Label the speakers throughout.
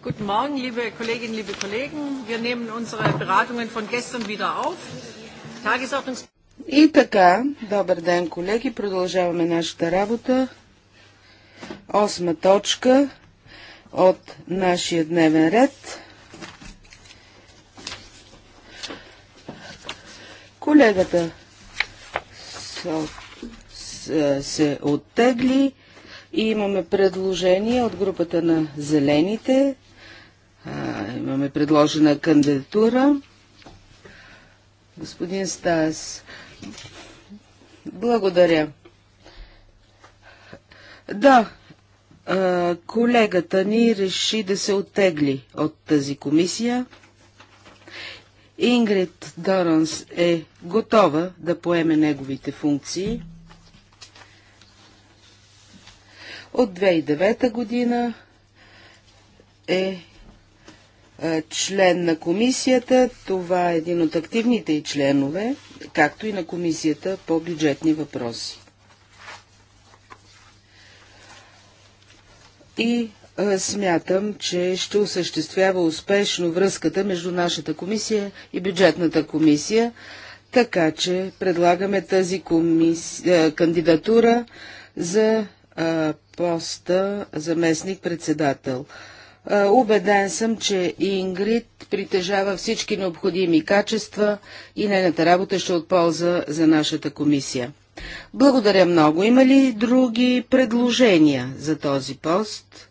Speaker 1: Guten Morgen, liebe Kolleginnen, liebe Kollegen. Wir nehmen unsere Beratungen von gestern wieder auf. Tagesordnungs И така, добър ден, колеги. Продължаваме нашата работа. Осма точка от нашия дневен ред. Колегата се оттегли и имаме предложение от групата на зелените имаме предложена кандидатура. Господин Стас, благодаря. Да, колегата ни реши да се оттегли от тази комисия. Ингрид Доранс е готова да поеме неговите функции. От 2009 година е е, член на комисията, това е един от активните и членове, както и на комисията по бюджетни въпроси. И е, смятам, че ще осъществява успешно връзката между нашата комисия и бюджетната комисия, така че предлагаме тази комисия, е, кандидатура за а, поста заместник-председател. Убеден съм, че Ингрид притежава всички необходими качества и нейната работа ще е от полза за нашата комисия. Благодаря много. Има ли други предложения за този пост?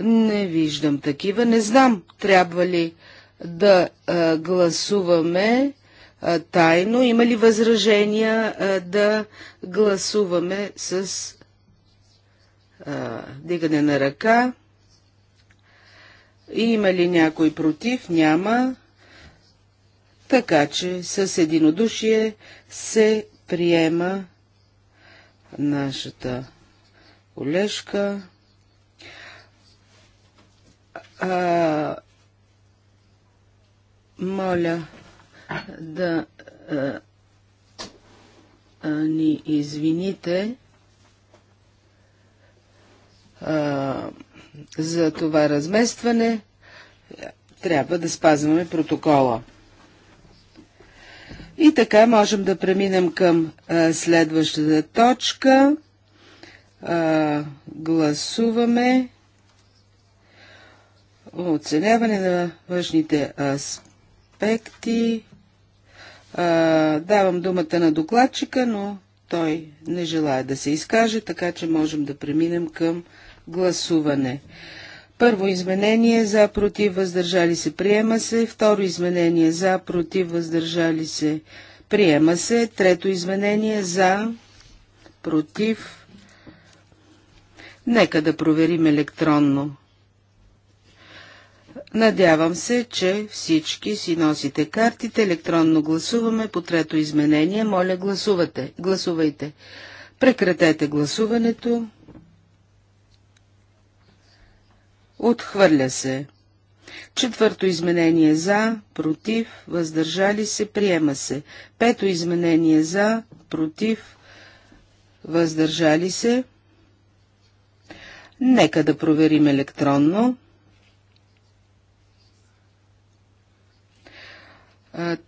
Speaker 1: Не виждам такива. Не знам, трябва ли да а, гласуваме а, тайно. Има ли възражения а, да гласуваме с а, дигане на ръка? Има ли някой против? Няма. Така че с единодушие се приема нашата колежка. А, моля да а, а, ни извините. А, за това разместване, трябва да спазваме протокола. И така можем да преминем към а, следващата точка. А, гласуваме оценяване на външните аспекти. А, давам думата на докладчика, но той не желая да се изкаже, така че можем да преминем към гласуване. Първо изменение за против въздържали се приема се. Второ изменение за против въздържали се приема се. Трето изменение за против. Нека да проверим електронно. Надявам се, че всички си носите картите. Електронно гласуваме по трето изменение. Моля, гласувате. Гласувайте. Прекратете гласуването. Отхвърля се. Четвърто изменение за, против, въздържали се, приема се. Пето изменение за, против, въздържали се. Нека да проверим електронно.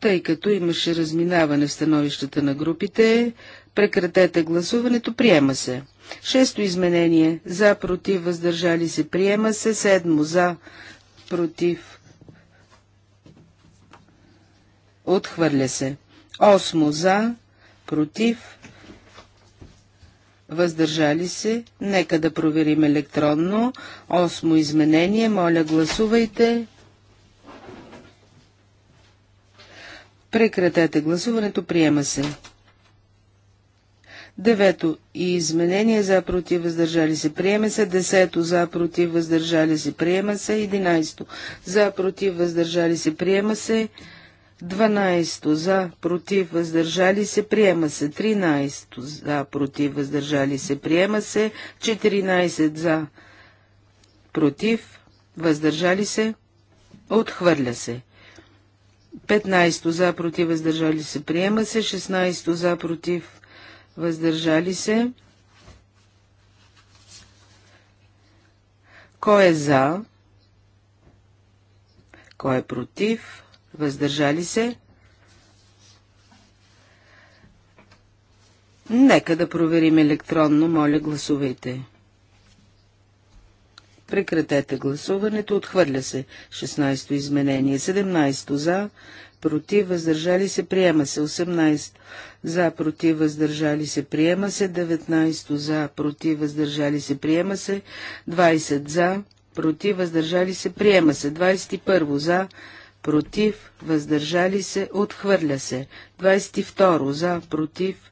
Speaker 1: Тъй като имаше разминаване в становищата на групите, прекратете гласуването, приема се. Шесто изменение. За, против, въздържали се. Приема се. Седмо. За, против. Отхвърля се. Осмо. За, против. Въздържали се. Нека да проверим електронно. Осмо изменение. Моля, гласувайте. Прекратете гласуването. Приема се. Девето. Изменение за против въздържали се приема се. Десето. За против въздържали се приема се. Единайсто. За против въздържали се приема се. Дванайсто. За против въздържали се приема се. Тринайсто. За против въздържали се приема се. Четиринайсет. За против въздържали се. Отхвърля се. 15 за против въздържали се приема се, 16 за против въздържали се. Кой е за? Кой е против? Въздържали се? Нека да проверим електронно, моля гласувайте. Прекратете гласуването, отхвърля се 16-то изменение, 17-то за, против, въздържали се, приема се. 18 за, против, въздържали се, приема се. 19 за, против, въздържали се, приема се. 20 за, против, въздържали се, приема се. 21 за, против, въздържали се, отхвърля се. 22 за, против,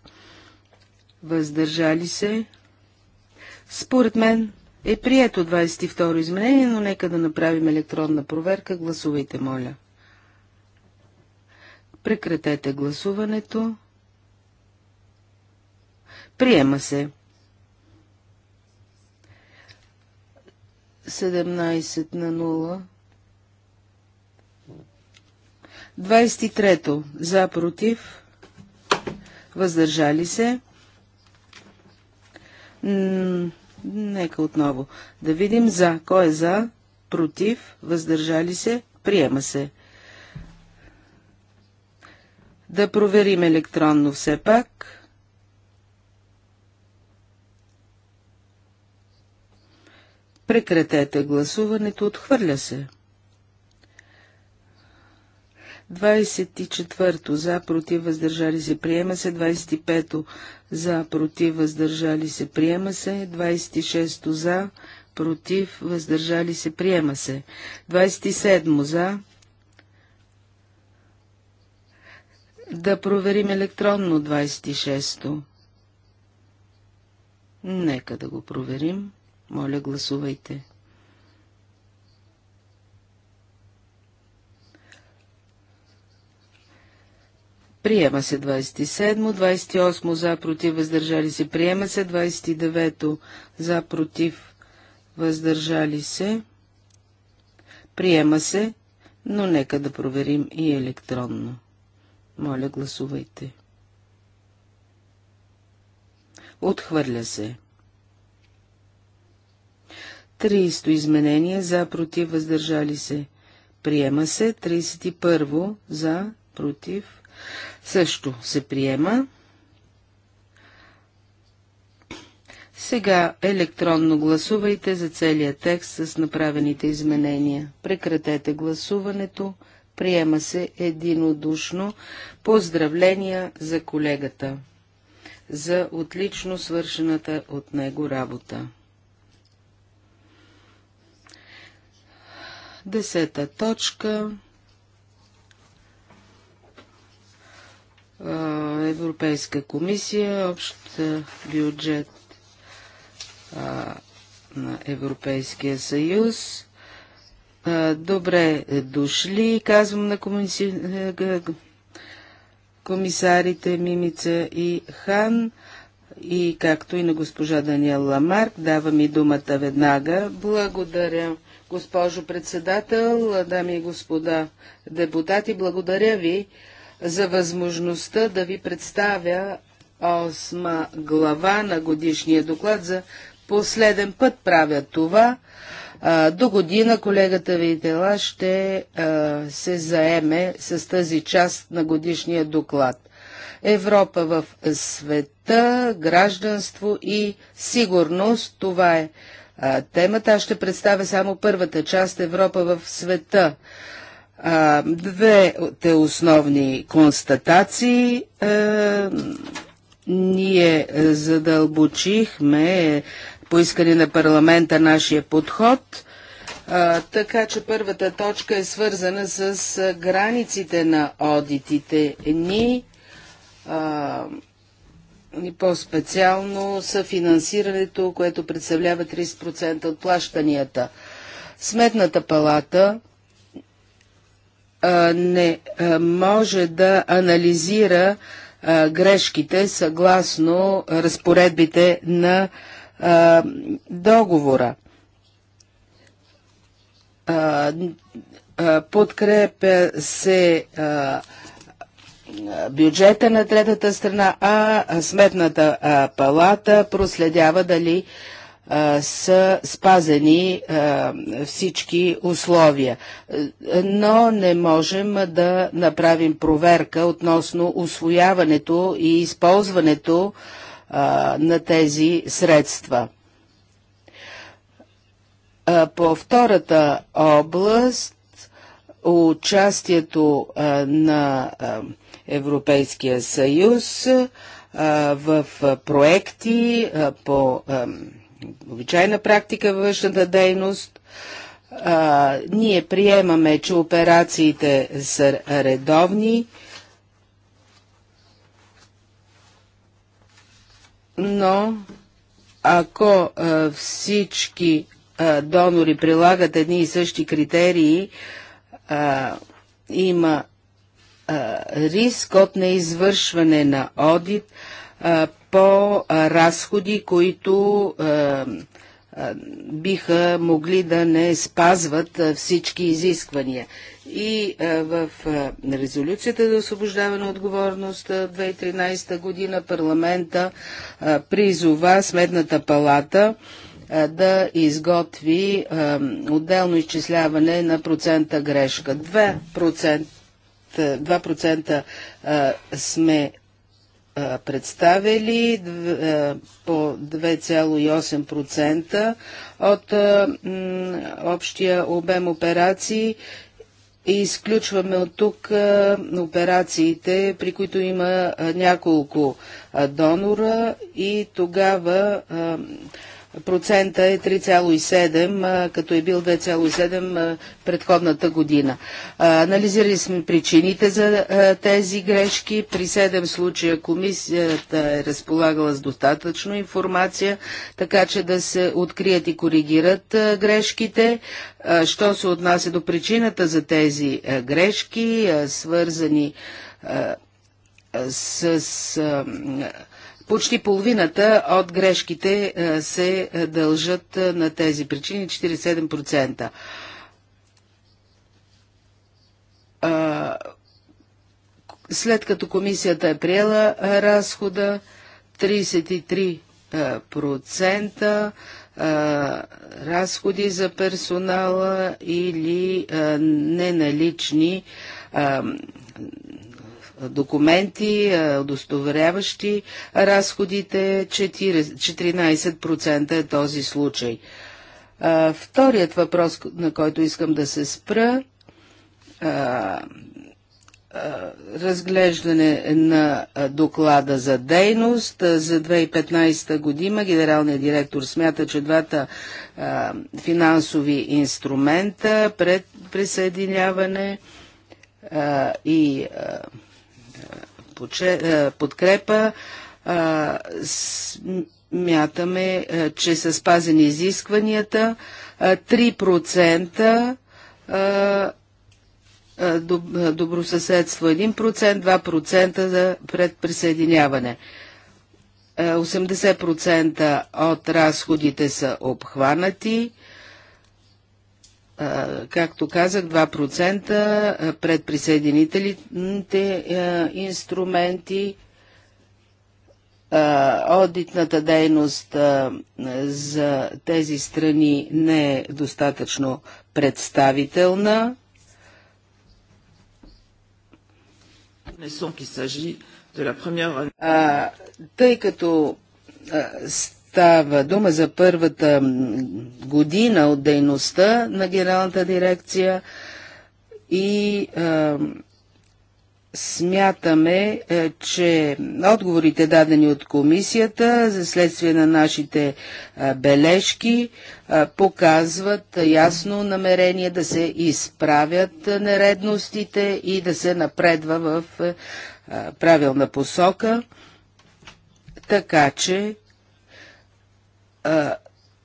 Speaker 1: въздържали се. Според мен е прието 22 изменение, но нека да направим електронна проверка. Гласувайте, моля. Прекратете гласуването. Приема се. 17 на 0. 23. За против. Въздържали се. М нека отново да видим за. Кой е за? Против. Въздържали се. Приема се. Да проверим електронно все пак. Прекратете гласуването, отхвърля се. 24-то за, против, въздържали се, приема се. 25-то за, против, въздържали се, приема се. 26-то за, против, въздържали се, приема се. 27-то за, Да проверим електронно 26-то. Нека да го проверим. Моля, гласувайте. Приема се 27, 28 за, против, въздържали се. Приема се 29 за, против, въздържали се. Приема се, но нека да проверим и електронно. Моля, гласувайте. Отхвърля се. 30 изменение за против въздържали се. Приема се 31 за против. Също се приема. Сега електронно гласувайте за целия текст с направените изменения. Прекратете гласуването. Приема се единодушно. Поздравления за колегата за отлично свършената от него работа. Десета точка. Европейска комисия, общ бюджет на Европейския съюз. Добре е, дошли, казвам на комиси... Е, комисарите Мимица и Хан и както и на госпожа Даниел Ламарк. Давам и думата веднага. Благодаря, госпожо председател, дами и господа депутати. Благодаря ви за възможността да ви представя осма глава на годишния доклад. За последен път правя това. До година колегата Вейтела ще се заеме с тази част на годишния доклад. Европа в света, гражданство и сигурност, това е темата. Аз ще представя само първата част Европа в света. Двете основни констатации. Е, ние задълбочихме поискане на парламента нашия подход. А, така че първата точка е свързана с границите на одитите ни а, и по-специално съфинансирането, което представлява 30% от плащанията. Сметната палата не може да анализира грешките съгласно разпоредбите на а, договора. А, а, подкрепя се а, бюджета на третата страна, а сметната а, палата проследява дали са спазени а, всички условия. Но не можем да направим проверка относно освояването и използването а, на тези средства. по втората област участието на Европейския съюз в проекти по обичайна практика външната дейност. ние приемаме, че операциите са редовни но ако а, всички а, донори прилагат едни и същи критерии, а, има риск от неизвършване на одит по разходи, които биха могли да не спазват всички изисквания и в резолюцията за освобождаване отговорност 2013 година парламента призова Сметната палата да изготви отделно изчисляване на процента грешка. 2%, 2% сме представили по 2,8% от общия обем операции и изключваме от тук операциите, при които има няколко донора и тогава процента е 3,7, като е бил 2,7 предходната година. Анализирали сме причините за тези грешки. При 7 случая комисията е разполагала с достатъчно информация, така че да се открият и коригират грешките. Що се отнася до причината за тези грешки, свързани с почти половината от грешките е, се е, дължат е, на тези причини 47%. След като комисията е приела разхода, 33% разходи за персонала или неналични документи, е, удостоверяващи разходите. 14% е този случай. Е, вторият въпрос, на който искам да се спра, е, разглеждане на доклада за дейност. За 2015 година генералният директор смята, че двата финансови инструмента пред присъединяване и а, е, подкрепа. Е, Мятаме, е, че са спазени изискванията. 3% добросъседство 1%, 2% за предприсъединяване. 80% от разходите са обхванати както казах, 2% пред присъединителите инструменти, одитната дейност за тези страни не е достатъчно представителна. тъй като Става дума за първата година от дейността на генералната дирекция и а, смятаме, е, че отговорите дадени от комисията за следствие на нашите бележки показват ясно намерение да се изправят нередностите и да се напредва в е, правилна посока, така че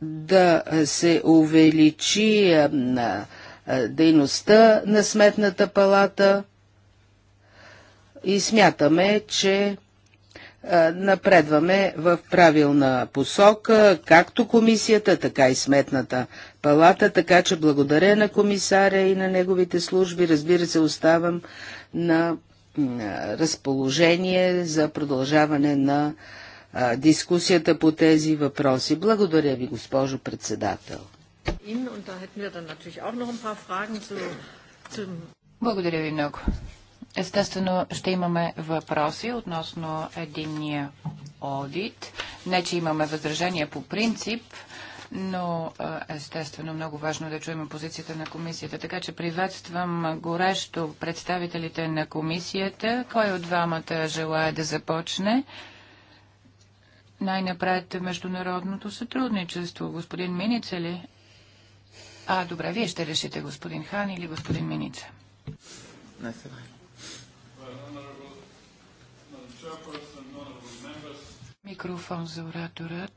Speaker 1: да се увеличи дейността на Сметната палата и смятаме, че напредваме в правилна посока, както комисията, така и сметната палата, така че благодаря на комисаря и на неговите служби. Разбира се, оставам на разположение за продължаване на а, дискусията по тези въпроси. Благодаря ви,
Speaker 2: госпожо председател. Благодаря ви много. Естествено, ще имаме въпроси относно единния одит. Не, че имаме възражения по принцип, но естествено много важно е да чуем позицията на комисията. Така че приветствам горещо представителите на комисията. Кой от двамата желая да започне? най-напред международното сътрудничество. Господин Миница е ли? А, добре, вие ще решите господин Хан или господин Миница. Микрофон за оратора.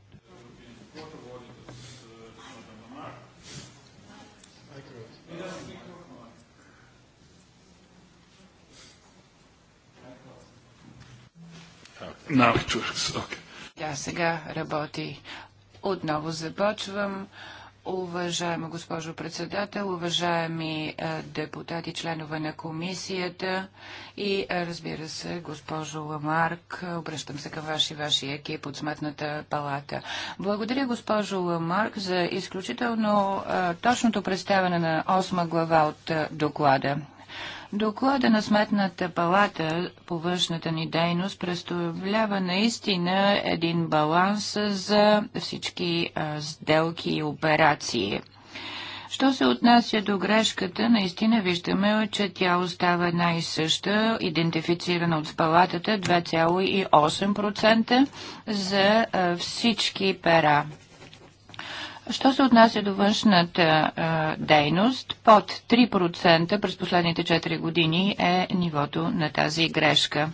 Speaker 2: Now it works. Okay. Да, сега работи. Отново започвам. Уважаема госпожо председател, уважаеми е, депутати, членове на комисията и е, разбира се, госпожо Ламарк, обръщам се към ваши, вашия екип от Сметната палата. Благодаря, госпожо Ламарк, за изключително е, точното представяне на 8 глава от доклада. Доклада на Сметната палата по външната ни дейност представлява наистина един баланс за всички а, сделки и операции. Що се отнася до грешката, наистина виждаме, че тя остава една и съща, идентифицирана от палатата 2,8% за а, всички пера. Що се отнася до външната а, дейност, под 3% през последните 4 години е нивото на тази грешка.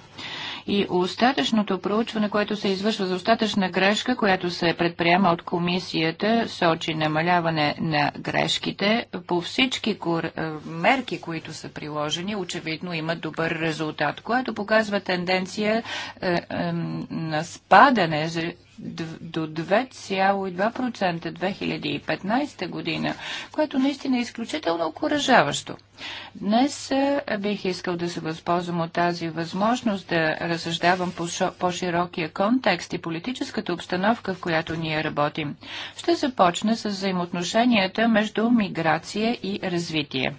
Speaker 2: И остатъчното проучване, което се извършва за остатъчна грешка, която се предприема от комисията, сочи намаляване на грешките. По всички кур... мерки, които са приложени, очевидно има добър резултат, което показва тенденция е, е, на спадане за до 2,2% 2015 година, което наистина е изключително окоръжаващо. Днес е, бих искал да се възползвам от тази възможност да разсъждавам по по-широкия контекст и политическата обстановка, в която ние работим. Ще започна с взаимоотношенията между миграция и развитие.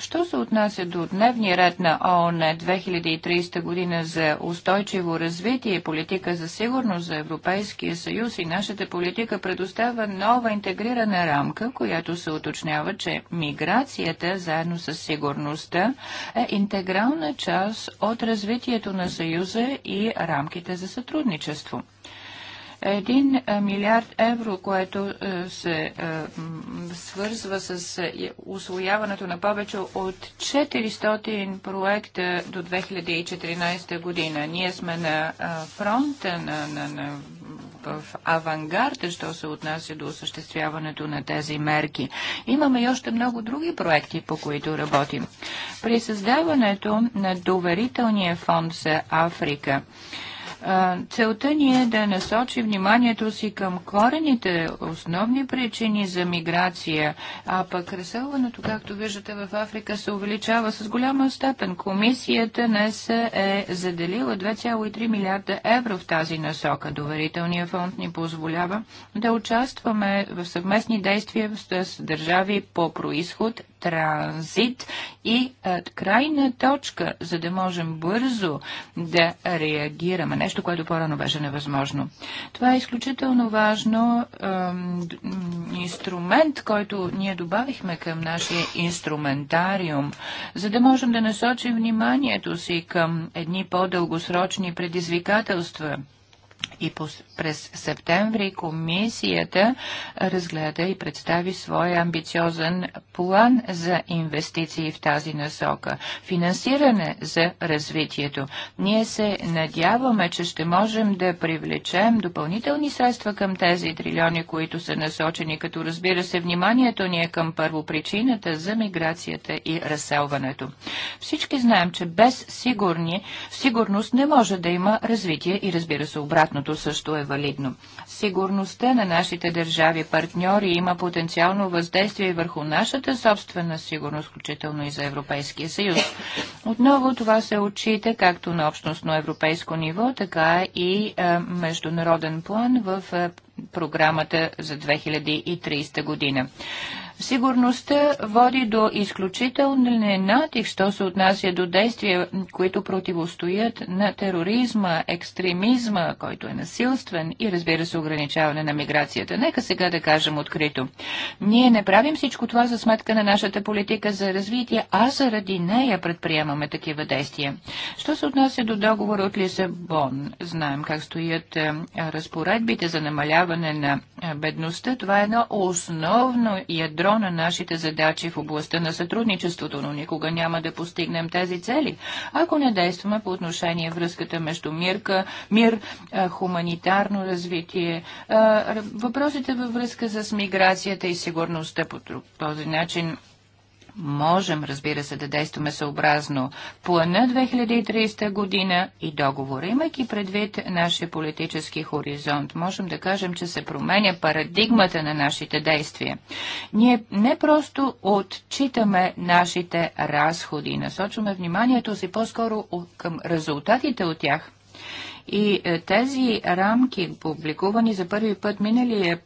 Speaker 2: Що се отнася до дневния ред на ООН 2030 година за устойчиво развитие и политика за сигурност за Европейския съюз и нашата политика предоставя нова интегрирана рамка, която се уточнява, че миграцията заедно с сигурността е интегрална част от развитието на съюза и рамките за сътрудничество. 1 е, милиард евро, което е, се е, свързва с освояването на повече от 400 проекта до 2014 година. Ние сме на фронта, на, на, на в авангарда, що се отнася до осъществяването на тези мерки. Имаме и още много други проекти, по които работим. При създаването на доверителния фонд за Африка, Целта ни е да насочи вниманието си към корените, основни причини за миграция, а пък разселването, както виждате в Африка, се увеличава с голяма степен. Комисията днес е заделила 2,3 милиарда евро в тази насока. Доверителният фонд ни позволява да участваме в съвместни действия с държави по происход, транзит и крайна точка, за да можем бързо да реагираме. Нещо нещо, което по-рано беше невъзможно. Това е изключително важно е, инструмент, който ние добавихме към нашия инструментариум, за да можем да насочим вниманието си към едни по-дългосрочни предизвикателства – и през септември комисията разгледа и представи своя амбициозен план за инвестиции в тази насока. Финансиране за развитието. Ние се надяваме, че ще можем да привлечем допълнителни средства към тези трилиони, които са насочени, като разбира се вниманието ни е към първопричината за миграцията и разселването. Всички знаем, че без сигурни, сигурност не може да има развитие и разбира се обратно обратното също е валидно. Сигурността на нашите държави партньори има потенциално въздействие върху нашата собствена сигурност, включително и за Европейския съюз. Отново това се отчита както на общностно европейско ниво, така и е, международен план в е, програмата за 2030 година. Сигурността води до изключителни натиск, що се отнася до действия, които противостоят на тероризма, екстремизма, който е насилствен и разбира се ограничаване на миграцията. Нека сега да кажем открито. Ние не правим всичко това за сметка на нашата политика за развитие, а заради нея предприемаме такива действия. Що се отнася до договора от Лисабон, знаем как стоят е, разпоредбите за намаляване на е, бедността. Това е едно основно ядро ядро на нашите задачи в областта на сътрудничеството, но никога няма да постигнем тези цели, ако не действаме по отношение връзката между мирка, мир, хуманитарно развитие, въпросите във връзка с миграцията и сигурността по този начин можем, разбира се, да действаме съобразно плана 2030 година и договора. Имайки предвид нашия политически хоризонт, можем да кажем, че се променя парадигмата на нашите действия. Ние не просто отчитаме нашите разходи, насочваме вниманието си по-скоро към резултатите от тях. И е, тези рамки, публикувани за първи път миналия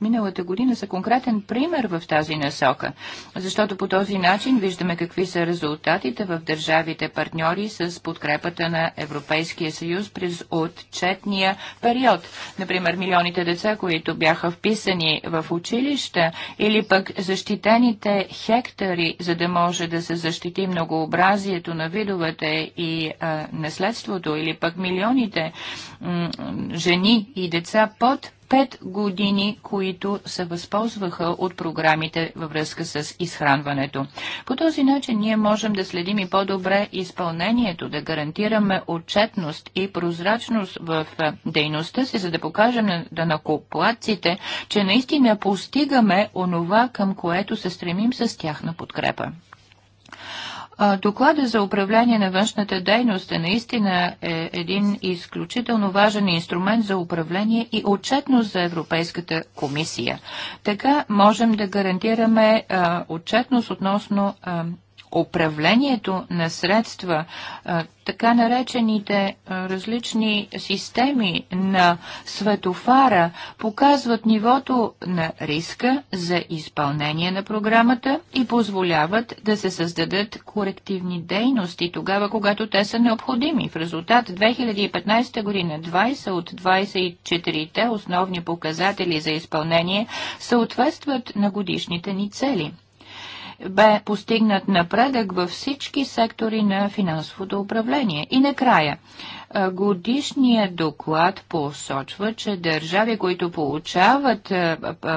Speaker 2: миналата година са конкретен пример в тази насока, защото по този начин виждаме какви са резултатите в държавите партньори с подкрепата на Европейския съюз през отчетния период. Например, милионите деца, които бяха вписани в училища или пък защитените хектари, за да може да се защити многообразието на видовете и а, наследството, или пък милионите жени и деца под пет години, които се възползваха от програмите във връзка с изхранването. По този начин ние можем да следим и по-добре изпълнението, да гарантираме отчетност и прозрачност в е, дейността си, за да покажем на да накоплаците, че наистина постигаме онова, към което се стремим с тяхна подкрепа. Доклада за управление на външната дейност е наистина е един изключително важен инструмент за управление и отчетност за Европейската комисия. Така можем да гарантираме отчетност относно управлението на средства, така наречените различни системи на светофара показват нивото на риска за изпълнение на програмата и позволяват да се създадат корективни дейности тогава, когато те са необходими. В резултат 2015 година 20 от 24-те основни показатели за изпълнение съответстват на годишните ни цели – бе постигнат напредък във всички сектори на финансовото управление. И накрая, годишният доклад посочва, че държави, които получават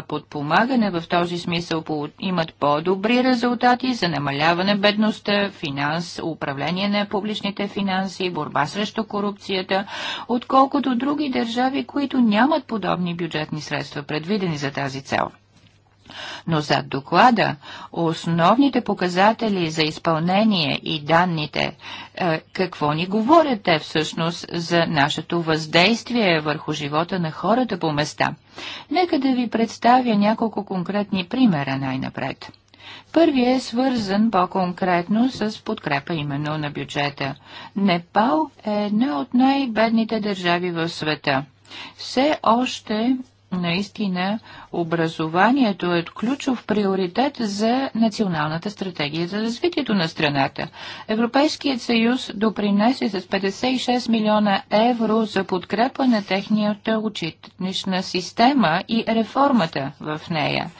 Speaker 2: подпомагане в този смисъл, имат по-добри резултати за намаляване бедността, финанс, управление на публичните финанси, борба срещу корупцията, отколкото други държави, които нямат подобни бюджетни средства, предвидени за тази цел. Но зад доклада основните показатели за изпълнение и данните, е, какво ни говорят те всъщност за нашето въздействие върху живота на хората по места? Нека да ви представя няколко конкретни примера най-напред. Първият е свързан по-конкретно с подкрепа именно на бюджета. Непал е една от най-бедните държави в света. Все още наистина образованието е ключов приоритет за националната стратегия за развитието на страната. Европейският съюз допринесе с 56 милиона евро за подкрепа на техния училищна система и реформата в нея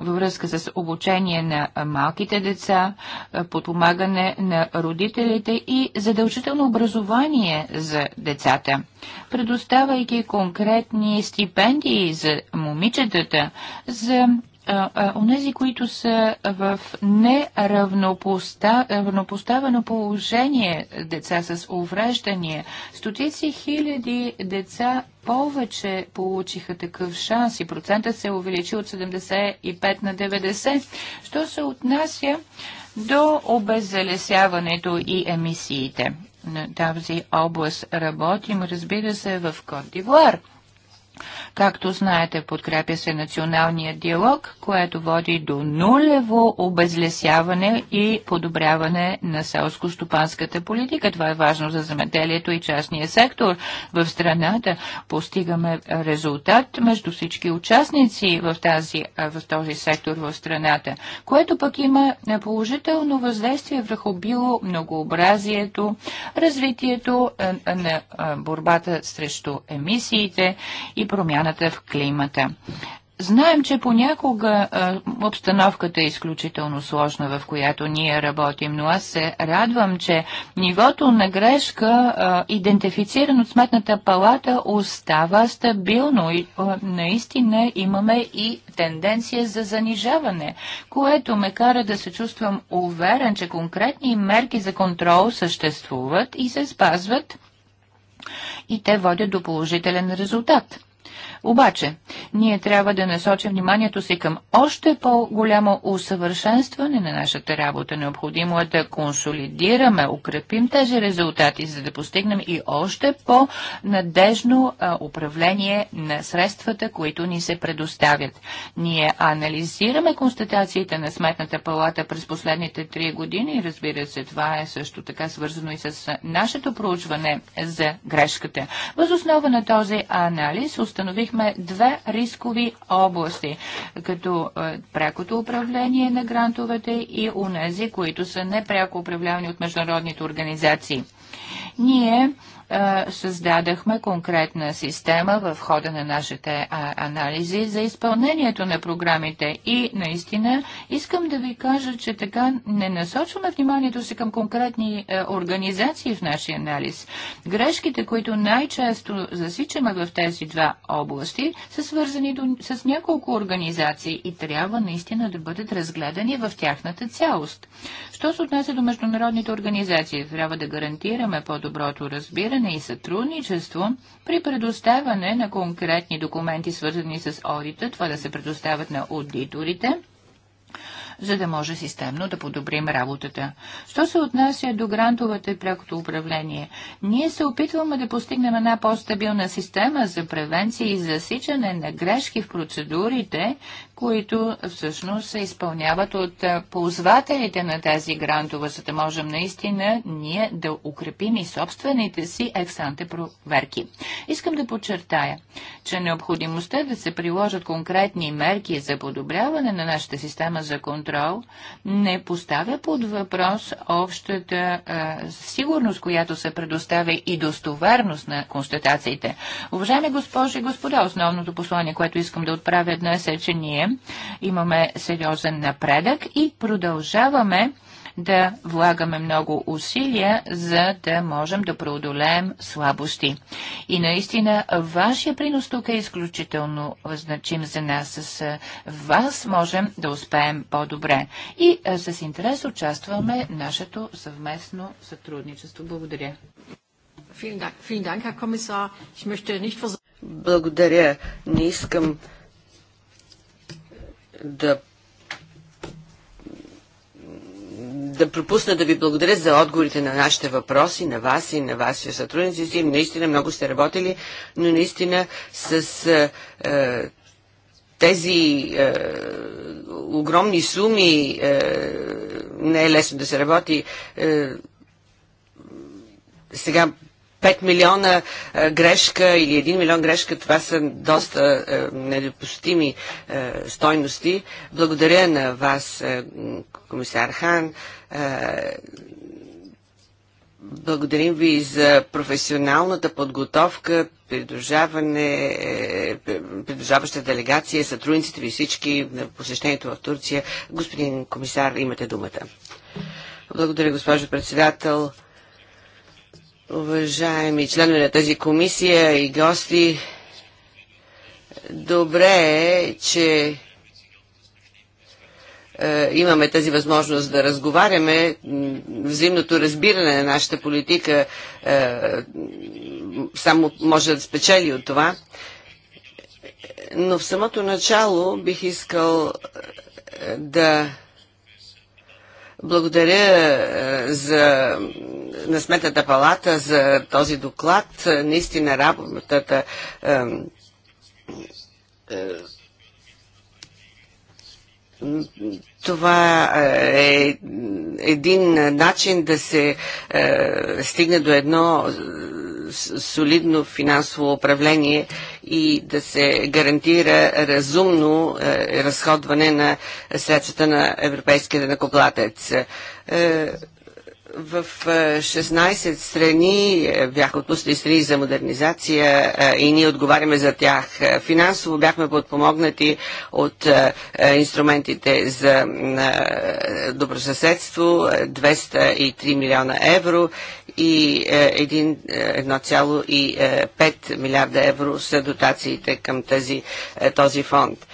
Speaker 2: във връзка с обучение на малките деца, подпомагане на родителите и задължително образование за децата. предоставайки конкретни стипендии за момичетата за онези, които са в неравнопоставено положение, деца с увреждания. Стотици хиляди деца повече получиха такъв шанс и процентът се увеличи от 75 на 90. Що се отнася до обеззалесяването и емисиите? На тази област работим, разбира се, в Кот Дивуар. Както знаете, подкрепя се националния диалог, което води до нулево обезлесяване и подобряване на селско-стопанската политика. Това е важно за земеделието и частния сектор в страната. Постигаме резултат между всички участници в, тази, в този сектор в страната, което пък има положително въздействие върху било многообразието, развитието на борбата срещу емисиите и промяна промяната в климата. Знаем, че понякога а, обстановката е изключително сложна, в която ние работим, но аз се радвам, че нивото на грешка, а, идентифициран от сметната палата, остава стабилно и а, наистина имаме и тенденция за занижаване, което ме кара да се чувствам уверен, че конкретни мерки за контрол съществуват и се спазват и те водят до положителен резултат. Обаче, ние трябва да насочим вниманието си към още по-голямо усъвършенстване на нашата работа. Необходимо е да консолидираме, укрепим тези резултати, за да постигнем и още по-надежно управление на средствата, които ни се предоставят. Ние анализираме констатациите на Сметната палата през последните три години. Разбира се, това е също така свързано и с нашето проучване за грешката. Възоснова на този анализ установих изброихме две рискови области, като е, прякото управление на грантовете и унези, които са непряко управлявани от международните организации. Ние е, създадахме конкретна система в хода на нашите анализи за изпълнението на програмите. И наистина искам да ви кажа, че така не насочваме вниманието си към конкретни е, организации в нашия анализ. Грешките, които най-често засичаме в тези два области, са свързани с няколко организации и трябва наистина да бъдат разгледани в тяхната цялост. Що се отнася до международните организации, трябва да гарантираме по-доброто разбиране координиране и сътрудничество при предоставяне на конкретни документи, свързани с одита, това да се предоставят на аудиторите, за да може системно да подобрим работата. Що се отнася до грантовете и прякото управление? Ние се опитваме да постигнем една по-стабилна система за превенция и засичане на грешки в процедурите, които всъщност се изпълняват от е, ползвателите на тази грантова, за да можем наистина ние да укрепим и собствените си ексанте проверки. Искам да подчертая, че необходимостта да се приложат конкретни мерки за подобряване на нашата система за контрол не поставя под въпрос общата е, сигурност, която се предоставя и достоверност на констатациите. Уважаеми госпожи и господа, основното послание, което искам да отправя днес е, че ние Имаме сериозен напредък и продължаваме да влагаме много усилия, за да можем да преодолеем слабости. И наистина, вашия принос тук е изключително значим за нас. С вас можем да успеем по-добре. И с интерес участваме в нашето съвместно сътрудничество. Благодаря. Благодаря.
Speaker 3: Не искам да да пропусна да ви благодаря за отговорите на нашите въпроси, на вас и на вашите сътрудници. Си. Наистина много сте работили, но наистина с е, е, тези е, огромни суми е, не е лесно да се работи. Е, сега 5 милиона е, грешка или 1 милион грешка, това са доста е, недопустими е, стойности. Благодаря на вас, комисар Хан. Благодарим ви за професионалната подготовка, придружаване, придружаваща делегация, сътрудниците ви всички на посещението в Турция. Господин комисар, имате думата. Благодаря, госпожо председател. Уважаеми членове на тази комисия и гости, добре е, че е, имаме тази възможност да разговаряме. Взаимното разбиране на нашата политика е, само може да спечели от това. Но в самото начало бих искал е, да благодаря е, за, на Сметната палата за този доклад. Наистина работата е, е, това е един начин да се стигне до едно солидно финансово управление и да се гарантира разумно е, разходване на средствата на европейския накоплатец. Е, в 16 е, страни е, бяха отпуснати страни за модернизация е, и ние отговаряме за тях. Финансово бяхме подпомогнати от инструментите за добросъседство 203 милиона евро и 1,5 е, е, е, милиарда евро са дотациите към тази, този фонд.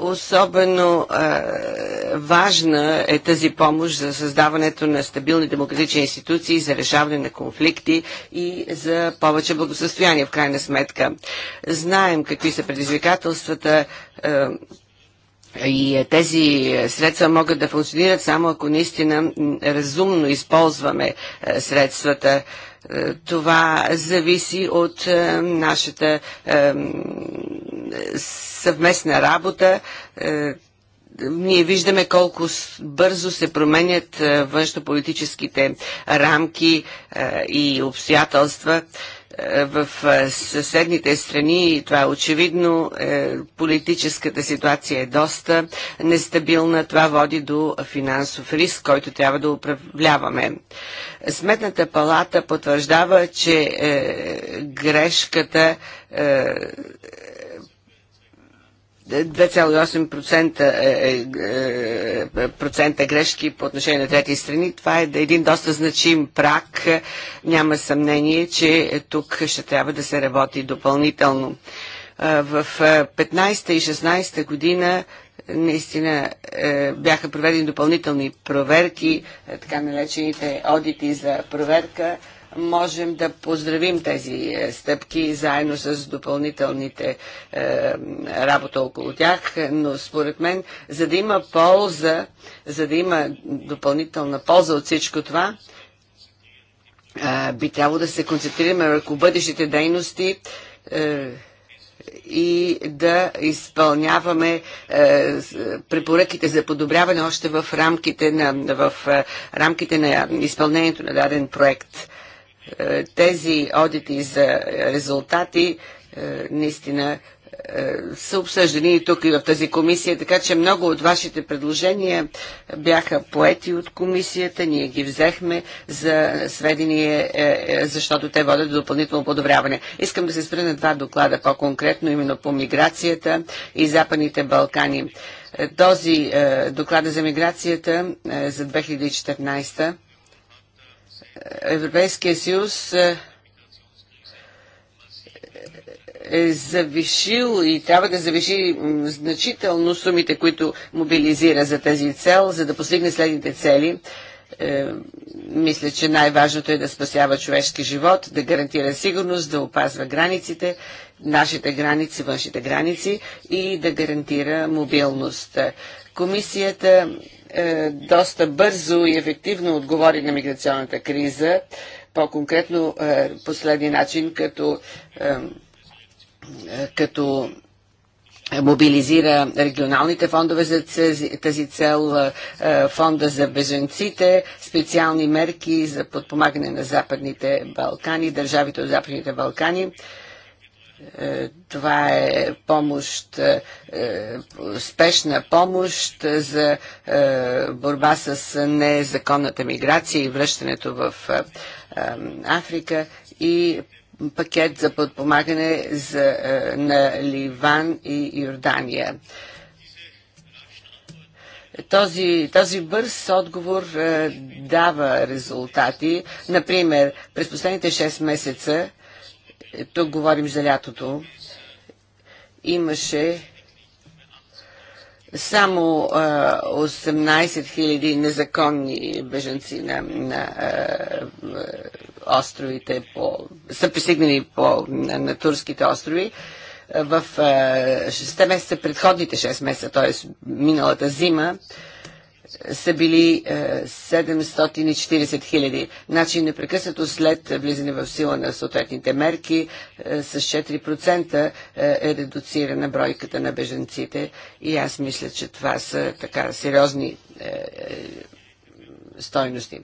Speaker 3: Особено а, е, важна е тази помощ за създаването на стабилни демократични институции, за решаване на конфликти и за повече благосъстояние в крайна сметка. Знаем какви са предизвикателствата. А, е, и е, тези е, средства могат да функционират само ако наистина разумно използваме е, средствата. Това зависи от нашата съвместна работа. Ние виждаме колко бързо се променят външно-политическите рамки и обстоятелства. Е, в е, съседните страни, и това е очевидно, е, политическата ситуация е доста нестабилна. Това води до финансов риск, който трябва да управляваме. Сметната палата потвърждава, че грешката 2,8% е, е, е, грешки по отношение на трети страни. Това е един доста значим прак. Няма съмнение, че тук ще трябва да се работи допълнително. В 15 и 16 година наистина бяха проведени допълнителни проверки, така наречените одити за проверка можем да поздравим тези е, стъпки заедно с допълнителните е, работа около тях, но според мен, за да има полза, за да има допълнителна полза от всичко това, е, би трябвало да се концентрираме върху бъдещите дейности, е, и да изпълняваме е, препоръките за подобряване още в рамките на, в, е, рамките на изпълнението на даден проект тези одити за резултати е, наистина е, са обсъждани и тук и в тази комисия, така че много от вашите предложения бяха поети от комисията, ние ги взехме за сведение, е, защото те водят до допълнително подобряване. Искам да се спра на два доклада по-конкретно, именно по миграцията и Западните Балкани. Този доклад за миграцията за 2014 Европейския съюз е, е завишил и трябва да завиши значително сумите, които мобилизира за тази цел, за да постигне следните цели. Е, мисля, че най-важното е да спасява човешки живот, да гарантира сигурност, да опазва границите, нашите граници, външните граници и да гарантира мобилност. Комисията е, доста бързо и ефективно отговори на миграционната криза, по-конкретно е, последния начин, като, е, като мобилизира регионалните фондове за тази цел, фонда за беженците, специални мерки за подпомагане на Западните Балкани, държавите от Западните Балкани. Е, това е помощ, е, е, спешна помощ за борба с незаконната миграция и връщането в Африка и пакет за подпомагане за, на Ливан и Йордания. Този, този бърз отговор дава резултати. Например, през последните 6 месеца тук говорим за лятото. Имаше само 18 000 незаконни беженци на, на островите по, са пристигнали по, на, на турските острови в 6 месеца, предходните 6 месеца, т.е. миналата зима са били 740 е, хиляди. Значи непрекъснато след влизане в сила на съответните мерки е, с 4% е, е редуцирана бройката на беженците и аз мисля, че това са така сериозни стойности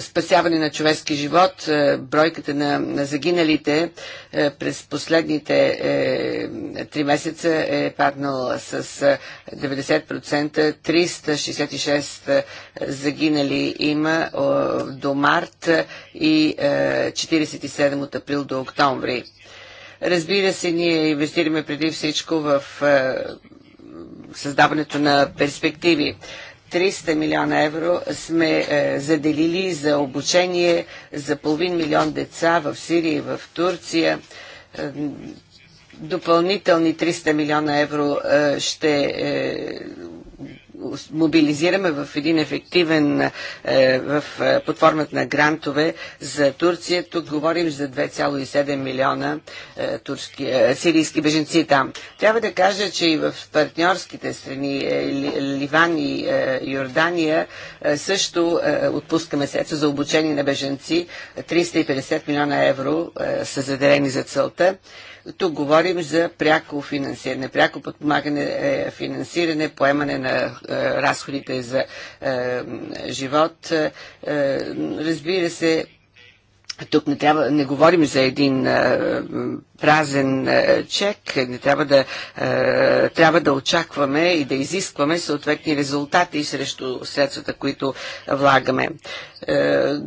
Speaker 3: спасяване на човешки живот, бройката на, на загиналите през последните е, три месеца е паднала с 90%. 366 загинали има до март и 47 от април до октомври. Разбира се, ние инвестираме преди всичко в създаването на перспективи. 300 милиона евро сме е, заделили за обучение за половин милион деца в Сирия и в Турция. Е, допълнителни 300 милиона евро е, ще е, мобилизираме в един ефективен е, в, е, под формата на грантове за Турция. Тук говорим за 2,7 милиона е, турски, сирийски беженци там. Трябва да кажа, че и в партньорските страни Ливан и Йордания също отпускаме средства за обучение на беженци. 350 милиона евро са заделени за целта. Тук говорим за пряко финансиране, пряко подпомагане, е, финансиране, поемане на е, разходите за е, живот. Разбира се, тук не, трябва, не говорим за един а, празен а, чек, не трябва да, а, трябва да очакваме и да изискваме съответни резултати срещу средствата, които влагаме. А,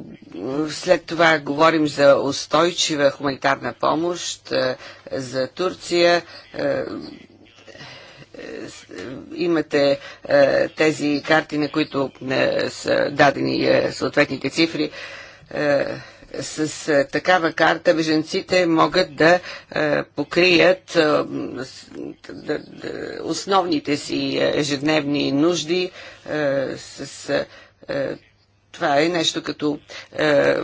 Speaker 3: след това говорим за устойчива хуманитарна помощ а, за Турция. А, имате е, тези карти, на които е, са дадени е, съответните цифри. Е, с е, такава карта беженците могат да е, покрият е, основните си ежедневни нужди с това е нещо като е,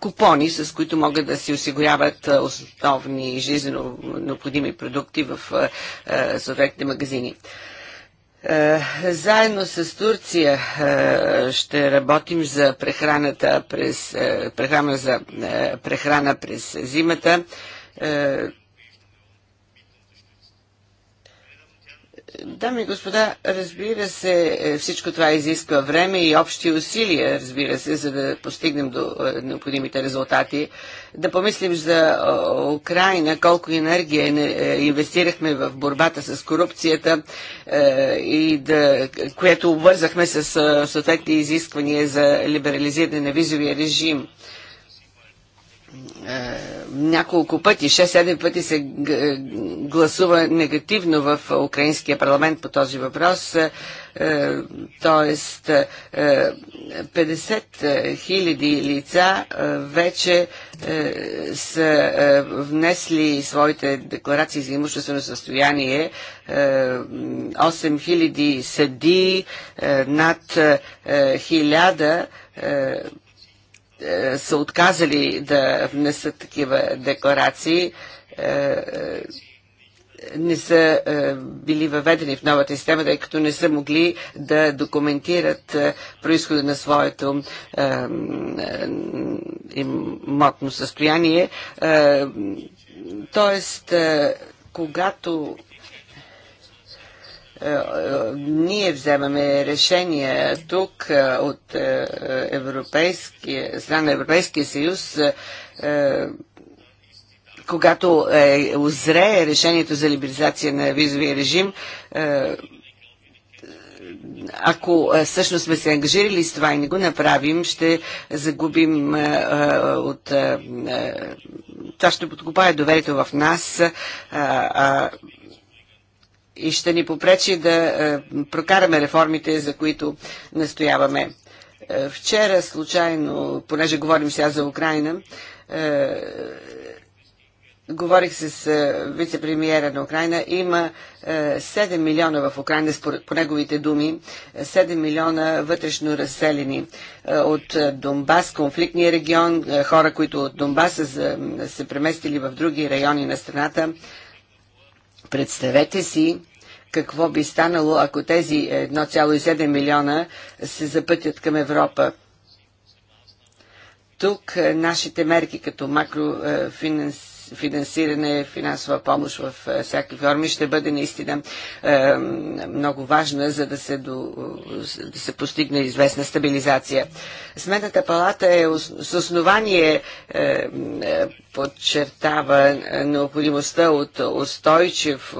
Speaker 3: купони, с които могат да си осигуряват основни жизненно необходими продукти в е, съответните магазини. Е, е, заедно с Турция е, ще работим за прехраната през, е, прехрана, за, прехрана през зимата Дами и господа, разбира се, е, всичко това изисква време и общи усилия, разбира се, за да постигнем до е, необходимите резултати. Да помислим за Украина, колко енергия е, инвестирахме в борбата с корупцията и да, което обвързахме с съответни изисквания за либерализиране на визовия режим е, няколко пъти, 6-7 пъти се гласува негативно в украинския парламент по този въпрос. Е, тоест 50 е, хиляди лица вече са внесли своите декларации за имуществено състояние. 8 хиляди съди, над 1000 е, са отказали да внесат такива декларации, е, е, не са били въведени в новата система, тъй като не са могли да документират происхода на своето имотно състояние. Тоест, когато е, е, ние вземаме решения тук е, от европейския, страна на Европейския съюз, когато е, озрее решението за либеризация на визовия режим, ако всъщност сме се ангажирали с това и не го направим, ще загубим от... това ще подкопае доверието в нас. а, и ще ни попречи да е, прокараме реформите, за които настояваме. Е, вчера случайно, понеже говорим сега за Украина, е, говорих с вице-премиера на Украина, има 7 милиона в Украина, по неговите думи, 7 милиона вътрешно разселени от Донбас, конфликтния регион, хора, които от Донбас са се преместили в други райони на страната. Представете си какво би станало, ако тези 1,7 милиона се запътят към Европа. Тук е, нашите мерки като макрофинанс финансиране, финансова помощ в е, всяки форми ще бъде наистина е, много важна, за да се, до, да се постигне известна стабилизация. Сметната палата е с основание е, подчертава необходимостта от устойчив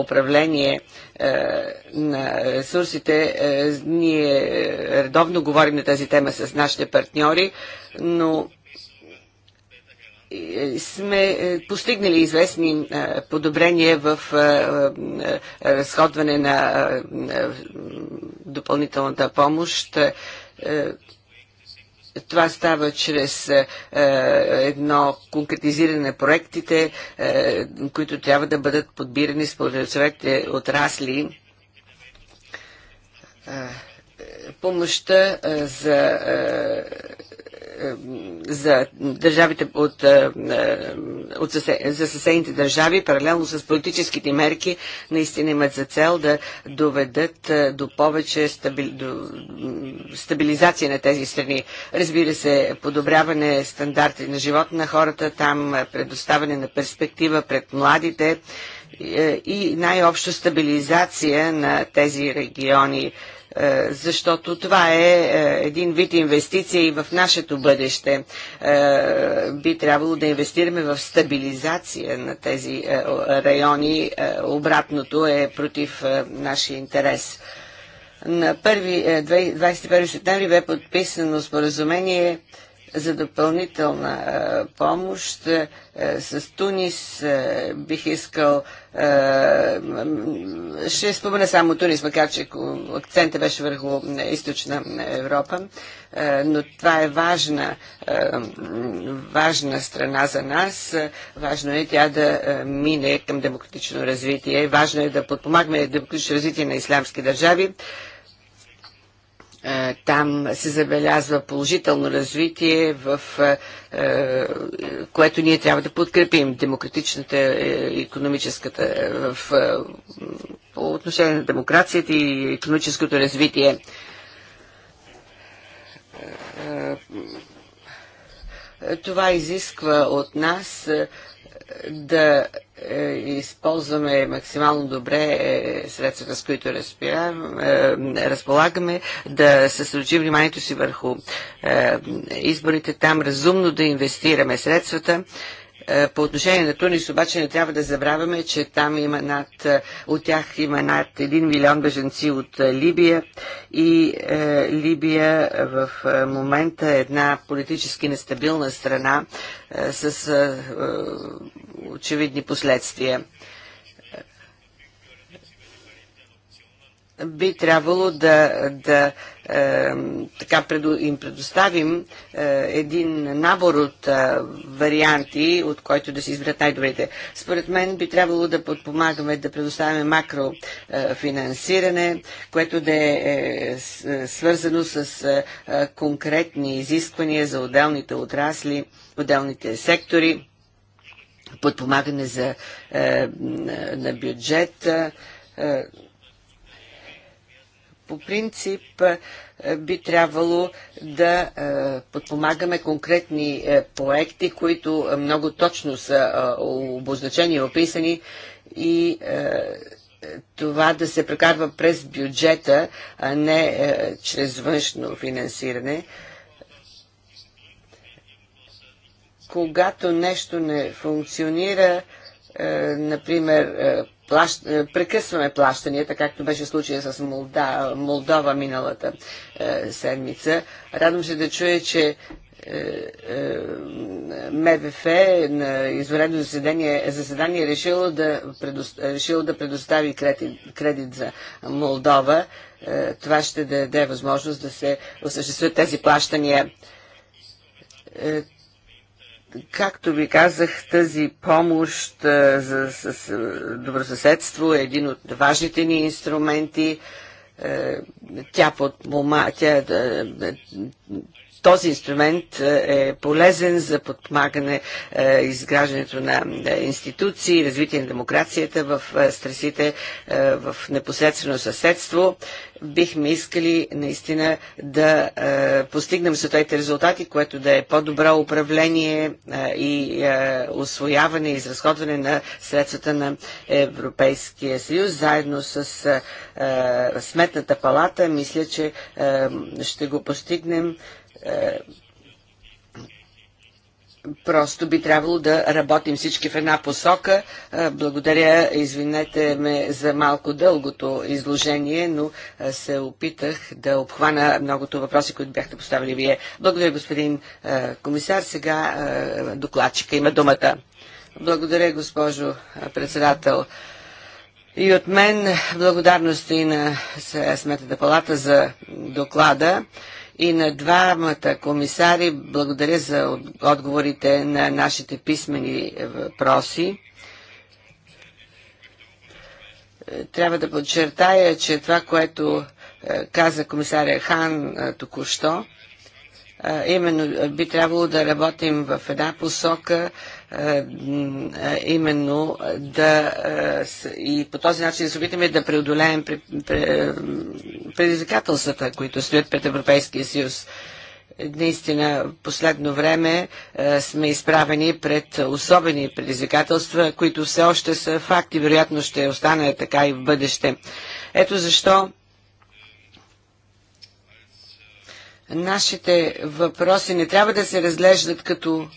Speaker 3: управление на ресурсите. Ние редовно говорим на тази тема с нашите партньори, но сме е, постигнали известни е, подобрения в е, разходване на допълнителната помощ. Това става чрез едно конкретизиране на проектите, които трябва да бъдат подбирани според човеките отрасли. помощта за е, за държавите от, е, е, от за съседните държави, паралелно с политическите мерки, наистина имат за цел да доведат до повече стабили, до стабилизация на тези страни. Разбира се, подобряване стандарти на живота на хората там, предоставяне на перспектива пред младите и най-общо стабилизация на тези региони е, защото това е, е един вид инвестиция и в нашето бъдеще. Е, би трябвало да инвестираме в стабилизация на тези райони. Обратното е против нашия интерес. На 1, 21 септември бе подписано споразумение за допълнителна помощ с Тунис бих искал ще спомена само Тунис, макар че акцента беше върху източна Европа, но това е важна, важна страна за нас. Важно е тя да мине към демократично развитие. Важно е да подпомагаме демократично развитие на ислямски държави. Е, там се забелязва положително развитие, в е, е, което ние трябва да подкрепим демократичната економическата в, по отношение на демокрацията и економическото развитие това изисква от нас да е, използваме максимално добре е, средствата, с които е, разполагаме, да съсредоточим вниманието си върху изборите там, разумно да инвестираме средствата е, по отношение на Тунис обаче не трябва да забравяме, че там има над, е, от тях има над 1 милион беженци от е, Либия и е, Либия в момента е една политически нестабилна страна е, с е, очевидни последствия. би трябвало да, да е, така предо, им предоставим е, един набор от е, варианти, от който да се изберат най-добрите. Според мен би трябвало да подпомагаме, да предоставяме макрофинансиране, е, което да е, е, е свързано с е, конкретни изисквания за отделните отрасли, отделните сектори, подпомагане за, е, на бюджет. Е, по принцип е, би трябвало да е, подпомагаме конкретни е, проекти, които много точно са обозначени и описани и това да се прекарва през бюджета, а не чрез външно финансиране когато нещо не функционира, например, плащ... Е, прекъсваме плащанията, както беше случая с Молда... Молдова миналата е, седмица. Радвам се да чуя, че е, е, МВФ на извънредно заседание, заседание решило да, предостави, решило да предостави кредит, кредит за Молдова. Това ще даде възможност да се осъществят тези плащания. Както ви казах, тази помощ за добросъседство е един от важните ни инструменти. Е, тя под, Тя, е, е, този инструмент е, е полезен за подпомагане е, изграждането на институции, развитие на демокрацията в е, страсите е, в непосредствено съседство. Бихме искали наистина да е, постигнем съответните резултати, което да е по-добро управление е, и освояване и изразходване на средствата на Европейския съюз. Заедно с Сметната палата мисля, че ще го постигнем е, просто би трябвало да работим всички в една посока. Е, благодаря, извинете ме за малко дългото изложение, но е, се опитах да обхвана многото въпроси, които бяхте поставили вие. Благодаря, господин комисар. Сега докладчика има думата. Благодаря, госпожо председател. И от мен благодарности на Сметната палата за доклада и на двамата комисари. Благодаря за отговорите на нашите писмени е, въпроси. Е, трябва да подчертая, че това, което е, каза комисаря Хан току-що, именно би трябвало да работим в една посока е, е, именно да е, и по този начин да се опитаме да преодолеем предизвикателствата, които стоят пред Европейския съюз наистина последно време сме изправени пред особени предизвикателства, които все още са факти, вероятно ще остане така и в бъдеще. Ето защо нашите въпроси не трябва да се разглеждат като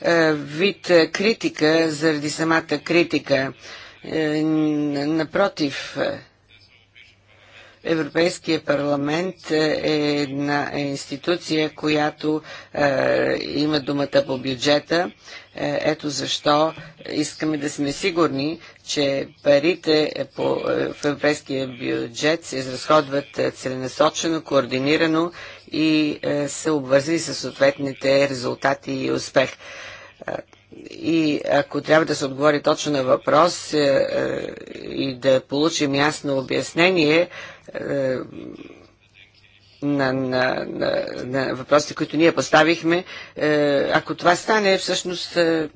Speaker 3: е, вид е, критика заради самата критика. Е, напротив, Европейския парламент е една институция, която има думата по бюджета. ето защо искаме да сме сигурни, че парите в европейския бюджет се изразходват целенасочено, координирано и е, се обвързи с съответните резултати и успех. Е, и ако трябва да се отговори точно на въпрос е, и да получим ясно обяснение, на, на, на, на въпросите, които ние поставихме, е, ако това стане, всъщност е,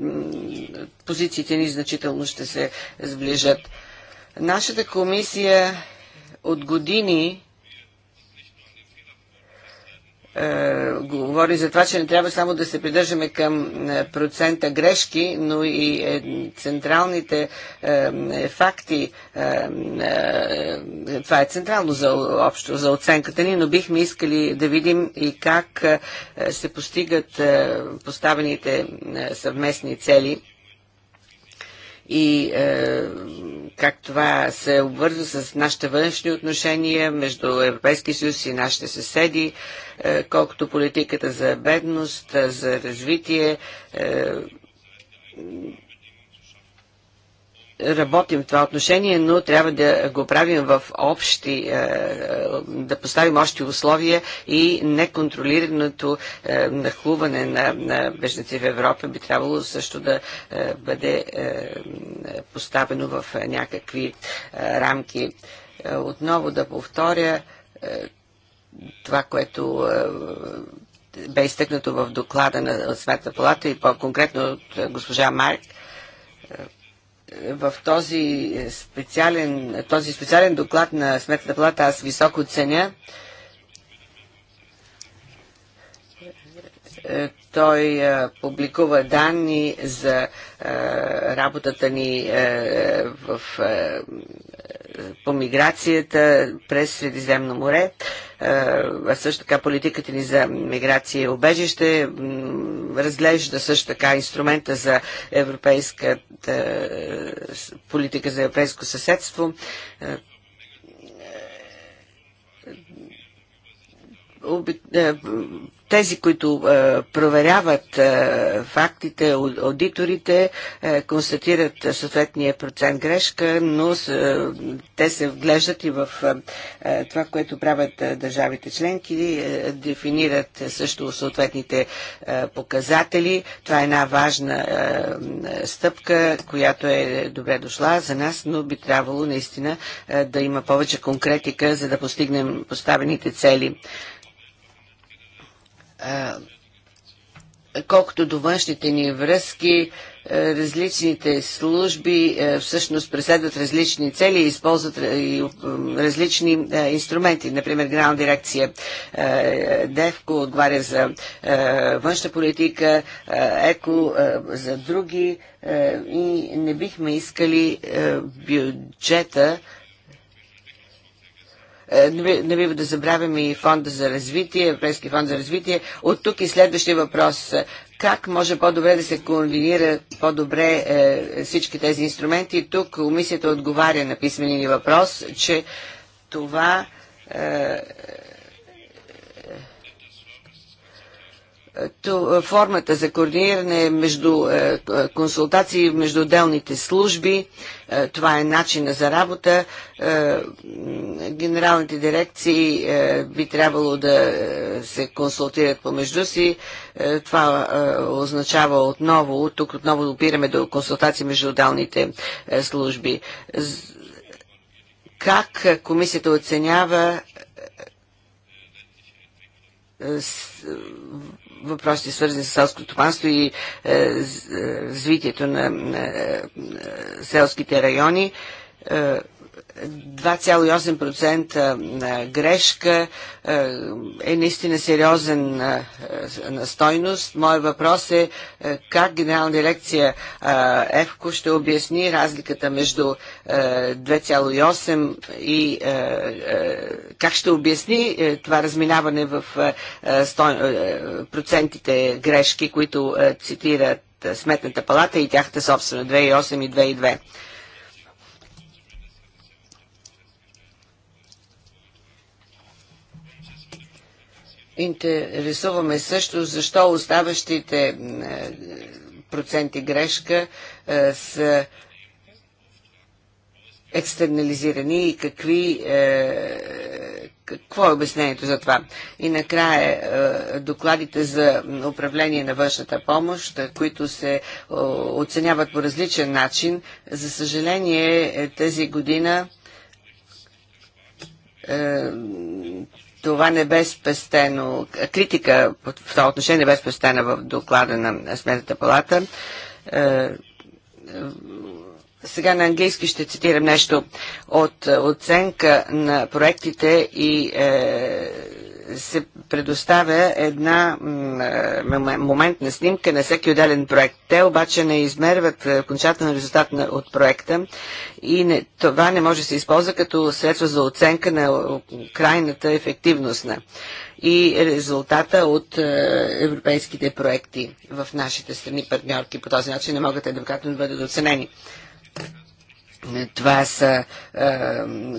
Speaker 3: позициите ни значително ще се сближат. Нашата комисия от години е, говори за това, че не трябва само да се придържаме към е, процента грешки, но и е, централните факти. Това е централно за, общо, за оценката ни, но бихме искали да видим и как се постигат поставените съвместни цели и е, как това се обвързва с нашите външни отношения между Европейския съюз и нашите съседи, е, колкото политиката за бедност, за развитие. Е, работим в това отношение, но трябва да го правим в общи, е, да поставим общи условия и неконтролираното е, нахлуване на, на бежници в Европа би трябвало също да е, бъде поставено в някакви рамки. Отново да повторя това, което бе изтъкнато в доклада на Сметна палата и по-конкретно от госпожа Марк в този специален, този специален доклад на Сметната палата аз високо ценя. Е, той е, публикува данни за е, работата ни в по миграцията през Средиземно море, а също така политиката ни за миграция и обежище разглежда също така инструмента за европейската политика за европейско съседство. Е, тези, които е, проверяват е, фактите, аудиторите, констатират съответния процент грешка, но те се вглеждат и в това, което правят държавите членки, дефинират също съответните показатели. Това е една важна стъпка, която е добре дошла за нас, но би трябвало наистина да има повече конкретика, за да постигнем поставените цели. Колкото до външните ни връзки, е, различните служби е, всъщност преследват различни цели и използват е, различни инструменти. Например, Генерална дирекция ДЕВКО отговаря за външна политика, ЕКО за други и не бихме искали бюджета е, не, не бива да забравяме и фонда за развитие, Европейски фонд за развитие. От тук и следващия въпрос. Как може по-добре да се координира по-добре е, всички тези инструменти? Тук комисията отговаря на писмения въпрос, че това е, Е, формата за координиране между е, консултации между отделните служби. Е, това е начина за работа. Генералните дирекции би трябвало да се консултират помежду си. Това означава отново, тук отново опираме до консултации между отделните служби. Как комисията оценява въпросите свързани с селското стопанство и е, е, развитието на, е, селските райони. 2,8% грешка е наистина сериозен на стойност. Моят въпрос е как генерална дирекция ЕФКО ще обясни разликата между 2,8 и как ще обясни това разминаване в процентите грешки, които цитират Сметната палата и тяхната собствена 2,8 и 2,2. Интересуваме също защо оставащите е, проценти грешка е, са екстернализирани и какви, е, какво е обяснението за това. И накрая докладите за управление на външната помощ, които се оценяват по различен начин. За съжаление, тази година това не бе спестено, критика в това отношение не бе спестена в доклада на Сметната палата. Е, сега на английски ще цитирам нещо от е, оценка на проектите и е, се предоставя една е, моментна снимка на всеки отделен проект. Те обаче не измерват е, окончателен резултат от проекта и не, това не може да се използва като средство за оценка на крайната ефективност на и резултата от е, европейските проекти в нашите страни партньорки. По този начин не могат адекватно да бъдат оценени. Това са е,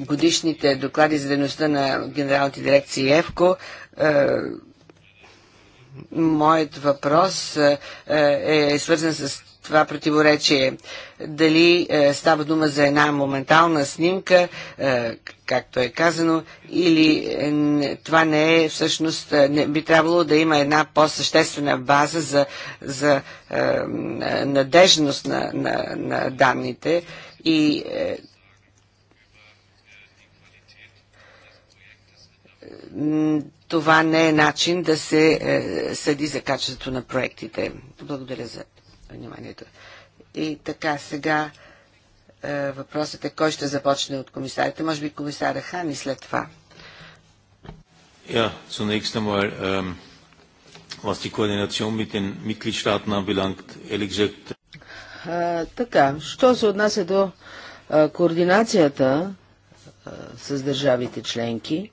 Speaker 3: годишните доклади за дейността на генералните дирекции ЕФКО. Е, моят въпрос е, е, е свързан с това противоречие. Дали е, става дума за една моментална снимка, е, както е казано, или е, това не е всъщност, е, не, би трябвало да има една по-съществена база за, за е, е надежност на, на, на данните и е, това не е начин да се е, съди за качеството на проектите. Благодаря за вниманието. И така, сега е, въпросът е кой ще започне от комисарите. Може би комисара Хан и след това.
Speaker 2: Ja, zunächst einmal, ähm, was die Koordination mit den Mitgliedstaaten anbelangt, ehrlich gesagt
Speaker 1: така, що се отнася до а, координацията а, с държавите членки,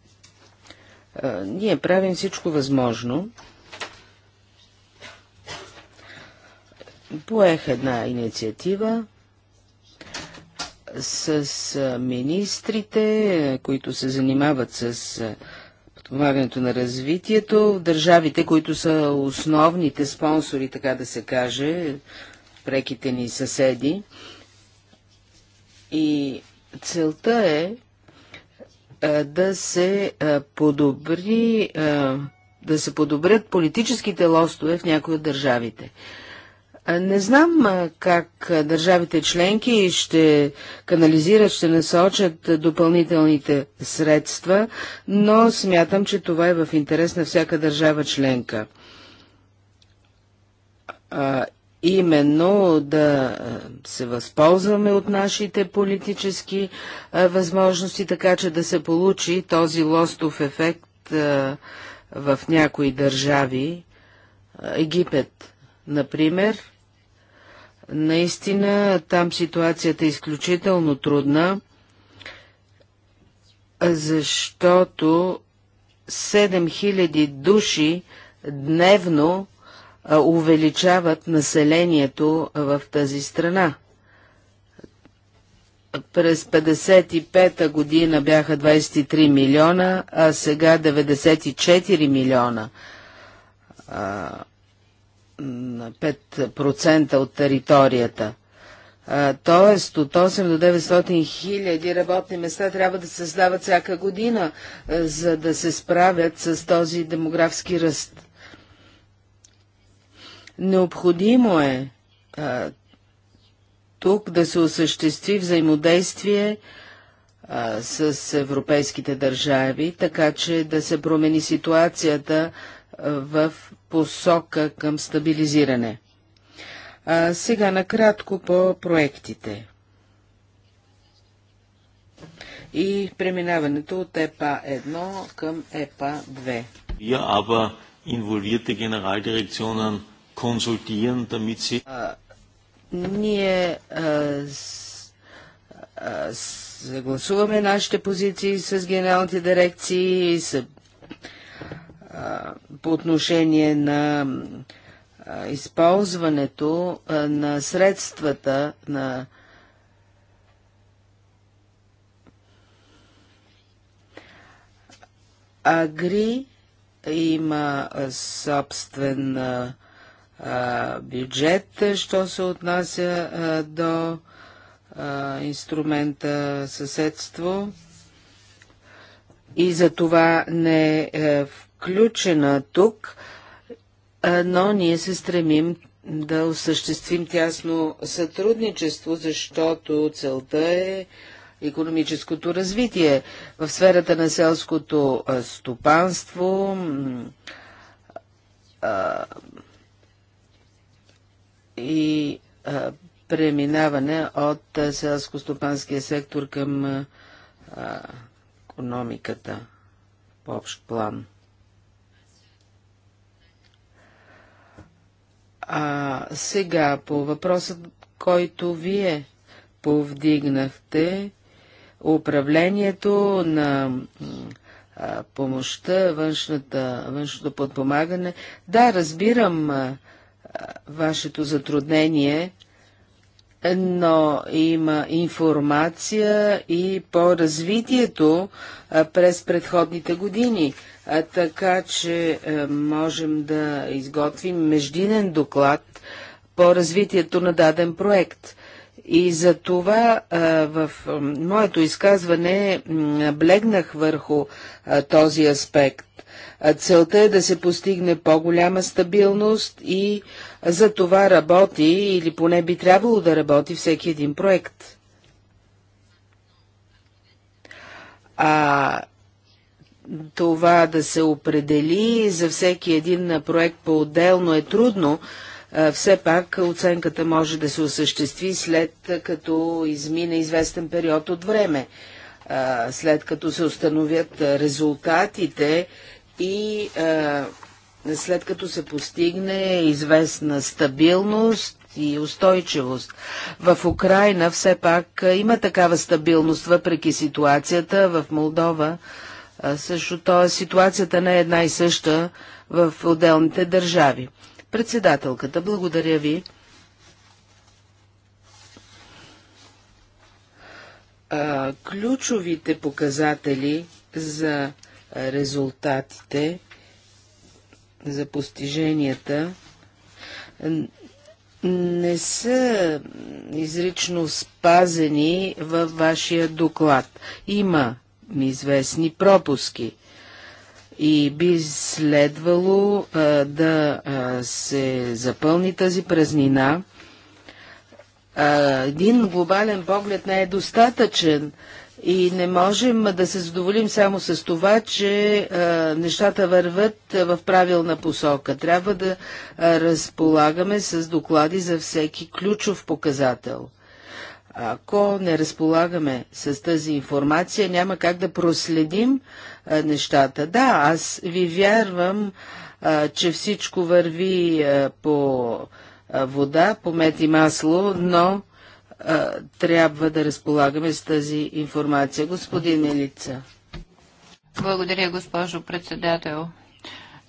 Speaker 1: а, ние правим всичко възможно. Поех една инициатива с министрите, които се занимават с подпомагането на развитието, държавите, които са основните спонсори, така да се каже, преките ни съседи. И целта е а, да се а, подобри, а, да се подобрят политическите лостове в някои от държавите. Не знам как държавите членки ще канализират, ще насочат допълнителните средства, но смятам, че това е в интерес на всяка държава членка именно да се възползваме от нашите политически възможности, така че да се получи този лостов ефект в някои държави. Египет, например, наистина там ситуацията е изключително трудна, защото 7000 души дневно увеличават населението в тази страна. През 55-та година бяха 23 милиона, а сега 94 милиона. 5% от територията. тоест от 8 до 900 хиляди работни места трябва да се създават всяка година, за да се справят с този демографски ръст. Необходимо е а, тук да се осъществи взаимодействие а, с европейските държави, така че да се промени ситуацията а, в посока към стабилизиране. А, сега накратко по проектите и преминаването от ЕПА 1 към ЕПА 2.
Speaker 2: Ja, aber involvierte Generaldirektionen konsultieren, damit sie.
Speaker 1: Ние съгласуваме нашите позиции с генералните дирекции и с, по отношение на използването на средствата на Агри има собствен а, бюджет, що се отнася до инструмента съседство. И за това не е, е включена тук, но ние се стремим да осъществим тясно сътрудничество, защото целта е економическото развитие. В сферата на селското стопанство и а, преминаване от селско-стопанския сектор към а, економиката по общ план. А сега по въпросът, който вие повдигнахте, управлението на а, помощта, външната, външното подпомагане. Да, разбирам вашето затруднение, но има информация и по развитието през предходните години, така че можем да изготвим междинен доклад по развитието на даден проект. И за това в моето изказване блегнах върху този аспект. Целта е да се постигне по-голяма стабилност и за това работи или поне би трябвало да работи всеки един проект. А това да се определи за всеки един проект по-отделно е трудно, все пак оценката може да се осъществи след като измине известен период от време. След като се установят резултатите и е, след като се постигне известна стабилност и устойчивост. В Украина все пак е, има такава стабилност, въпреки ситуацията в Молдова. Е, също то ситуацията не е една и съща в отделните държави. Председателката, благодаря ви. Ключовите показатели за резултатите, за постиженията, не са изрично спазени във вашия доклад. Има известни пропуски и би следвало а, да а, се запълни тази празнина. А, един глобален поглед не е достатъчен, и не можем да се задоволим само с това, че а, нещата върват в правилна посока. Трябва да а, разполагаме с доклади за всеки ключов показател. Ако не разполагаме с тази информация, няма как да проследим а, нещата. Да, аз ви вярвам, а, че всичко върви а, по а, вода, по мед и масло, но а, трябва да разполагаме с тази информация. Господин Елица.
Speaker 2: Благодаря, госпожо председател.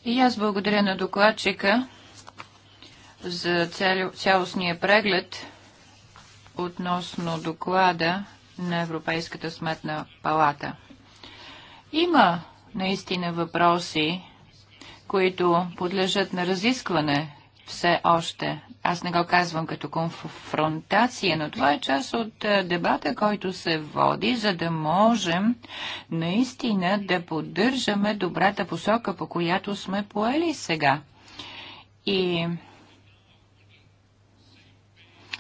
Speaker 2: И аз благодаря на докладчика за цяло, цялостния преглед относно доклада на Европейската сметна палата. Има наистина въпроси, които подлежат на разискване все още. Аз не го казвам като конфронтация, но това е част от е, дебата, който се води, за да можем наистина да поддържаме добрата посока, по която сме поели сега. И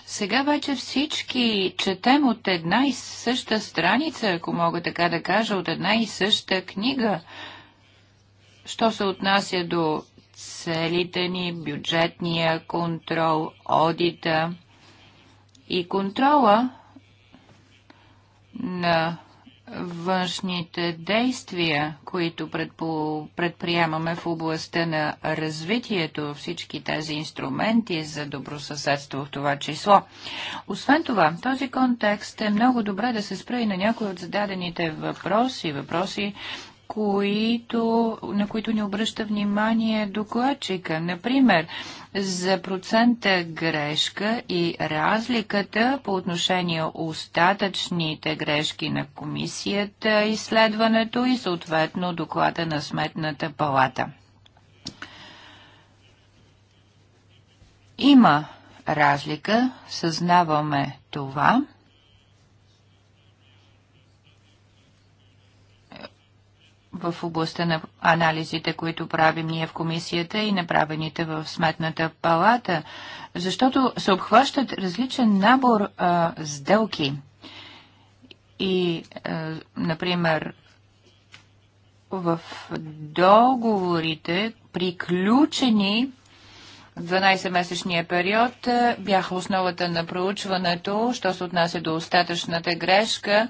Speaker 2: сега вече всички четем от една и съща страница, ако мога така да кажа, от една и съща книга. Що се отнася до целите ни, бюджетния контрол, одита и контрола на външните действия, които предприемаме в областта на развитието, всички тези инструменти за добросъседство в това число. Освен това, този контекст е много добре да се спре и на някои от зададените въпроси, въпроси, които, на които ни обръща внимание докладчика. Например, за процента грешка и разликата по отношение остатъчните грешки на комисията, изследването и съответно доклада на Сметната палата. Има разлика, съзнаваме това – в областта на анализите, които правим ние в комисията и направените в сметната палата, защото се обхващат различен набор а, сделки. И, а, например, в договорите, приключени 12-месечния период, бяха основата на проучването, що се отнася до остатъчната грешка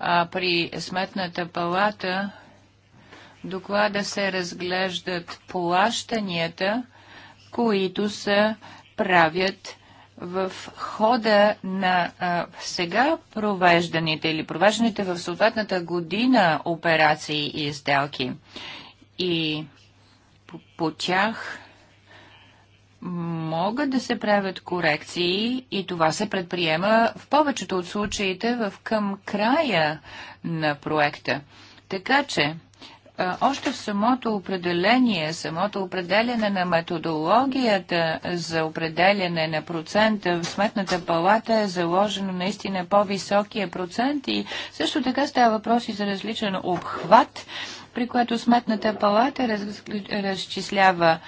Speaker 2: а при сметната палата – доклада се разглеждат плащанията, които се правят в хода на а, сега провежданите или провежданите в съответната година операции и изделки. И по, по тях могат да се правят корекции и това се предприема в повечето от случаите в към края на проекта. Така че още в самото определение, самото определене на методологията за определене на процента в сметната палата е заложено наистина по-високия процент и също така става въпрос и за различен обхват, при което сметната палата разчислява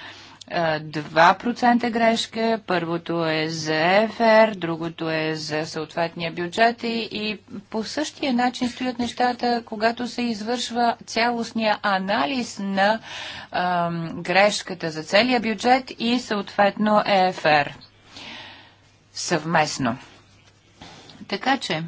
Speaker 2: 2% грешка. Първото е за ЕФР, другото е за съответния бюджет и, и по същия начин стоят нещата, когато се извършва цялостния анализ на а, грешката за целия бюджет и съответно ЕФР съвместно. Така че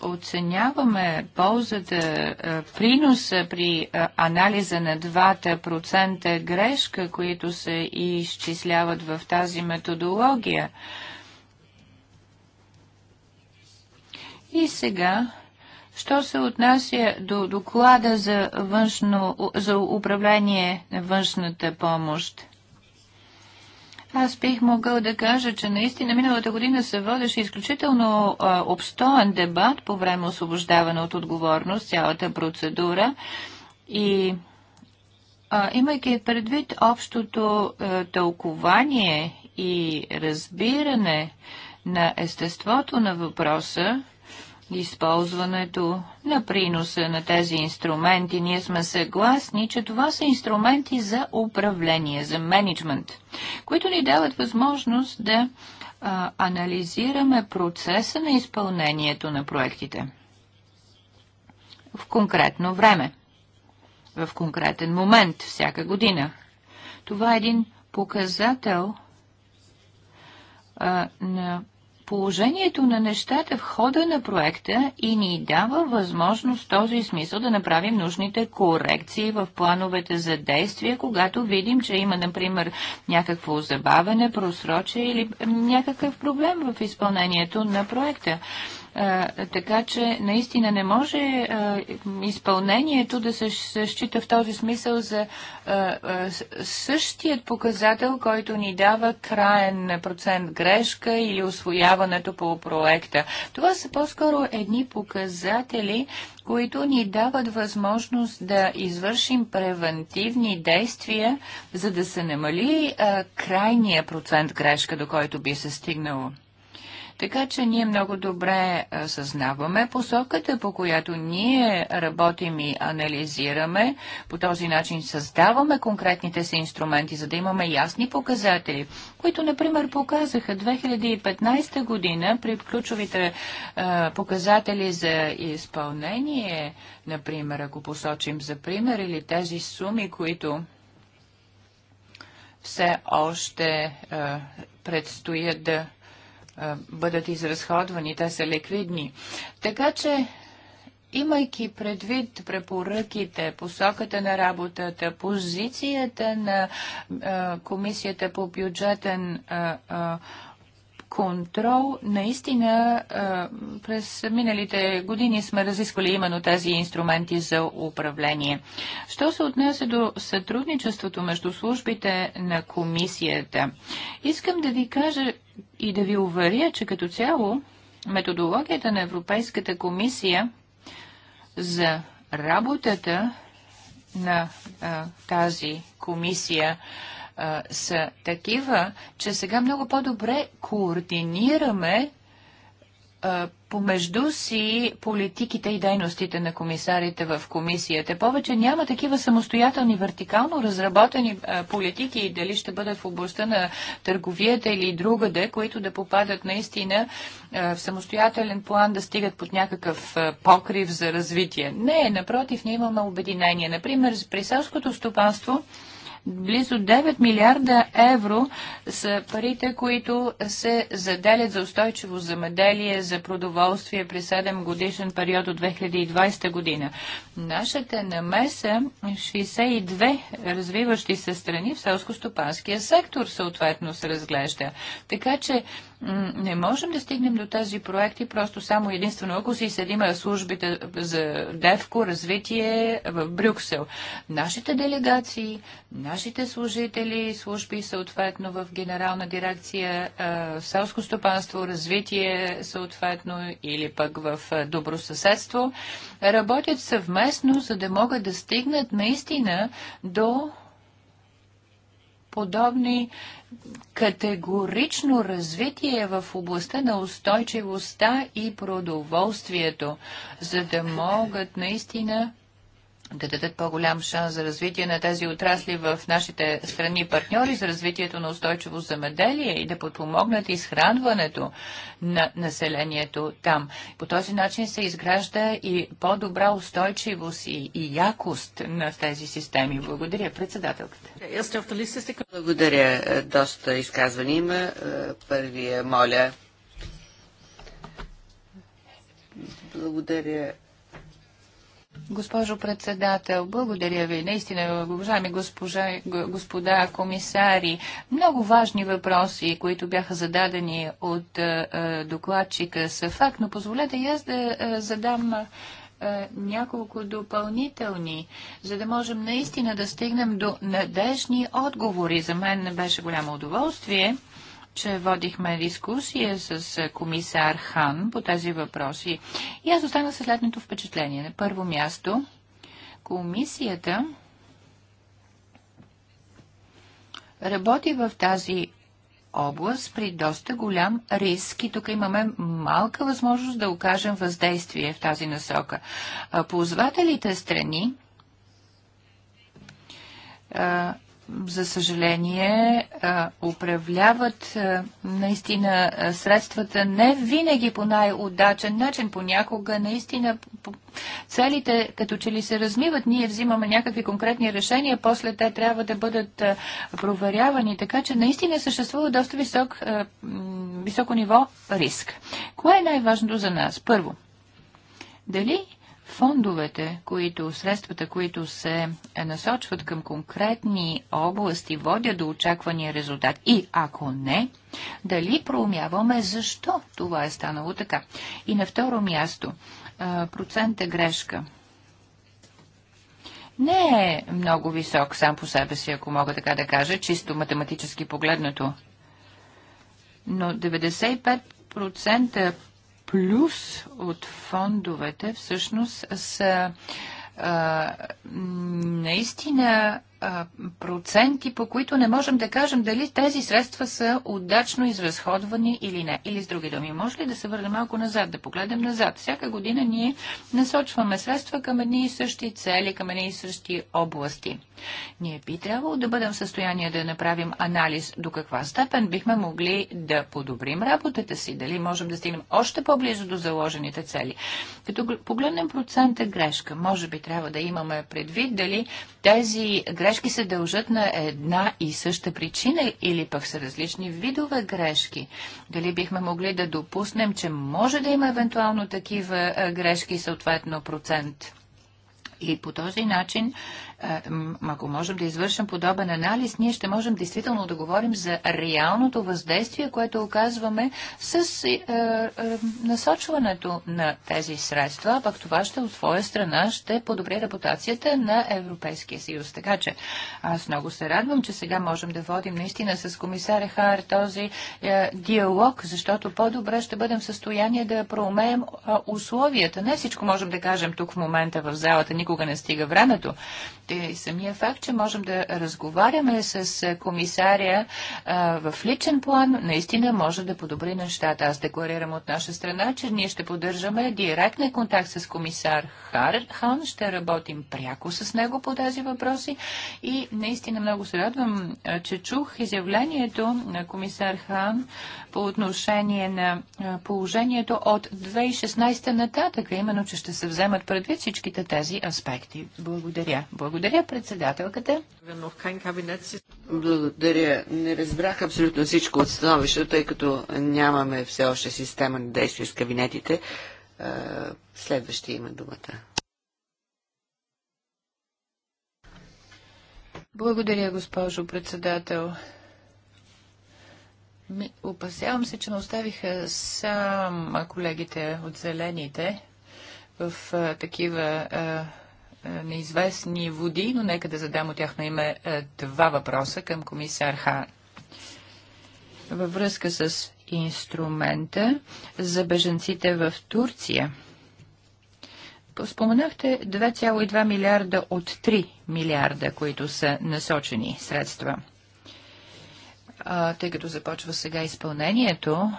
Speaker 2: оценяваме ползата, е, приноса при е, анализа на 2% грешка, които се изчисляват в тази методология. И сега Що се отнася до доклада за, външно, за управление на външната помощ? Аз бих могъл да кажа, че наистина миналата година се водеше изключително а, обстоен дебат по време освобождаване от отговорност, цялата процедура и а, имайки предвид общото а, тълкование и разбиране на естеството на въпроса, използването на приноса на тези инструменти. Ние сме съгласни, че това са инструменти за управление, за менеджмент, които ни дават възможност да а, анализираме процеса на изпълнението на проектите в конкретно време, в конкретен момент, всяка година. Това е един показател а, на положението на нещата в хода на проекта и ни дава възможност този смисъл да направим нужните корекции в плановете за действие, когато видим, че има, например, някакво забавене, просроче или някакъв проблем в изпълнението на проекта. Така че наистина не може изпълнението да се счита в този смисъл за същият показател, който ни дава краен процент грешка или освояването по проекта. Това са по-скоро едни показатели, които ни дават възможност да извършим превентивни действия, за да се намали крайния процент грешка, до който би се стигнало. Така че ние много добре съзнаваме посоката, по която ние работим и анализираме. По този начин създаваме конкретните си инструменти, за да имаме ясни показатели, които, например, показаха 2015 година при ключовите показатели за изпълнение, например, ако посочим за пример, или тези суми, които все още предстоят да бъдат изразходвани, те са ликвидни. Така че имайки предвид препоръките, посоката на работата, позицията на Комисията по бюджетен е, контрол. Наистина през миналите години сме разисквали именно тези инструменти за управление. Що се отнесе до сътрудничеството между службите на комисията? Искам да ви кажа и да ви уверя, че като цяло методологията на Европейската комисия за работата на тази комисия а, са такива, че сега много по-добре координираме а, помежду си политиките и дейностите на комисарите в комисията. Повече няма такива самостоятелни, вертикално разработени а, политики, дали ще бъдат в областта на търговията или другаде, които да попадат наистина в самостоятелен план да стигат под някакъв покрив за развитие. Не, напротив, ние имаме обединение. Например, при селското стопанство близо 9 милиарда евро са парите, които се заделят за устойчиво замеделие, за продоволствие при 7 годишен период от 2020 година. Нашата намеса 62 е развиващи се страни в селско-стопанския сектор съответно се разглежда. Така че не можем да стигнем до тези проекти просто само единствено, ако си седим службите за девко, развитие в Брюксел. Нашите делегации, нашите служители, служби съответно в Генерална дирекция селско стопанство, развитие съответно или пък в добро съседство, работят съвместно, за да могат да стигнат наистина до подобни категорично развитие в областта на устойчивостта и продоволствието, за да могат наистина да дадат по-голям шанс за развитие на тези отрасли в нашите страни партньори, за развитието на устойчиво замеделие и да подпомогнат изхранването на населението там. По този начин се изгражда и по-добра устойчивост и, и якост на тези системи. Благодаря, председателката.
Speaker 3: Благодаря. Доста изказвани има. Първия, моля.
Speaker 1: Благодаря
Speaker 2: Госпожо председател, благодаря ви. Наистина, уважаеми госпожа, господа комисари, много важни въпроси, които бяха зададени от е, е, докладчика са факт, но позволете и аз да е, задам няколко допълнителни, за да можем наистина да стигнем до надежни отговори. За мен беше голямо удоволствие че водихме дискусия с комисар Хан по тези въпроси. И аз останах със следното впечатление. На първо място, комисията работи в тази област при доста голям риск и тук имаме малка възможност да окажем въздействие в тази насока. Ползвателите страни за съжаление, управляват наистина средствата не винаги по най-удачен начин. Понякога наистина целите като че ли се размиват. Ние взимаме някакви конкретни решения, после те трябва да бъдат проверявани. Така че наистина съществува доста висок, високо ниво риск. Кое е най-важното за нас? Първо, дали фондовете, които, средствата, които се е, насочват към конкретни области, водят до очаквания резултат? И ако не, дали проумяваме защо това е станало така? И на второ място, процент е грешка. Не е много висок сам по себе си, ако мога така да кажа, чисто математически погледнато. Но 95% плюс от фондовете всъщност са а, наистина проценти, по които не можем да кажем дали тези средства са удачно изразходвани или не. Или с други думи, може ли да се върнем малко назад, да погледнем назад? Всяка година ние насочваме средства към едни и същи цели, към едни и същи области. Ние би трябвало да бъдем в състояние да направим анализ до каква степен бихме могли да подобрим работата си, дали можем да стигнем още по-близо до заложените цели. Като погледнем процента грешка, може би трябва да имаме предвид дали тези грешки грешки се дължат на една и съща причина или пък са различни видове грешки. Дали бихме могли да допуснем, че може да има евентуално такива грешки, съответно процент? И по този начин е, ако можем да извършим подобен анализ, ние ще можем действително да говорим за реалното въздействие, което оказваме с е, е, насочването на тези средства, пък това ще от своя страна ще подобри репутацията на Европейския съюз. Така че аз много се радвам, че сега можем да водим наистина с комисаря Хар този е, диалог, защото по-добре ще бъдем в състояние да проумеем е, условията. Не всичко можем да кажем тук в момента в залата, никога не стига времето и е самия факт, че можем да разговаряме с комисаря а, в личен план, наистина може да подобри нещата. Аз декларирам от наша страна, че ние ще поддържаме директен контакт с комисар Хан, ще работим пряко с него по тези въпроси и наистина много се радвам, че чух изявлението на комисар Хан по отношение на положението от 2016 нататък, именно, че ще се вземат предвид всичките тези аспекти. Благодаря. Благодаря. Благодаря, председателката.
Speaker 1: Благодаря.
Speaker 3: Не разбрах абсолютно всичко от становището, тъй като нямаме все още система на действие с кабинетите. Е, Следващи има думата.
Speaker 2: Благодаря, госпожо председател. Ми, опасявам се, че не оставиха сам колегите от зелените в а, такива а, е, неизвестни води, но нека да задам от тяхно име е, два въпроса към комисар Хан. Във връзка с инструмента за беженците в Турция. Споменахте 2,2 милиарда от 3 милиарда, които са насочени средства. А, тъй като започва сега изпълнението,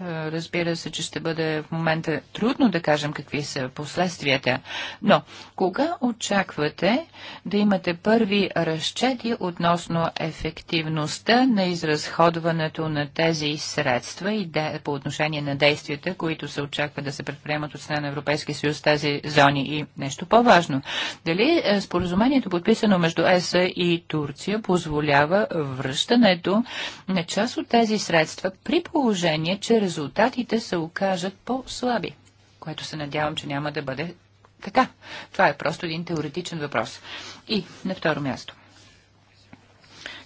Speaker 2: е, разбира се, че ще бъде в момента трудно да кажем какви са последствията, но кога очаквате да имате първи разчети относно ефективността на изразходването на тези средства и де, по отношение на действията, които се очаква да се предприемат от страна на Европейския съюз тези зони и нещо по-важно? Дали е, споразумението, подписано между ЕСА и Турция, позволява връщането на част от тези средства при положение, че резултатите се окажат по-слаби, което се надявам, че няма да бъде така. Това е просто един теоретичен въпрос. И на второ място.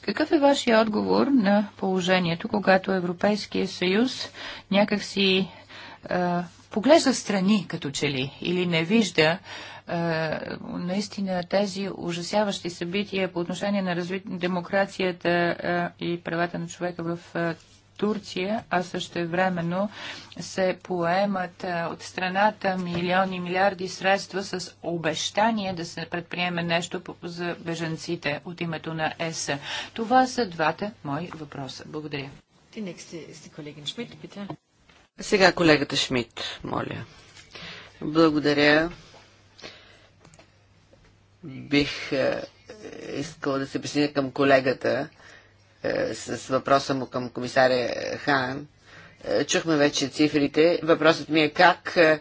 Speaker 2: Какъв е вашия отговор на положението, когато Европейския съюз някакси е, поглежда страни, като че ли, или не вижда е, наистина тези ужасяващи събития по отношение на разви... демокрацията е, и правата на човека в е, Турция, а също времено се поемат от страната милиони, милиарди средства с обещание да се предприеме нещо за беженците от името на ЕС. Това са двата мои въпроса. Благодаря. Е, е Сега
Speaker 3: колегата Шмидт, моля. Благодаря. Бих е, искала да се присъединя към колегата е, с въпроса му към комисаря Хан. Е, чухме вече цифрите. Въпросът ми е как е,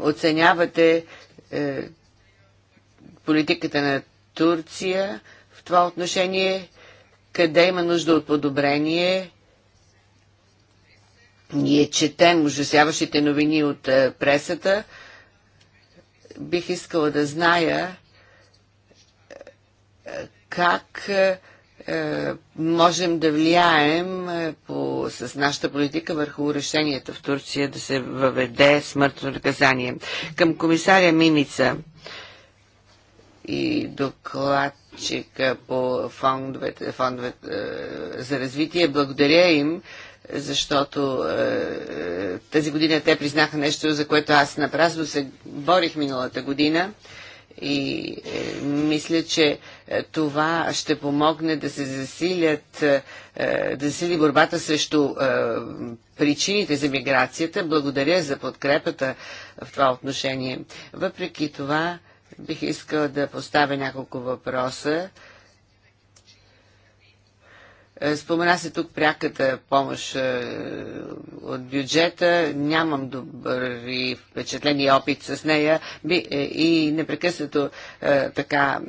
Speaker 3: оценявате политиката на Турция в това отношение, къде има нужда от подобрение. Ние четем ужасяващите новини от пресата. Бих искала да зная как е, можем да влияем е, по, с нашата политика върху решението в Турция да се въведе смъртно наказание. Към комисаря Мимица и докладчика по фондовете, фондовете е, за развитие, благодаря им защото е, тази година те признаха нещо, за което аз напразно се борих миналата година. Е, и е, мисля, че е, това ще помогне да се засилят, е, е да засили борбата срещу е, причините за миграцията. Благодаря за подкрепата в това отношение. Въпреки това, бих искала да поставя няколко въпроса е, спомена се тук пряката помощ е, от бюджета. Нямам добри впечатления и опит с нея. Е, и непрекъснато така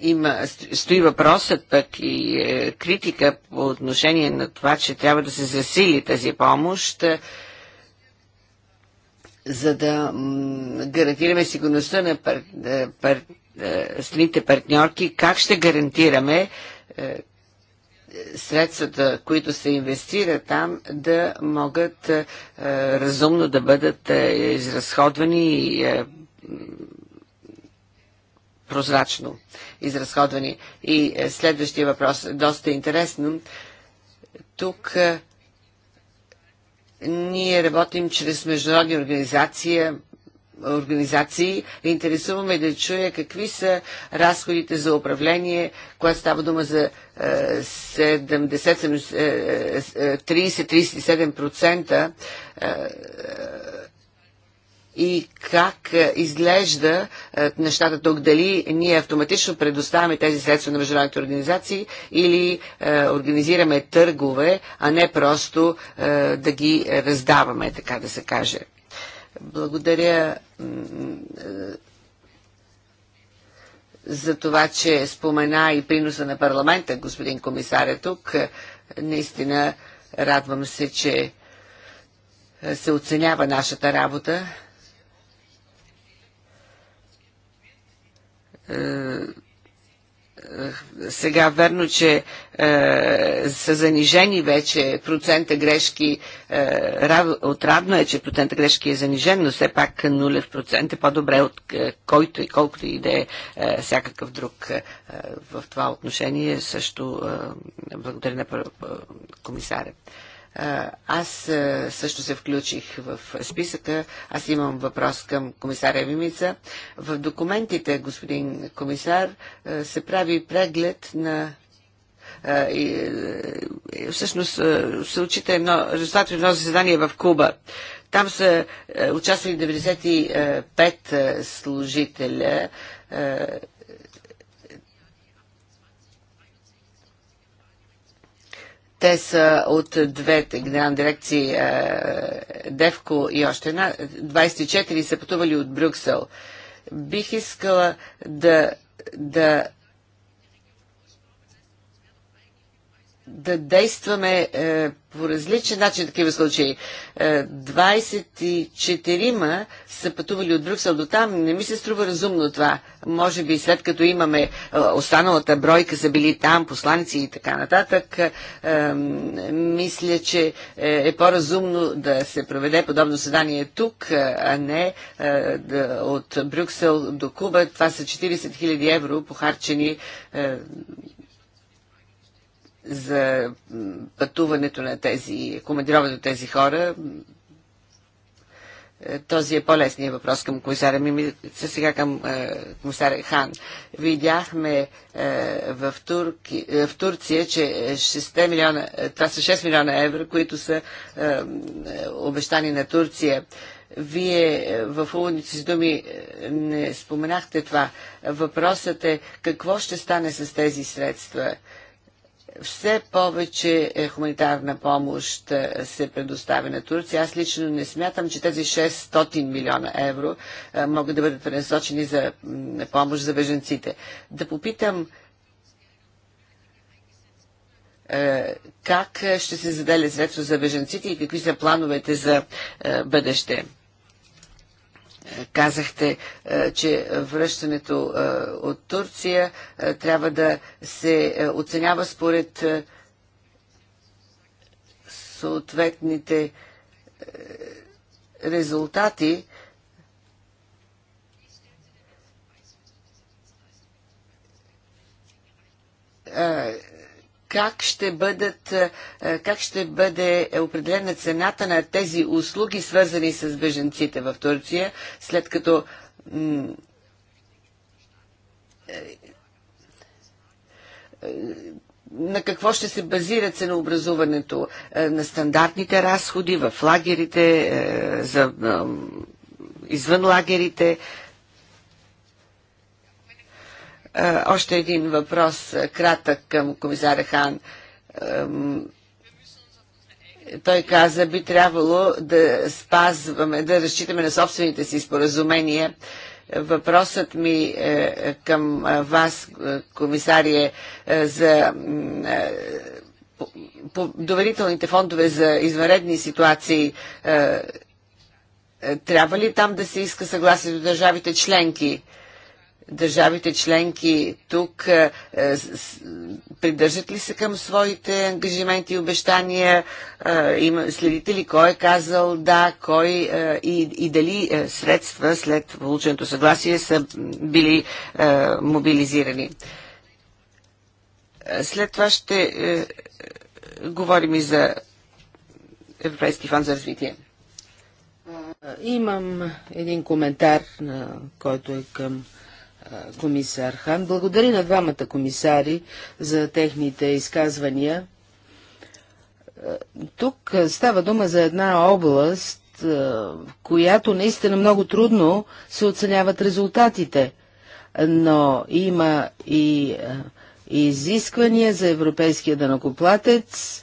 Speaker 3: има, стои въпросът пък и критика по отношение на това, че трябва да се засили тази помощ, за да гарантираме сигурността на пар, пар, страните партньорки. Как ще гарантираме средствата, които се инвестират там, да могат е, разумно да бъдат е, изразходвани и е, прозрачно изразходвани. И е, следващия въпрос е доста интересен. Тук е, ние работим чрез международни организации, организации. Интересуваме да чуя какви са разходите за управление, когато става дума за 30-37% е, е, е, и как изглежда нещата тук. Дали ние автоматично предоставяме тези средства на международните организации или организираме търгове, а не просто да ги раздаваме, така да се каже. Благодаря е, за това, че спомена и приноса на парламента, господин комисаря е тук. Наистина радвам се, че се оценява нашата работа. Е, сега верно, че е, са занижени вече процента грешки. Е, рав, отрадно е, че процента грешки е занижен, но все пак нулев процент е по-добре от е, който и колкото и да е, е всякакъв друг е, е в това отношение. Също е, благодаря на комисаря. Аз също се включих в списъка. Аз имам въпрос към комисаря Мимица. В документите, господин комисар, се прави преглед на е, всъщност се отчита едно, резултат едно заседание в Куба. Там са е, участвали 95 е, служителя Те са от двете генерални дирекции е, Девко и още една. 24 са пътували от Брюксел. Бих искала да, да да действаме е, по различен начин такива случаи. Е, 24-ма са пътували от Брюксел до там. Не ми се струва разумно това. Може би след като имаме е, останалата бройка са били там, посланици и така нататък, е, мисля, че е, е по-разумно да се проведе подобно съдание тук, е, а не е, да, от Брюксел до Куба. Това са 40 000 евро похарчени е, за пътуването на тези, командироването на тези хора, е, този е по-лесният въпрос към комисаря Мимица, сега към е, комисаря Хан. Видяхме е, в, Турки, е, в Турция, че 6 милиона, е, това са 6 милиона евро, които са е, е обещани на Турция. Вие в улници с думи не споменахте това. Въпросът е какво ще стане с тези средства? Все повече е, хуманитарна помощ е, се предоставя на Турция. Аз лично не смятам, че тези 600 милиона евро е, могат да бъдат пренасочени за помощ за беженците. Да попитам как ще се заделя средство за беженците и какви са плановете за бъдеще. Казахте, е, че връщането е, от Турция е, трябва да се оценява според съответните резултати. Uh, как ще, бъдат, е, е, как ще бъде определена цената на тези услуги, свързани с беженците в Турция, след като е, на какво ще се базира ценообразуването? На стандартните разходи в лагерите, за, извън лагерите, е, още един въпрос, е, кратък към комисаря Хан. Той каза, би трябвало да спазваме, да разчитаме на собствените си споразумения. Въпросът ми е, към вас, комисарие, за доверителните фондове за извънредни ситуации, трябва ли там да се иска съгласие до държавите членки? държавите членки тук е, е, придържат ли се към своите ангажименти и обещания? Е, има, следите ли кой е казал да, кой и, и дали средства след полученото съгласие са били мобилизирани? След това ще говорим и за Европейски фонд за развитие.
Speaker 1: Имам един коментар, който е към комисар Хан. Благодаря на двамата комисари за техните изказвания. Тук става дума за една област, в която наистина много трудно се оценяват резултатите, но има и изисквания за европейския данокоплатец,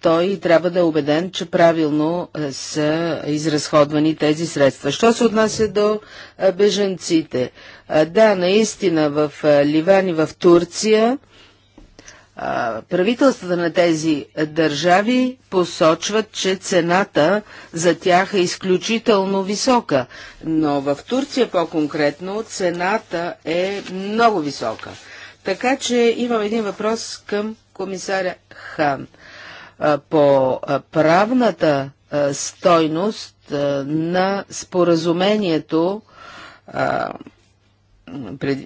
Speaker 1: той трябва да е убеден, че правилно са изразходвани тези средства. Що се отнася до беженците? Да, наистина в Ливан и в Турция правителствата на тези държави посочват, че цената за тях е изключително висока, но в Турция по-конкретно цената е много висока. Така че имам един въпрос към комисаря Хан по правната стойност на споразумението пред,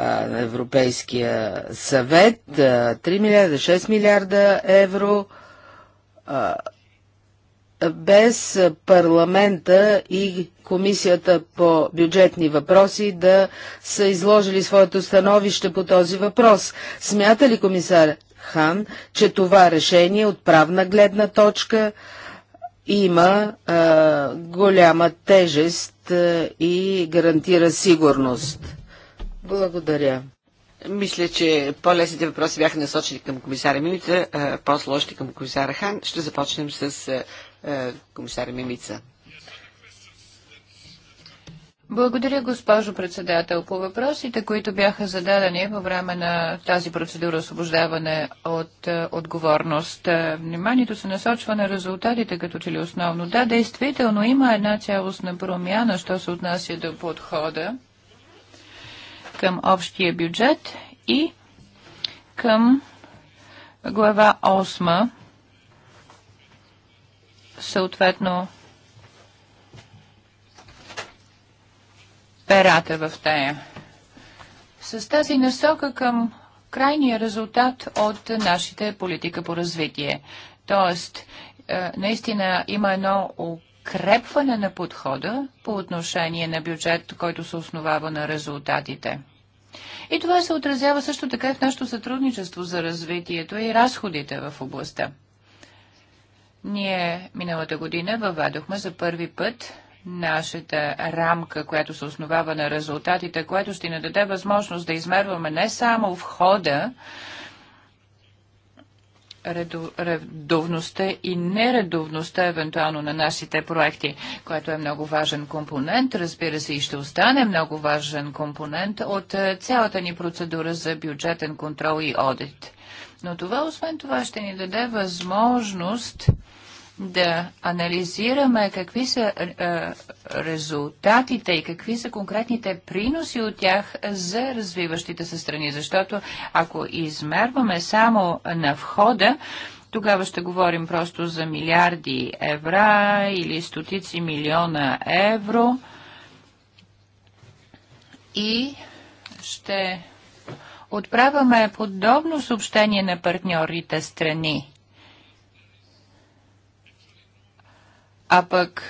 Speaker 1: на Европейския съвет 3 милиарда, 6 милиарда евро без парламента и Комисията по бюджетни въпроси да са изложили своето становище по този въпрос. Смята ли комисар Хан, че това решение от правна гледна точка има а, голяма тежест а, и гарантира сигурност. Благодаря.
Speaker 3: Мисля, че по-лесните въпроси бяха насочени към комисаря Мимица, по-сложни към комисаря Хан. Ще започнем с комисаря Мимица.
Speaker 2: Благодаря, госпожо председател. По въпросите, които бяха зададени по време на тази процедура освобождаване от е, отговорност, е, вниманието се насочва на резултатите като че ли основно. Да, действително има една цялостна промяна, що се отнася до подхода към общия бюджет и към глава 8, съответно перата в тая. С тази насока към крайния резултат от нашите политика по развитие. Тоест, е, наистина има едно укрепване на подхода по отношение на бюджет, който се основава на резултатите. И това се отразява също така и в нашето сътрудничество за развитието и разходите в областта. Ние миналата година въведохме за първи път нашата рамка, която се основава на резултатите, което ще ни даде възможност да измерваме не само входа, редовността и нередовността евентуално на нашите проекти, което е много важен компонент, разбира се и ще остане много важен компонент от е, цялата ни процедура за бюджетен контрол и одит. Но това, освен това, ще ни даде възможност да анализираме какви са е, е, резултатите и какви са конкретните приноси от тях за развиващите се страни. Защото ако измерваме само на входа, тогава ще говорим просто за милиарди евра или стотици милиона евро и ще отправяме подобно съобщение на партньорите страни А пък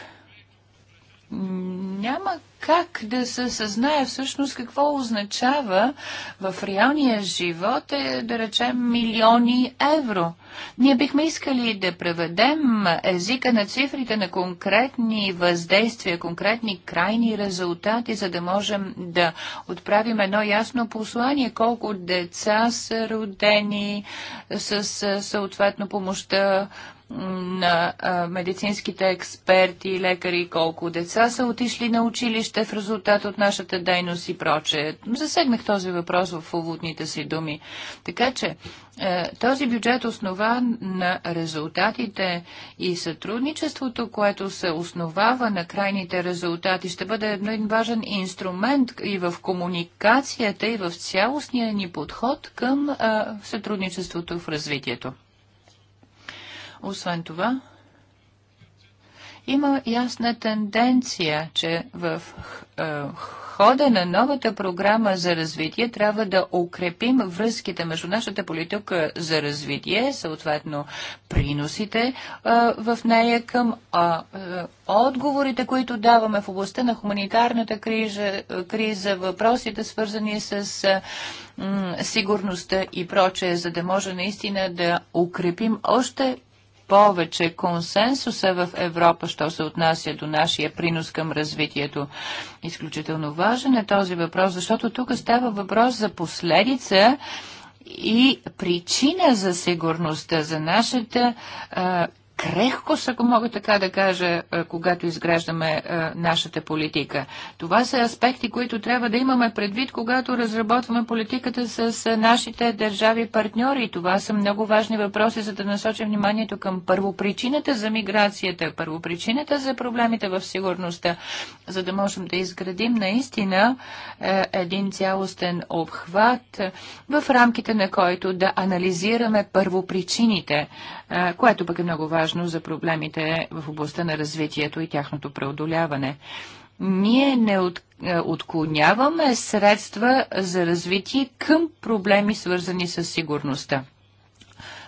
Speaker 2: няма как да се съзнае всъщност какво означава в реалния живот, е, да речем, милиони евро. Ние бихме искали да преведем езика на цифрите на конкретни въздействия, конкретни крайни резултати, за да можем да отправим едно ясно послание колко деца са родени с съответно помощта на медицинските експерти лекари, колко деца са отишли на училище в резултат от нашата дейност и прочее. Засегнах този въпрос в уводните си думи. Така че е, този бюджет основа на резултатите и сътрудничеството, което се основава на крайните резултати, ще бъде един важен инструмент и в комуникацията, и в цялостния ни подход към е, сътрудничеството в развитието. Освен това, има ясна тенденция, че в е, хода на новата програма за развитие трябва да укрепим връзките между нашата политика за развитие, съответно приносите е, в нея към е, отговорите, които даваме в областта на хуманитарната криза, криза въпросите свързани с сигурността и прочее, за да може наистина да укрепим още повече консенсуса е в Европа, що се отнася до нашия принос към развитието. Изключително важен е този въпрос, защото тук става въпрос за последица и причина за сигурността, за нашата а, крехкост, ако мога така да кажа, е, когато изграждаме е, нашата политика. Това са аспекти, които трябва да имаме предвид, когато разработваме политиката с е, нашите държави партньори. Това са много важни въпроси, за да насочим вниманието към първопричината за миграцията, първопричината за проблемите в сигурността, за да можем да изградим наистина един цялостен обхват, в рамките на който да анализираме първопричините, което пък е много важно важно за проблемите в областта на развитието и тяхното преодоляване. Ние не от, е, отклоняваме средства за развитие към проблеми, свързани с сигурността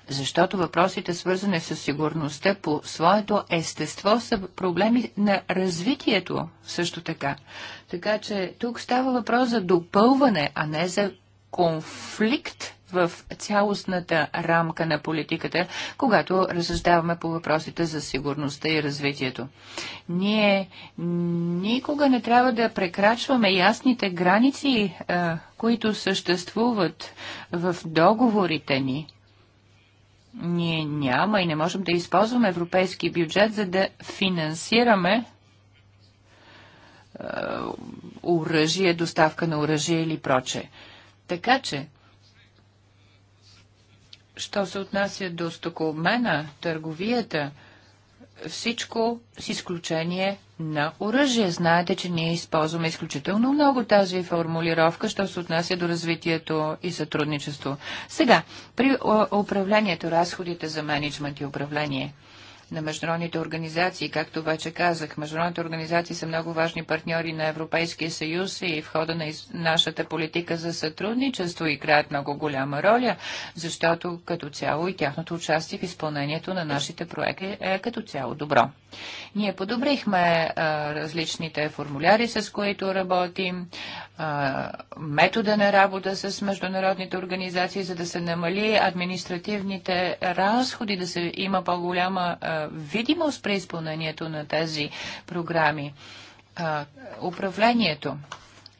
Speaker 2: защото въпросите, свързани с сигурността по своето естество, са проблеми на развитието също така. Така че тук става въпрос за допълване, а не за конфликт в цялостната рамка на политиката, когато разсъждаваме по въпросите за сигурността и развитието. Ние никога не трябва да прекрачваме ясните граници, които съществуват в договорите ни. Ние няма и не можем да използваме европейски бюджет, за да финансираме оръжие, доставка на оръжие или проче. Така че що се отнася до стокомена, търговията, всичко с изключение на оръжие. Знаете, че ние използваме изключително много тази формулировка, що се отнася до развитието и сътрудничество. Сега, при управлението, разходите за менеджмент и управление – на международните организации. Както вече казах, международните организации са много важни партньори на Европейския съюз и в хода на из... нашата политика за сътрудничество играят много голяма роля, защото като цяло и тяхното участие в изпълнението на нашите проекти е като цяло добро. Ние подобрихме а, различните формуляри, с които работим метода на работа с международните организации, за да се намали административните разходи, да се има по-голяма видимост при изпълнението на тези програми. управлението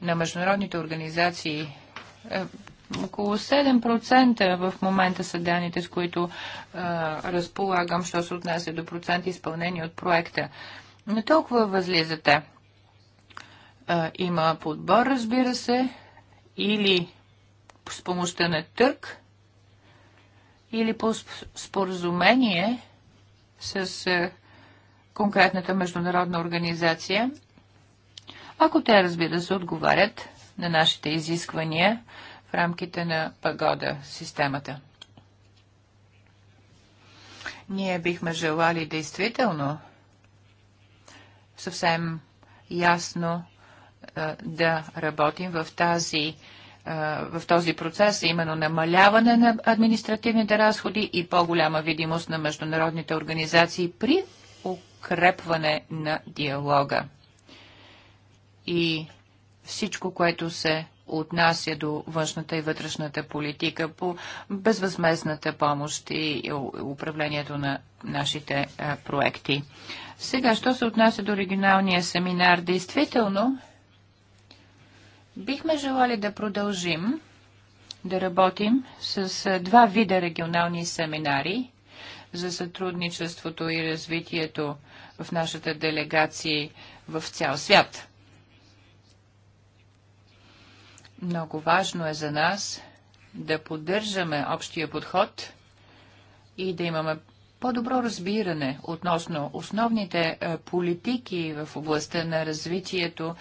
Speaker 2: на международните организации около 7% в момента са данните, с които разполагам, що се отнася до процент изпълнение от проекта. Не толкова възлизате а, има подбор, разбира се, или с помощта на търг, или по споразумение с а, конкретната международна организация, ако те, разбира се, отговарят на нашите изисквания в рамките на пагода системата. Ние бихме желали действително съвсем ясно да работим в тази в този процес, именно намаляване на административните разходи и по-голяма видимост на международните организации при укрепване на диалога. И всичко, което се отнася до външната и вътрешната политика по безвъзмезната помощ и управлението на нашите проекти. Сега, що се отнася до регионалния семинар, действително Бихме желали да продължим да работим с два вида регионални семинари за сътрудничеството и развитието в нашата делегация в цял свят. Много важно е за нас да поддържаме общия подход и да имаме по-добро разбиране относно основните е, политики в областта на развитието.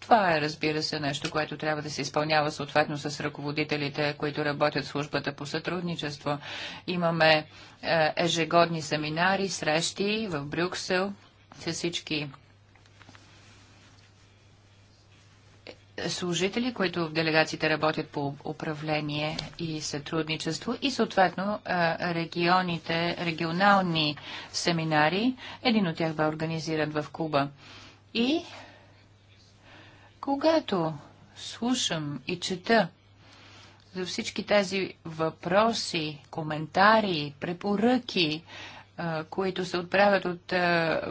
Speaker 2: Това е, разбира се, нещо, което трябва да се изпълнява съответно с ръководителите, които работят в службата по сътрудничество. Имаме е, ежегодни семинари, срещи в Брюксел с всички служители, които в делегациите работят по управление и сътрудничество и съответно регионите, регионални семинари. Един от тях бе организиран в Куба. И когато слушам и чета за всички тези въпроси, коментари, препоръки, които се отправят от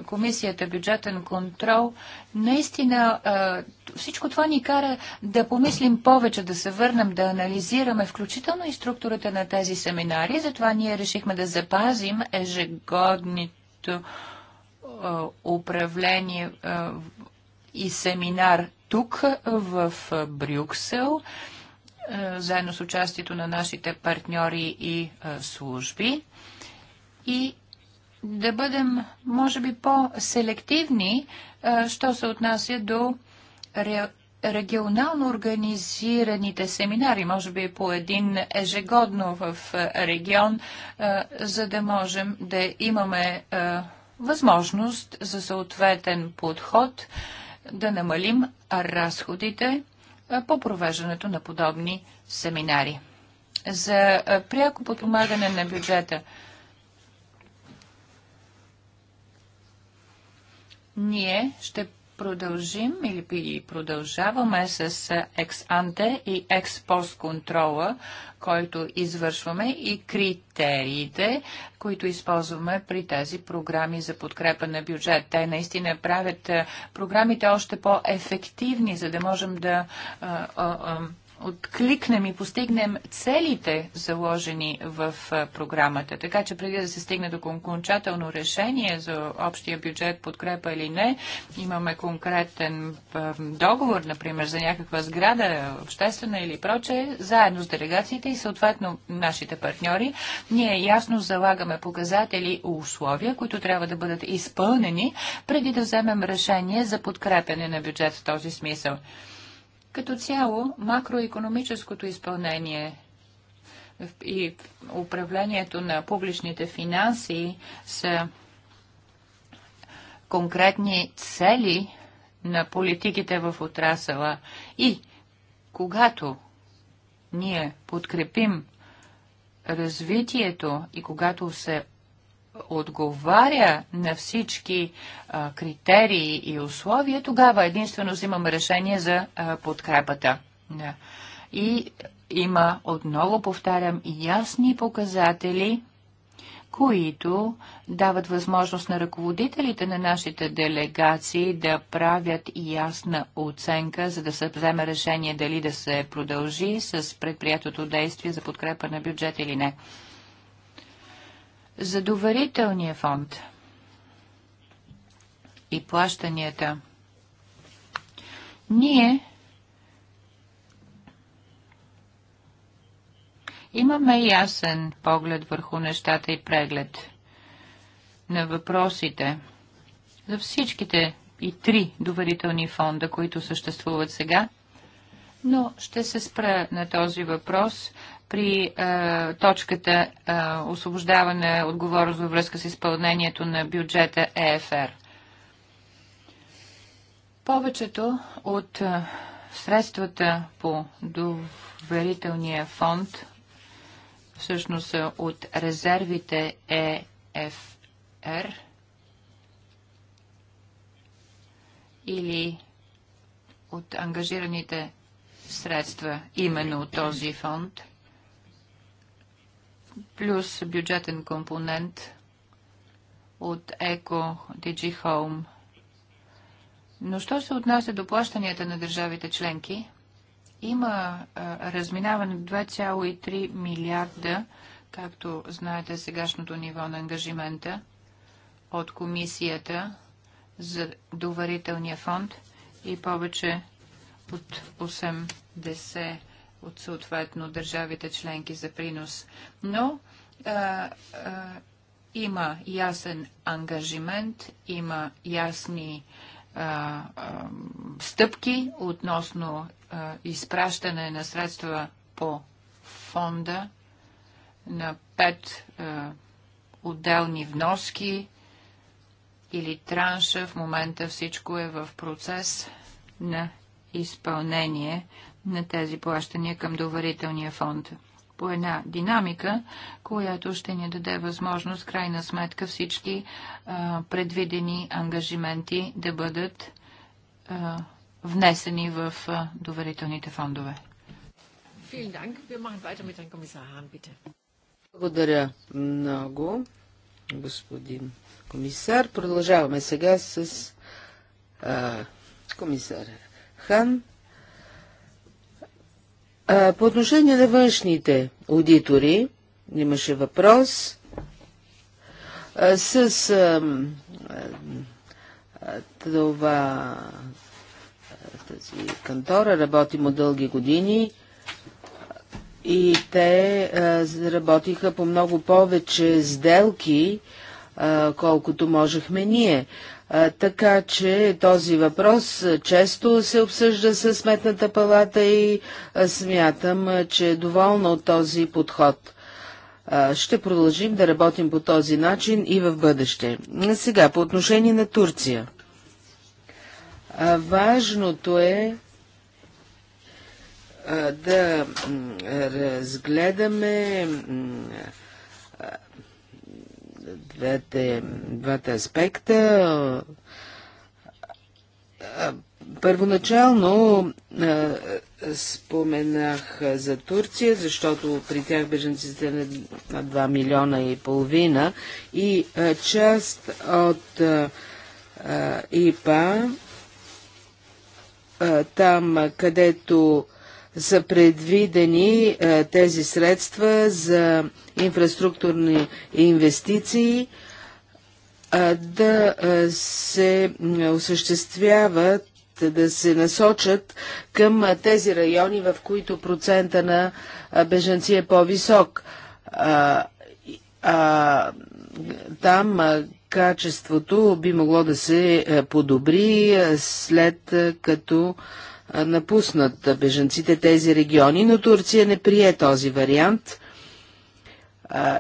Speaker 2: Комисията бюджетен контрол, наистина всичко това ни кара да помислим повече, да се върнем, да анализираме, включително и структурата на тези семинари. Затова ние решихме да запазим ежегодното управление и семинар тук в Брюксел, заедно с участието на нашите партньори и служби. И да бъдем, може би, по-селективни, е, що се отнася до ре, регионално организираните семинари, може би по един ежегодно в е, регион, е, за да можем да имаме възможност за съответен подход да намалим разходите по провеждането на подобни семинари. За пряко подпомагане на бюджета – Ние ще продължим или продължаваме с ex анте и екс post контрола, който извършваме и критериите, които използваме при тези програми за подкрепа на бюджет. Те наистина правят програмите още по-ефективни, за да можем да а, а, а, откликнем и постигнем целите, заложени в програмата. Така че преди да се стигне до окончателно решение за общия бюджет, подкрепа или не, имаме конкретен договор, например, за някаква сграда, обществена или проче, заедно с делегациите и съответно нашите партньори, ние ясно залагаме показатели и условия, които трябва да бъдат изпълнени преди да вземем решение за подкрепене на бюджет в този смисъл. Като цяло, макроекономическото изпълнение и управлението на публичните финанси са конкретни цели на политиките в отрасъла и когато ние подкрепим развитието и когато се отговаря на всички а, критерии и условия, тогава единствено взимаме решение за а, подкрепата. Да. И има, отново повтарям, ясни показатели, които дават възможност на ръководителите на нашите делегации да правят ясна оценка, за да се вземе решение дали да се продължи с предприятото действие за подкрепа на бюджет или не. За доверителния фонд и плащанията. Ние имаме ясен поглед върху нещата и преглед на въпросите за всичките и три доверителни фонда, които съществуват сега, но ще се спра на този въпрос при е, точката е, освобождаване отговорност във връзка с изпълнението на бюджета ЕФР. Повечето от е, средствата по доверителния фонд всъщност са от резервите ЕФР или от ангажираните средства именно от този фонд – плюс бюджетен компонент от Еко DG Home. Но що се отнася до плащанията на държавите членки, има е, разминаване 2,3 милиарда, както знаете сегашното ниво на ангажимента от комисията за доверителния фонд и повече от 80 от съответно държавите членки за принос. Но а, а, има ясен ангажимент, има ясни а, а, стъпки относно а, изпращане на средства по фонда на пет а, отделни вноски или транша. В момента всичко е в процес на изпълнение на тези плащания към доверителния фонд по една динамика, която ще ни даде възможност, крайна сметка, всички а, предвидени ангажименти да бъдат а, внесени в а, доверителните фондове.
Speaker 1: Благодаря много, господин комисар. Продължаваме сега с а, комисар Хан. А, по отношение на външните аудитори, имаше въпрос а, с а, това тази кантора, работим от дълги години и те а, работиха по много повече сделки, а, колкото можехме ние. Така че този въпрос често се обсъжда с Сметната палата и смятам, че е доволна от този подход. Ще продължим да работим по този начин и в бъдеще. Сега, по отношение на Турция. Важното е да разгледаме двете, двата аспекта. Първоначално споменах за Турция, защото при тях беженците на 2 милиона и половина и част от ИПА там, където са предвидени е, тези средства за инфраструктурни инвестиции е, да е, се осъществяват, да се насочат към тези райони, в които процента на бежанци е по-висок. Там качеството би могло да се подобри след като напуснат беженците тези региони, но Турция не прие този вариант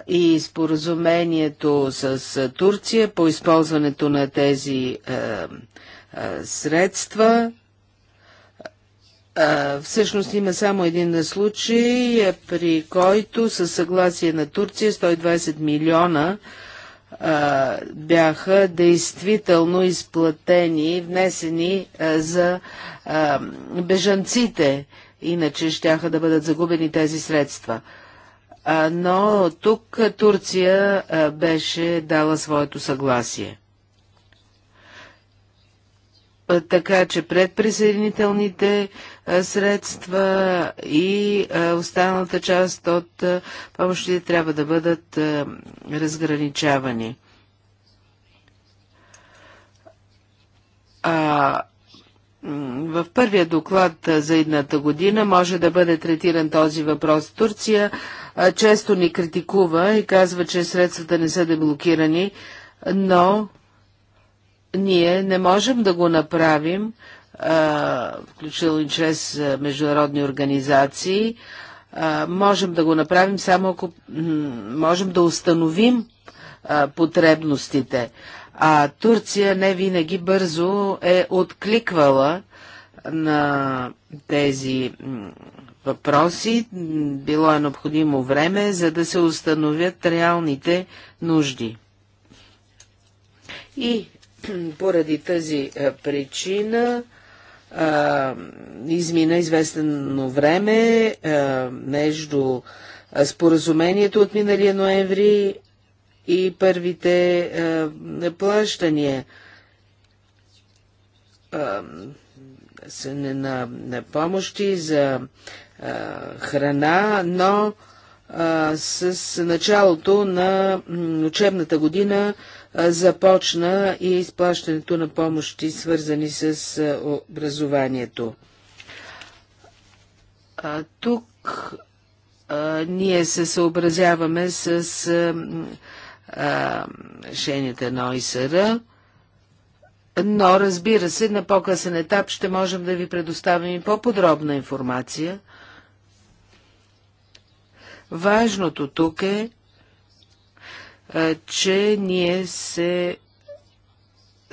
Speaker 1: и споразумението с Турция по използването на тези средства. Всъщност има само един случай, при който със съгласие на Турция 120 милиона а, бяха действително изплатени, внесени а, за а, бежанците, иначе щяха да бъдат загубени тези средства. А, но тук Турция а, беше дала своето съгласие. А, така че предприсъединителните средства и останалата част от помощите трябва да бъдат разграничавани. А, в първия доклад за едната година може да бъде третиран този въпрос. Турция често ни критикува и казва, че средствата не са деблокирани, но ние не можем да го направим, включил и чрез международни организации, можем да го направим само ако можем да установим потребностите. А Турция не винаги бързо е откликвала на тези въпроси. Било е необходимо време, за да се установят реалните нужди. И поради тази причина а, измина известно време а, между споразумението от миналия ноември и първите а, плащания. А, на, на помощи за а, храна, но а, с началото на учебната година започна и изплащането на помощи, свързани с образованието. Тук ние се съобразяваме с решенията на ОИСР, но разбира се, на по-късен етап ще можем да ви предоставим и по-подробна информация. Важното тук е, че ние се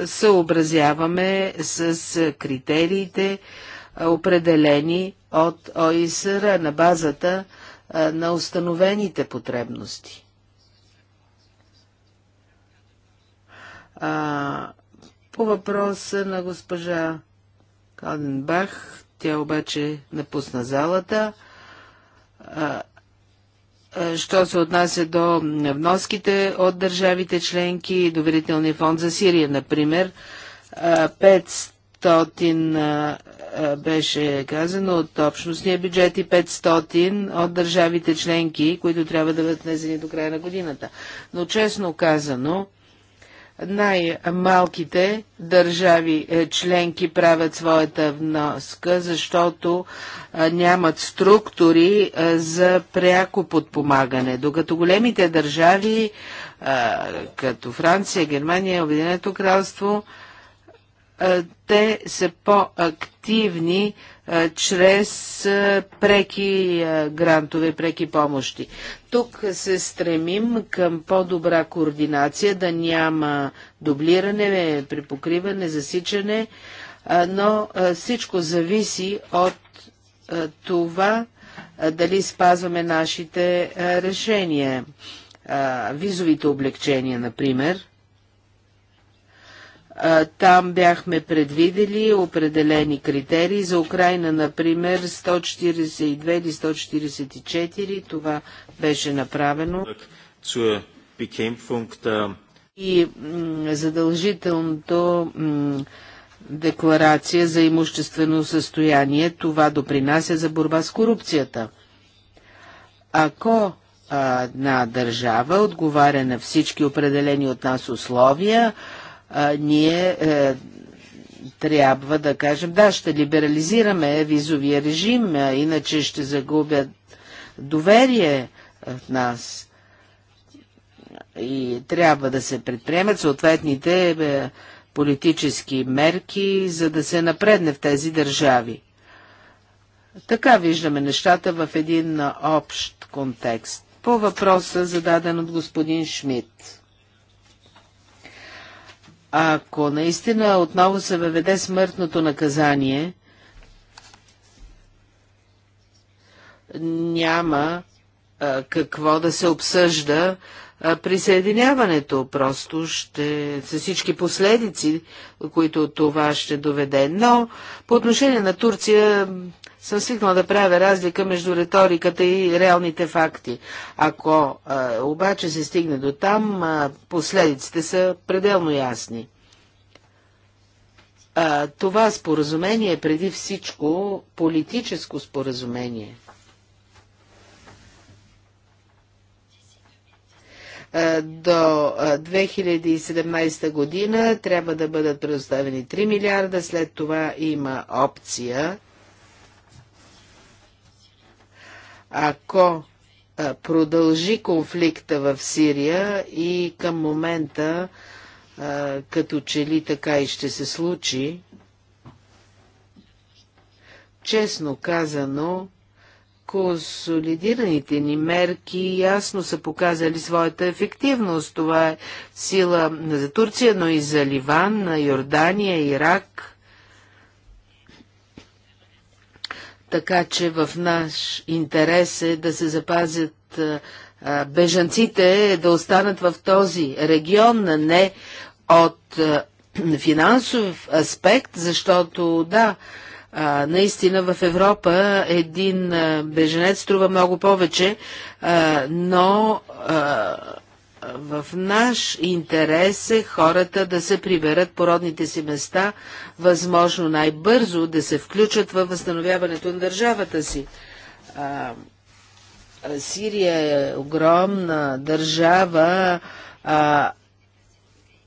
Speaker 1: съобразяваме с критериите, определени от ОИСР на базата на установените потребности. по въпроса на госпожа Калденбах, тя обаче напусна залата що се отнася до вноските от държавите членки и доверителния фонд за Сирия, например. 500 беше казано от общностния бюджет и 500 от държавите членки, които трябва да бъдат внесени до края на годината. Но честно казано, най-малките държави е, членки правят своята вноска, защото е, нямат структури е, за пряко подпомагане, докато големите държави, като Франция, Германия, Обединеното кралство, е, те са по-активни е, чрез е, преки грантове, преки помощи. Тук се стремим към по-добра координация, да няма дублиране, припокриване, засичане, но всичко зависи от това дали спазваме нашите решения. Визовите облегчения, например, там бяхме предвидели определени критерии. За Украина, например, 142 или 144, това беше направено. И задължителното декларация за имуществено състояние, това допринася за борба с корупцията. Ако една държава отговаря на всички определени от нас условия, а, ние е, трябва да кажем, да, ще либерализираме визовия режим, а, иначе ще загубят доверие в нас. И трябва да се предприемат съответните е, политически мерки, за да се напредне в тези държави. Така виждаме нещата в един общ контекст. По въпроса зададен от господин Шмидт. Ако наистина отново се въведе смъртното наказание, няма а, какво да се обсъжда а, присъединяването. Просто ще, са всички последици, които това ще доведе. Но по отношение на Турция съм свикнал да правя разлика между риториката и реалните факти. Ако а, обаче се стигне до там, а, последиците са пределно ясни. А, това споразумение е преди всичко политическо споразумение. до 2017 година трябва да бъдат предоставени 3 милиарда, след това има опция Ако продължи конфликта в Сирия и към момента като че ли така и ще се случи, честно казано, консолидираните ни мерки ясно са показали своята ефективност. Това е сила за Турция, но и за Ливан, Йордания, Ирак. Така че в наш интерес е да се запазят бежанците, е да останат в този регион, а не от финансов аспект, защото да, наистина в Европа един беженец струва много повече, но в наш интерес е хората да се приберат по родните си места, възможно най-бързо да се включат във възстановяването на държавата си. А, Сирия е огромна държава, а,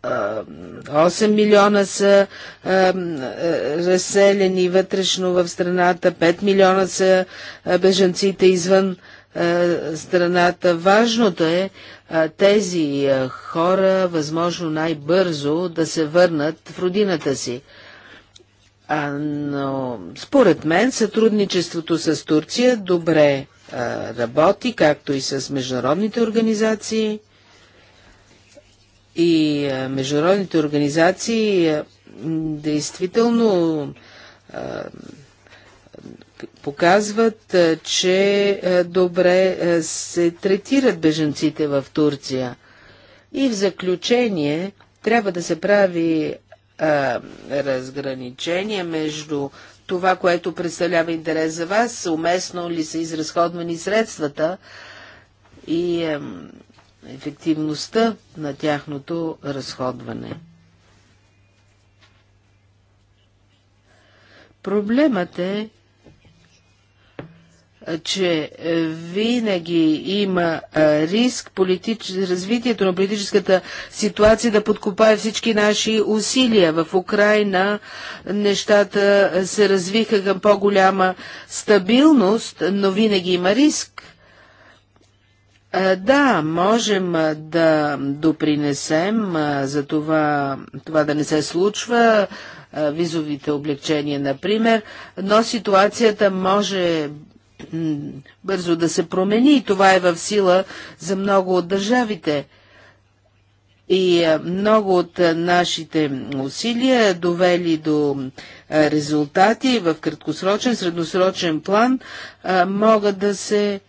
Speaker 1: 8 милиона са а, а, разселени вътрешно в страната, 5 милиона са бежанците извън е, страната. Важното е, е тези е, хора възможно най-бързо да се върнат в родината си. но според мен сътрудничеството с Турция добре работи, както и с международните организации. И международните организации действително показват, че добре се третират беженците в Турция. И в заключение трябва да се прави а, разграничение между това, което представлява интерес за вас, уместно ли са изразходвани средствата и а, ефективността на тяхното разходване. Проблемът е, че е, винаги има е, риск политич... развитието на политическата ситуация да подкопае всички наши усилия. В Украина е, нещата се развиха към по-голяма стабилност, но винаги има риск. Да, можем да допринесем за това, това да не се случва, визовите облегчения, например, но ситуацията може бързо да се промени и това е в сила за много от държавите. И е, много от е, нашите усилия довели до е, резултати в краткосрочен, средносрочен план могат да се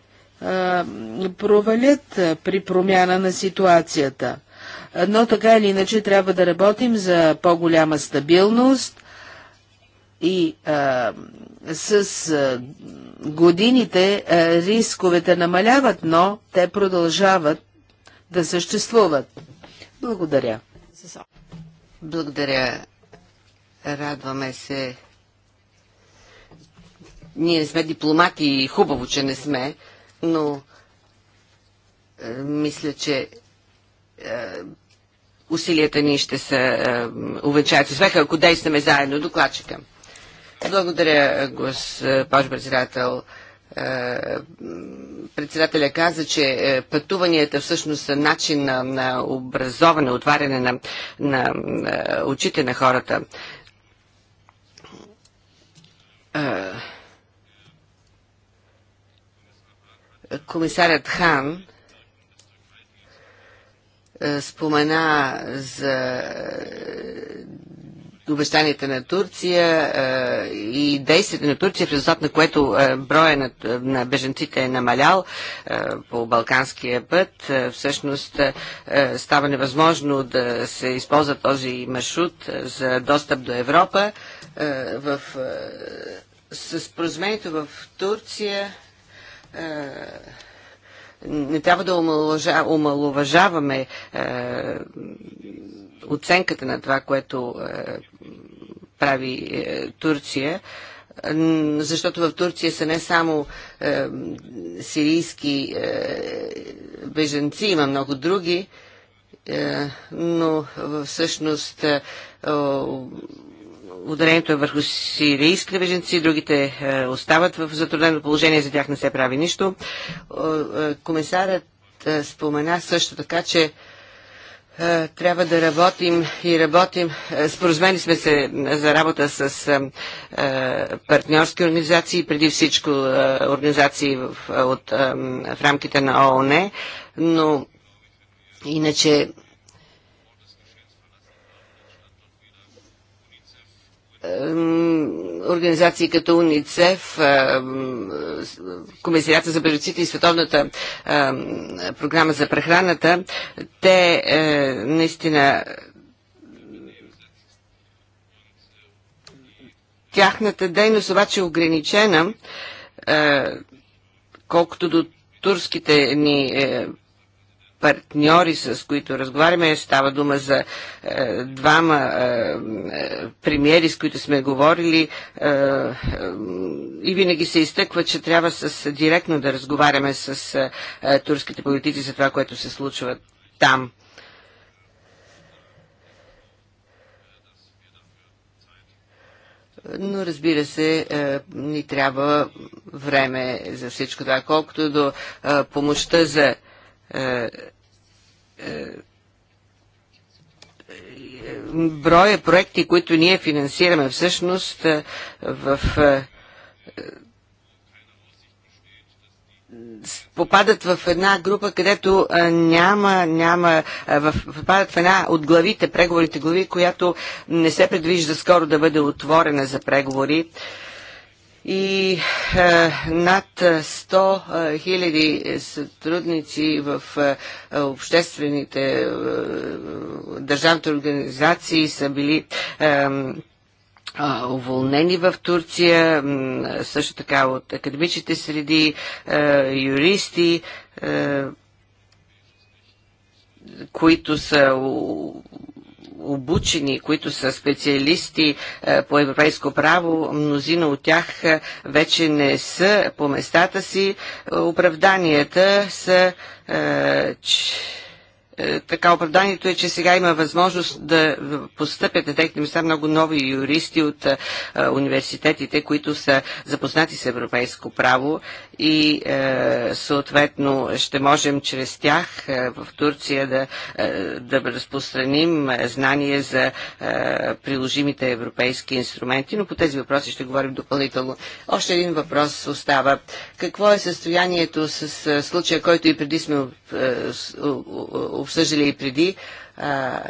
Speaker 1: провалят при промяна на ситуацията. Но така или иначе трябва да работим за по-голяма стабилност и с годините е, рисковете намаляват, но те продължават да съществуват. Благодаря. Благодаря. Радваме се. Ние не
Speaker 3: сме дипломати и хубаво, че не сме, но е, мисля, че е, усилията ни ще се е, увенчаят успеха, ако действаме заедно. Докладчика. Благодаря, госпожо председател е, председателя каза, че е, пътуванията всъщност са начин на, на образоване, отваряне на, на, на очите на хората. Е, комисарят Хан спомена за обещанията на Турция и действията на Турция, в резултат на което броя на, на беженците е намалял по Балканския път. Всъщност става невъзможно да се използва този маршрут за достъп до Европа. В, с поразумението в Турция не трябва да омалуважаваме оценката на това, което е, прави е, Турция, защото в Турция са не само е, сирийски е, беженци, има много други, е, но всъщност е, ударението е върху сирийските беженци, другите е, остават в затруднено положение, за тях не се прави нищо. Е, е, комисарят е, спомена също така, че е, е, трябва да работим и работим. Е, Споразумени сме се за работа с е, партньорски организации, преди всичко организации в, от, в рамките на ООН, но иначе организации като УНИЦЕФ, Комисията за бежеците и Световната програма за прехраната, те е, наистина тяхната дейност обаче е ограничена, е, колкото до турските ни е, партньори, с които разговаряме. Става дума за е, двама е, премиери, с които сме говорили е, е, и винаги се изтъква, че трябва с, директно да разговаряме с е, е, турските политици за това, което се случва там. но разбира се, е, ни трябва време за всичко това. Колкото до е, помощта за броя проекти, които ние финансираме всъщност е, в е, попадат в една група, където е, няма, няма, в, попадат в една от главите, преговорите глави, която не се предвижда скоро да бъде отворена за преговори. А, и е, над 100 е, е, хиляди сътрудници в е, е, обществените е, държавните организации са били е, уволнени в Турция, също така от академичните среди, юристи, които са обучени, които са специалисти е, по европейско право, мнозина от тях е, вече не са по местата си. Оправданията са, е, че е, така оправданието е, че сега има възможност да постъпят на техните места много нови юристи от е, университетите, които са запознати с европейско право и е, съответно ще можем чрез тях в Турция да, да разпространим знание за приложимите европейски инструменти, но по тези въпроси ще говорим допълнително. Още един въпрос остава. Какво е състоянието с случая, който и преди сме обсъждали? обсъждали и преди. А,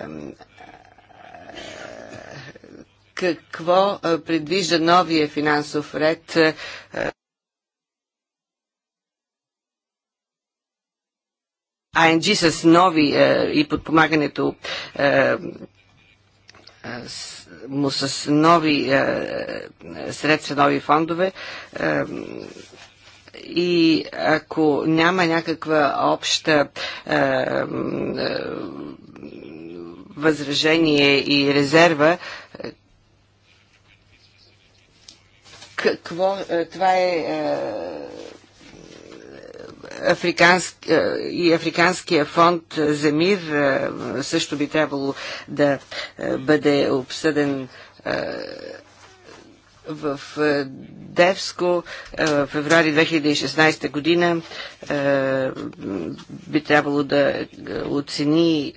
Speaker 3: какво предвижда новия финансов ред? АНГ с нови е, и подпомагането е, с, му с нови е, средства, нови фондове. Е, и ако няма някаква обща е, е, възражение и резерва, е, какво е, това е, е Африкански, е, и Африканския фонд за мир е, също би трябвало да бъде обсъден в е, Девско е, в феврари 2016 година е, би трябвало да оцени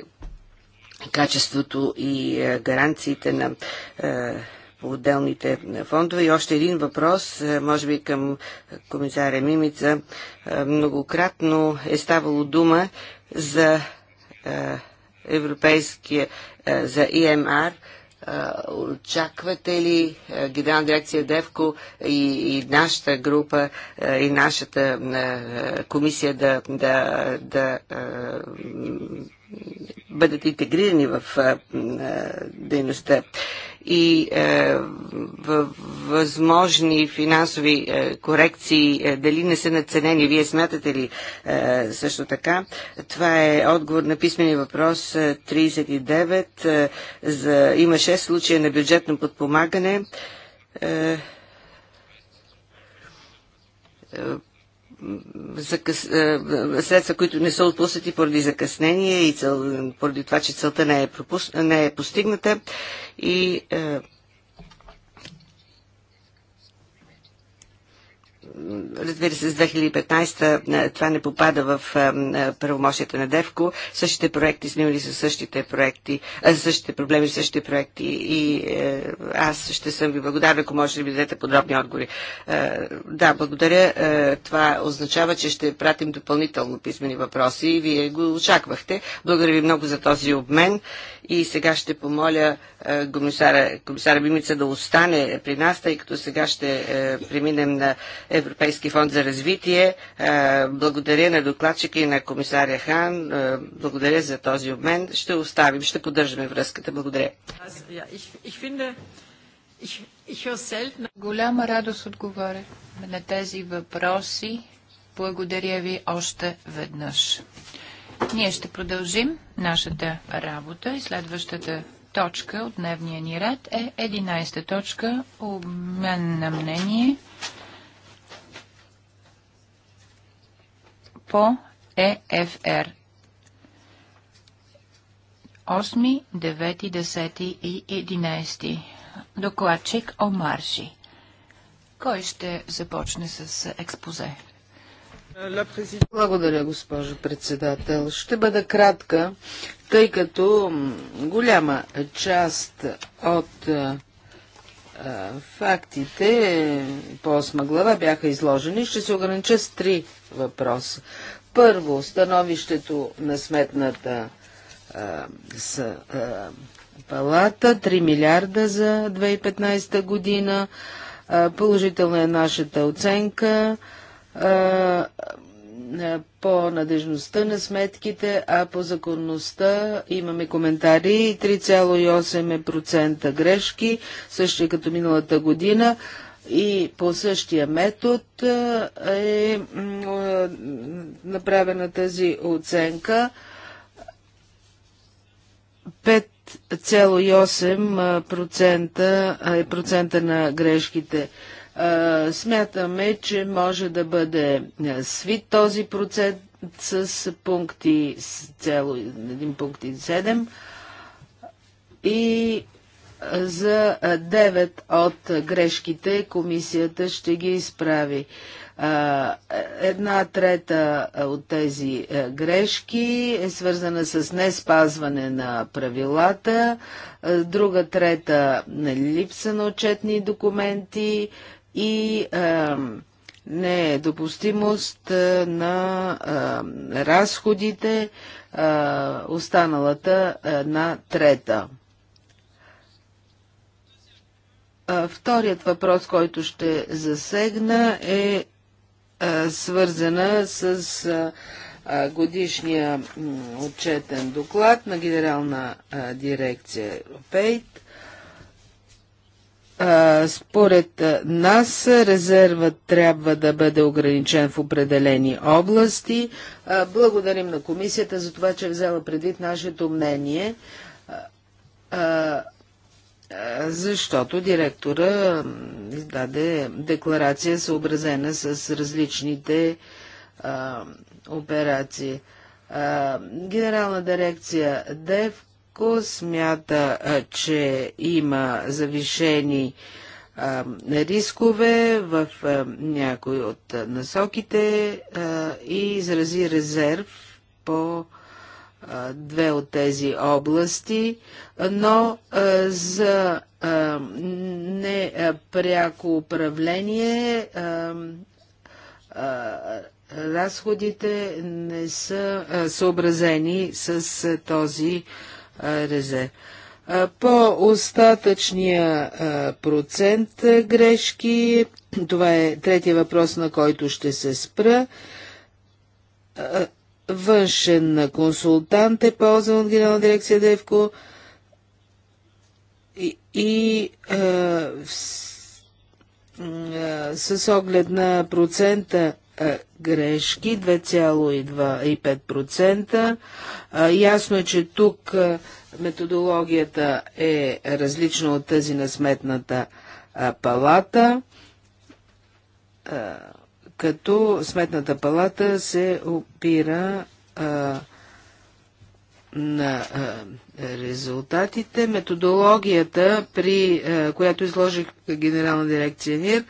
Speaker 3: качеството и гаранциите на по отделните фондове. И още един въпрос, може би към комисаря Мимица. Многократно е ставало дума за европейския, за ИМР, Очаквате ли Генерална дирекция ДЕВКО и, и нашата група и нашата комисия да, да, да бъдат интегрирани в дейността и е, възможни финансови е, корекции, е, дали не са наценени? Вие смятате ли е, също така? Това е отговор на писмени въпрос 39. Е, е, за, има 6 случая на бюджетно подпомагане. Е, е закъс... Е, е, средства, които не са отпуснати поради закъснение и цел... поради това, че целта не е, пропус... не е постигната и е, разбира се, с 2015 е, това не попада в е, е, правомощията на ДЕВКО. Същите проекти сме имали с същите проекти, а, същите проблеми, същите проекти и аз ще съм ви благодарна, ако може да ми дадете подробни отговори. Да, благодаря. Това означава, че ще пратим допълнително писмени въпроси и вие го очаквахте. Благодаря ви много за този обмен и сега ще помоля комисара, комисара да остане при нас, тъй като сега ще преминем на Европа Европейски фонд за развитие. Е, благодаря на докладчика и на комисаря Хан. Е, благодаря за този обмен. Ще оставим, ще поддържаме връзката. Благодаря.
Speaker 2: Голяма радост отговоря на тези въпроси. Благодаря ви още веднъж. Ние ще продължим нашата работа и следващата точка от дневния ни ред е 11 точка обмен на мнение по ЕФР. 8, 9, 10 и 11. Докладчик о марши. Кой ще започне с експозе?
Speaker 1: Благодаря, госпожо председател. Ще бъда кратка, тъй като голяма част от Фактите по 8 глава бяха изложени. Ще се огранича с три въпроса. Първо, становището на сметната а, с, а, палата 3 милиарда за 2015 година. А, положителна е нашата оценка. Е, по надежността на сметките, а по законността имаме коментари 3,8% е грешки, също е като миналата година и по същия метод е направена тази оценка. 5,8% е процента на грешките. Смятаме, че може да бъде свит този процент с пункти с цяло 1 пункт и 7 и за 9 от грешките комисията ще ги изправи. Една трета от тези грешки е свързана с неспазване на правилата, друга трета на нали, липса на отчетни документи, и недопустимост на а, разходите, а, останалата на трета. А, вторият въпрос, който ще засегна е свързана с годишния отчетен доклад на Генерална дирекция Пейт според нас резервът трябва да бъде ограничен в определени области. благодарим на комисията за това, че е взела предвид нашето мнение, защото директора издаде декларация съобразена с различните операции. Генерална дирекция ДЕВ ако смята, че има завишени рискове в някои от насоките и изрази резерв по две от тези области, но за непряко управление разходите не са съобразени с този Резе По остатъчния процент грешки, това е третия въпрос, на който ще се спра. Външен консултант е ползван от Генерална дирекция Девко и, и а, с, а, с оглед на процента е, грешки 2,5%. Ясно е, че тук е, методологията е различна от тази на сметната е, палата, като сметната палата се опира на резултатите. Методологията, при която изложих генерална дирекция НИР,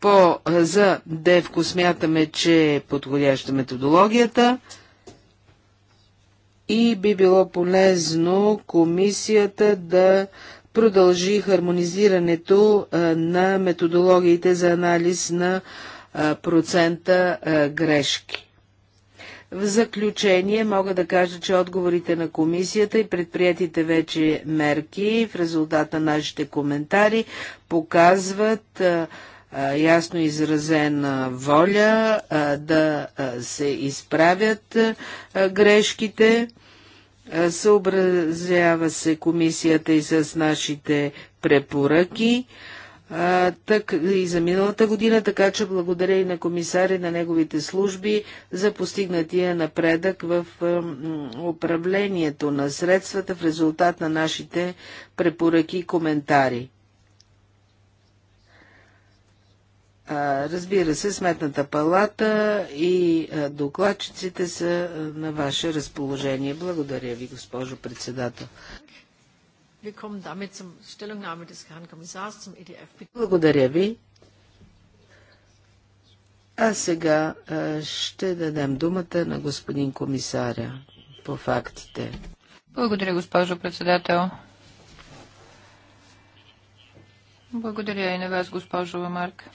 Speaker 1: По, за Девко смятаме, че е подходяща методологията и би било полезно комисията да продължи хармонизирането на методологиите за анализ на процента грешки. В заключение мога да кажа, че отговорите на комисията и предприятите вече мерки в резултат на нашите коментари показват ясно изразена воля да се изправят грешките. Съобразява се комисията и с нашите препоръки так и за миналата година, така че благодаря и на комисари на неговите служби за постигнатия напредък в управлението на средствата в резултат на нашите препоръки и коментари. Разбира се, Сметната палата и докладчиците са на ваше разположение. Благодаря ви, госпожо председател. E Благодаря ви. А сега ще дадем думата на господин комисаря по фактите.
Speaker 2: Благодаря, госпожо председател. Благодаря и на вас, госпожо Ламарк,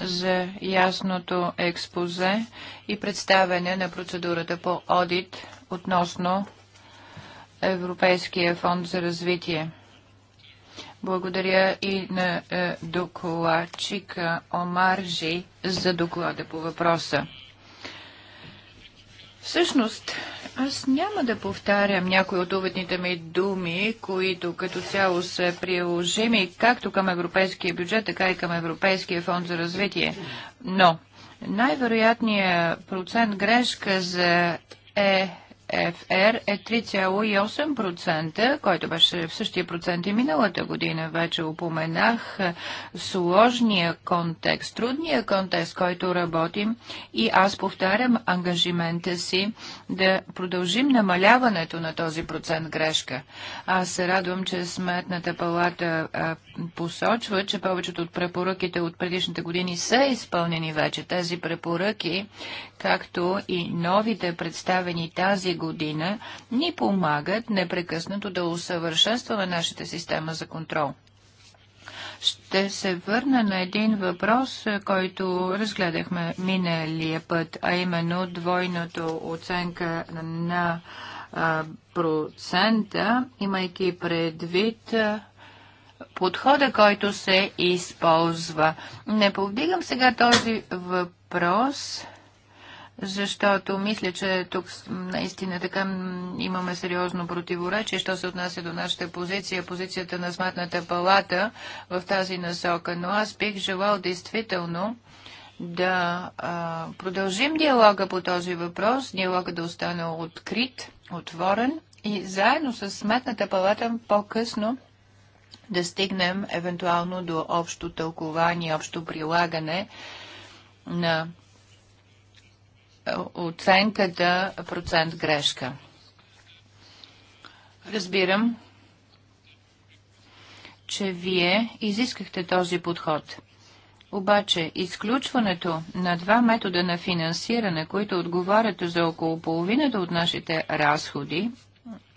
Speaker 2: за ясното експозе и представяне на процедурата по одит относно Европейския фонд за развитие. Благодаря и на е, докладчика Омаржи за доклада по въпроса. Всъщност, аз няма да повтарям някои от уведните ми думи, които като цяло са приложими както към европейския бюджет, така и към Европейския фонд за развитие. Но най-вероятният процент грешка за е ФР е 3,8%, който беше в същия процент и миналата година. Вече упоменах е, сложния контекст, трудния контекст, който работим и аз повтарям ангажимента си да продължим намаляването на този процент грешка. Аз се радвам, че Сметната палата е, посочва, че повечето от препоръките от предишните години са изпълнени вече. Тези препоръки, както и новите представени тази година, ни помагат непрекъснато да усъвършенстваме нашата система за контрол. Ще се върна на един въпрос, който разгледахме миналия път, а именно двойното оценка на процента, имайки предвид подхода, който се използва. Не повдигам сега този въпрос, защото мисля, че тук наистина така имаме сериозно противоречие, що се отнася до нашата позиция, позицията на Сматната палата в тази насока. Но аз бих желал действително да а, продължим диалога по този въпрос, диалога да остане открит, отворен и заедно с Сметната палата по-късно да стигнем евентуално до общо тълкование, общо прилагане на е, оценката процент грешка. Разбирам, че вие изискахте този подход. Обаче, изключването на два метода на финансиране, които отговарят за около половината от нашите разходи,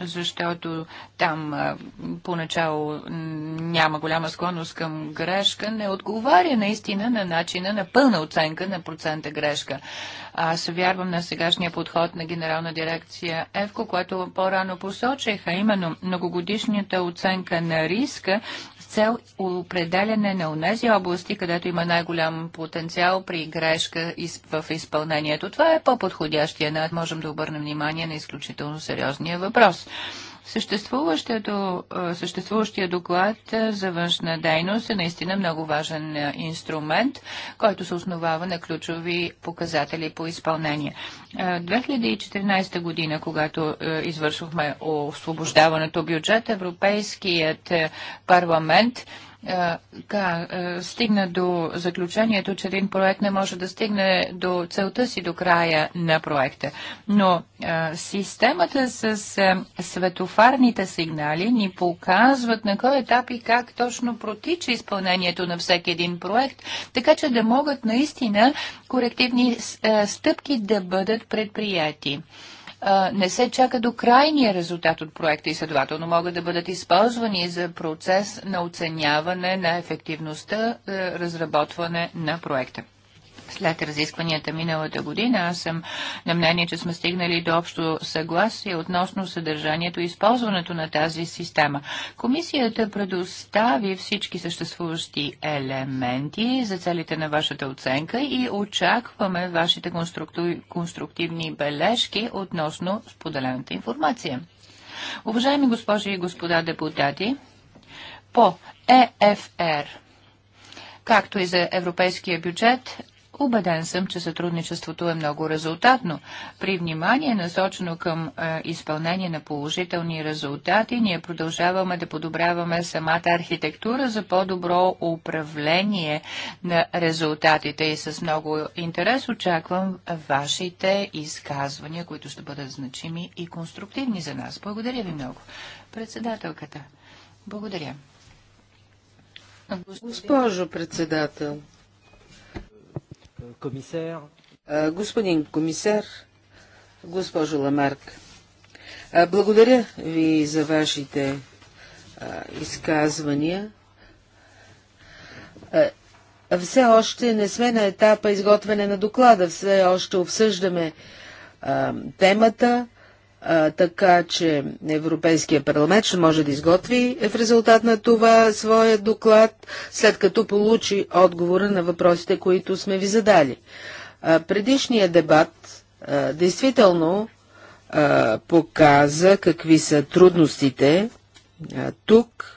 Speaker 2: защото там поначало няма голяма склонност към грешка, не отговаря наистина на начина на пълна оценка на процента грешка. Аз вярвам на сегашния подход на Генерална дирекция ЕВКО, което по-рано посочиха, именно многогодишната оценка на риска цел определяне на унези области, където има най-голям потенциал при грешка в изпълнението. Това е по-подходящия начин. Можем да обърнем внимание на изключително сериозния въпрос. Съществуващия доклад за външна дейност е наистина много важен инструмент, който се основава на ключови показатели по изпълнение. 2014 година, когато извършвахме освобождаването бюджет, Европейският парламент е, ка, е, стигна до заключението, че един проект не може да стигне до целта си до края на проекта. Но е, системата с светофарните сигнали ни показват на кой етап и как точно протича изпълнението на всеки един проект, така че да могат наистина корективни стъпки да бъдат предприяти не се чака до крайния резултат от проекта и следователно могат да бъдат използвани за процес на оценяване на ефективността, разработване на проекта. След разискванията миналата година аз съм на мнение, че сме стигнали до общо съгласие относно съдържанието и използването на тази система. Комисията предостави всички съществуващи елементи за целите на вашата оценка и очакваме вашите конструктивни бележки относно споделената информация. Уважаеми госпожи и господа депутати, по ЕФР, както и за европейския бюджет, Убеден съм, че сътрудничеството е много резултатно. При внимание насочено към е, изпълнение на положителни резултати, ние продължаваме да подобряваме самата архитектура за по-добро управление на резултатите и с много интерес очаквам вашите изказвания, които ще бъдат значими и конструктивни за нас. Благодаря ви много. Председателката. Благодаря. Госпожо
Speaker 1: председател, комисар. Господин комисар, госпожо Ламарк, благодаря ви за вашите изказвания. Все още не сме на етапа изготвяне на доклада, все още обсъждаме темата така че Европейския парламент ще може да изготви в резултат на това своя доклад, след като получи отговора на въпросите, които сме ви задали. предишният дебат действително показа какви са трудностите тук.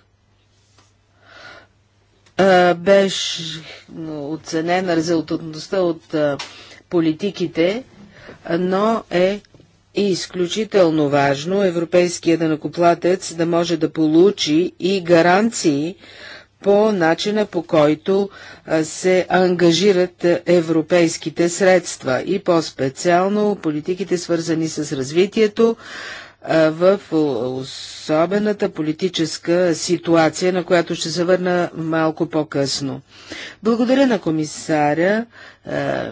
Speaker 1: беше оценена резултатността от политиките, но е и изключително важно европейският данъкоплатец да може да получи и гаранции по начина по който се ангажират европейските средства и по-специално политиките свързани с развитието в особената политическа ситуация, на която ще се върна малко по-късно. Благодаря на комисаря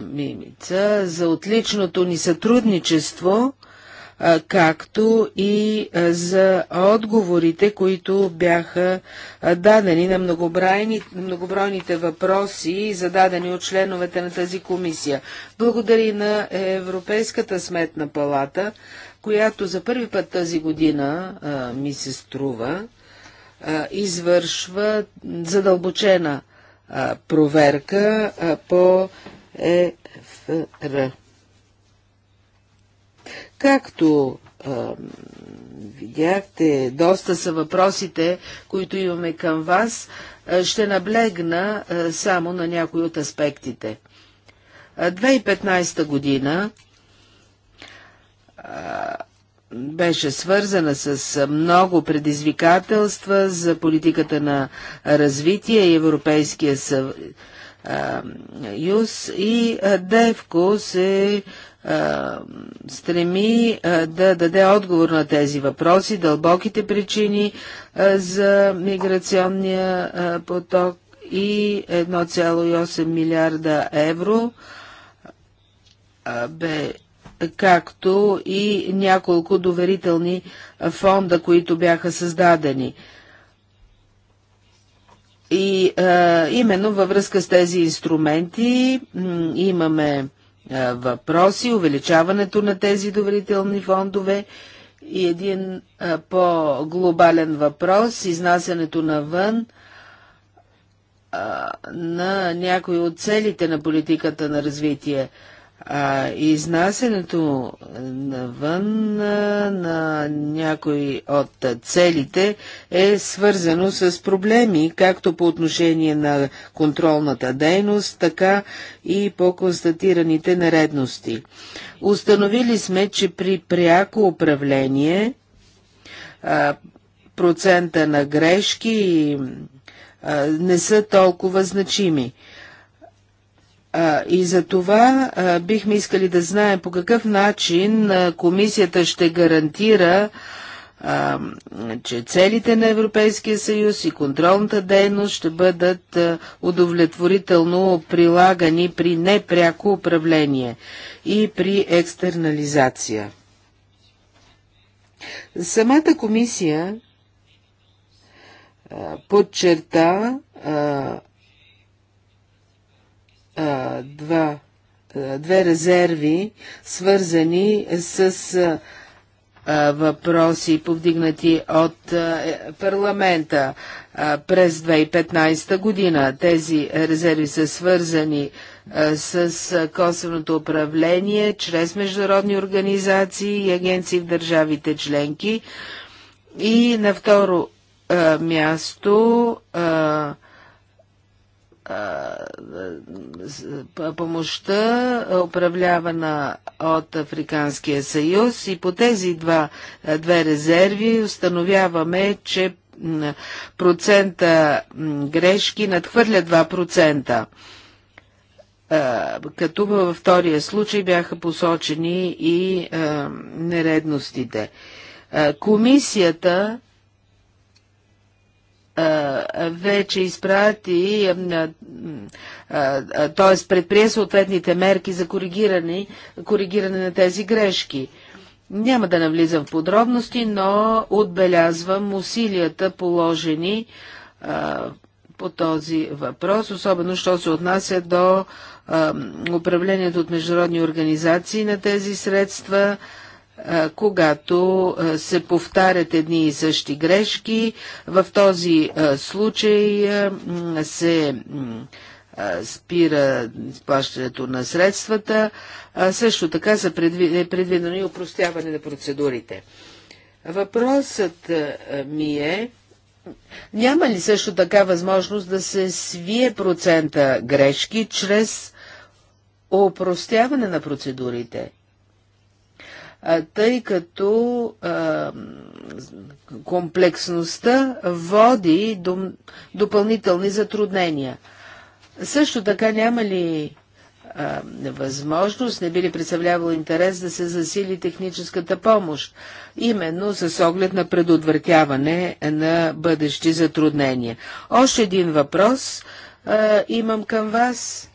Speaker 1: Мимица за отличното ни сътрудничество както и за отговорите, които бяха дадени на многобройните въпроси, зададени от членовете на тази комисия. Благодари на Европейската сметна палата, която за първи път тази година ми се струва, извършва задълбочена проверка по ЕФР. Както а, видяхте, доста са въпросите, които имаме към вас. Ще наблегна а, само на някои от аспектите. 2015 година а, беше свързана с много предизвикателства за политиката на развитие и Европейския съюз и Девко се стреми да даде отговор на тези въпроси, дълбоките причини за миграционния поток и 1,8 милиарда евро бе както и няколко доверителни фонда, които бяха създадени. И а, именно във връзка с тези инструменти имаме е, въпроси, увеличаването на тези доверителни фондове и един е, по-глобален въпрос, изнасянето навън е, на някои от целите на политиката на развитие. А изнасянето навън на някои от целите е свързано с проблеми, както по отношение на контролната дейност, така и по констатираните наредности. Установили сме, че при пряко управление а, процента на грешки а, не са толкова значими. И за това бихме искали да знаем по какъв начин комисията ще гарантира, че целите на Европейския съюз и контролната дейност ще бъдат удовлетворително прилагани при непряко управление и при екстернализация. Самата комисия подчерта а, два, а, две резерви, свързани с а, въпроси, повдигнати от е, парламента през 2015 година. Тези резерви са свързани с косвеното управление чрез международни организации и агенции в държавите членки. И на второ място а, помощта, управлявана от Африканския съюз и по тези два, две резерви установяваме, че процента грешки надхвърля 2%. Като във втория случай бяха посочени и нередностите. Комисията вече изпрати, т.е. предприе съответните мерки за коригиране, коригиране на тези грешки. Няма да навлизам в подробности, но отбелязвам усилията положени по този въпрос, особено що се отнася до управлението от международни организации на тези средства, когато се повтарят едни и същи грешки. В този случай се спира плащането на средствата. Също така са е предвидено и упростяване на процедурите. Въпросът ми е, няма ли също така възможност да се свие процента грешки чрез упростяване на процедурите? тъй като комплексността води до допълнителни затруднения. Също така няма ли възможност, не би ли представлявало интерес да се засили техническата помощ, именно с оглед на предотвратяване на бъдещи затруднения. Още един въпрос а, имам към вас.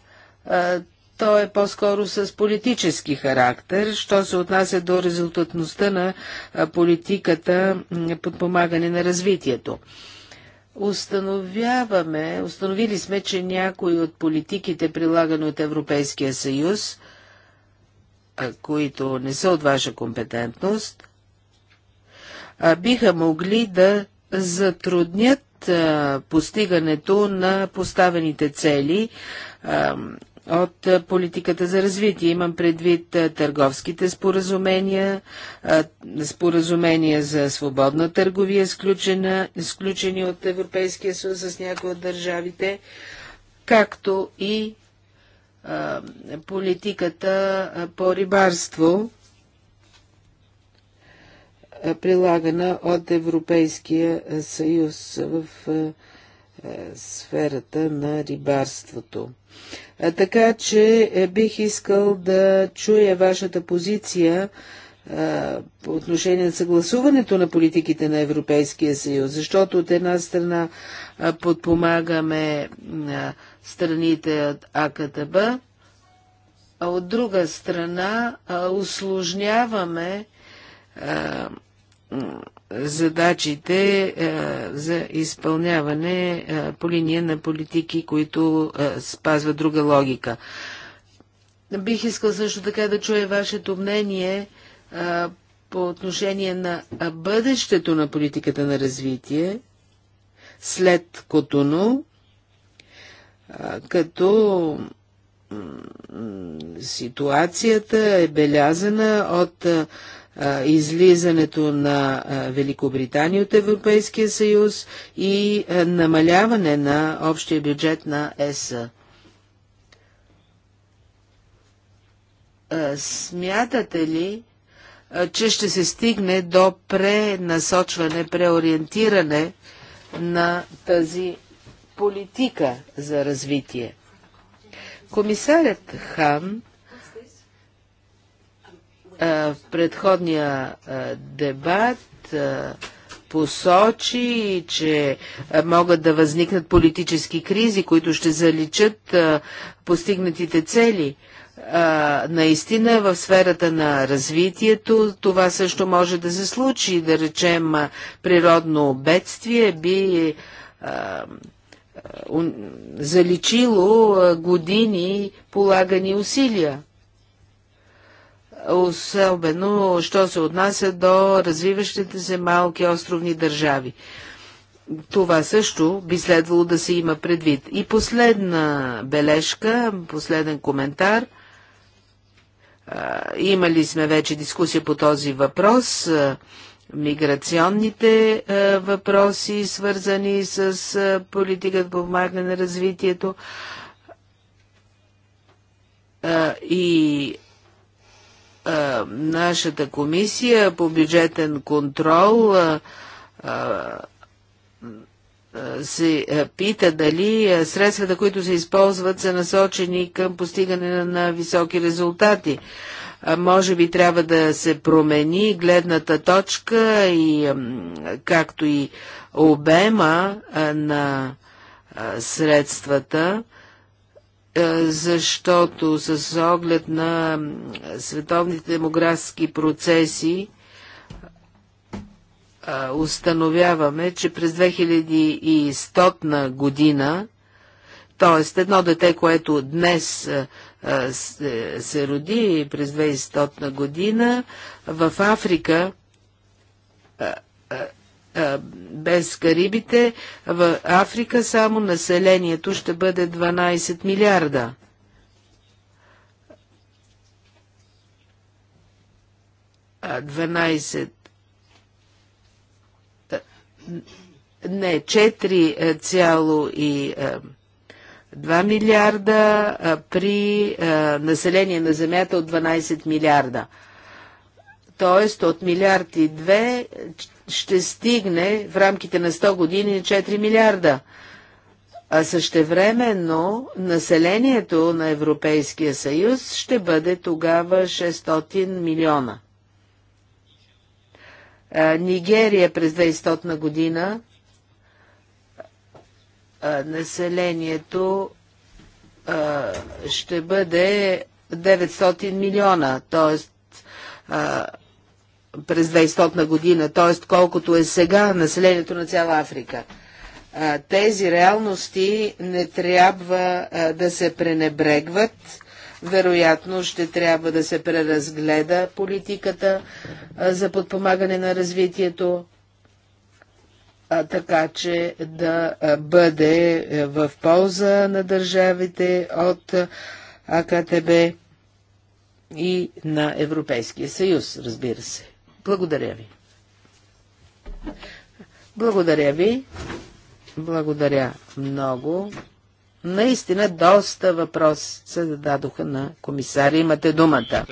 Speaker 1: А, то е по-скоро с политически характер, що се отнася до резултатността на политиката подпомагане на развитието. Установяваме, установили сме, че някои от политиките, прилагани от Европейския съюз, които не са от ваша компетентност, биха могли да затруднят постигането на поставените цели от политиката за развитие. Имам предвид търговските споразумения, споразумения за свободна търговия, сключена, сключени от Европейския съюз с някои от държавите, както и политиката по рибарство, прилагана от Европейския съюз в сферата на рибарството. Така че е, бих искал да чуя вашата позиция по отношение на съгласуването на политиките на Европейския съюз, защото от една страна подпомагаме страните от АКТБ, а от друга страна усложняваме задачите е, за изпълняване е, по линия на политики, които е, спазва друга логика. Бих искал също така да чуя вашето мнение по отношение на бъдещето на политиката на развитие след Котуно, като ситуацията е белязана от излизането на Великобритания от Европейския съюз и намаляване на общия бюджет на ЕС. Смятате ли, че ще се стигне до пренасочване, преориентиране на тази политика за развитие? Комисарят Хан в е, предходния е, дебат е, посочи, че могат да възникнат политически кризи, които ще заличат постигнатите цели. А, наистина в сферата на развитието това също може да се случи. Да речем, природно бедствие би а, у, заличило години полагани усилия особено, що се отнася до развиващите се малки островни държави. Това също би следвало да се има предвид. И последна бележка, последен коментар. Имали сме вече дискусия по този въпрос. Миграционните въпроси, свързани с политиката по помагане на развитието. И е, нашата комисия по бюджетен контрол е, е, се пита дали средствата, които се използват, са насочени към постигане на високи резултати. Може би трябва да се промени гледната точка и както и обема на средствата е, защото с оглед на световните демографски процеси е, установяваме, че през 2100 година, т.е. едно дете, което днес е, се роди през 2100 година, в Африка без Карибите, в Африка само населението ще бъде 12 милиарда. А 12 не, 4,2 милиарда при население на Земята от 12 милиарда. Тоест от милиард и 2, ще стигне в рамките на 100 години 4 милиарда. А същевременно населението на Европейския съюз ще бъде тогава 600 милиона. Нигерия през 2100 година населението ще бъде 900 милиона, т.е през 2100 година, т.е. колкото е сега населението на цяла Африка. Тези реалности не трябва да се пренебрегват. Вероятно ще трябва да се преразгледа политиката за подпомагане на развитието, така че да бъде в полза на държавите от АКТБ и на Европейския съюз, разбира се. Благодаря ви. Благодаря ви. Благодаря много. Наистина доста въпрос се зададоха на комисари. Имате думата.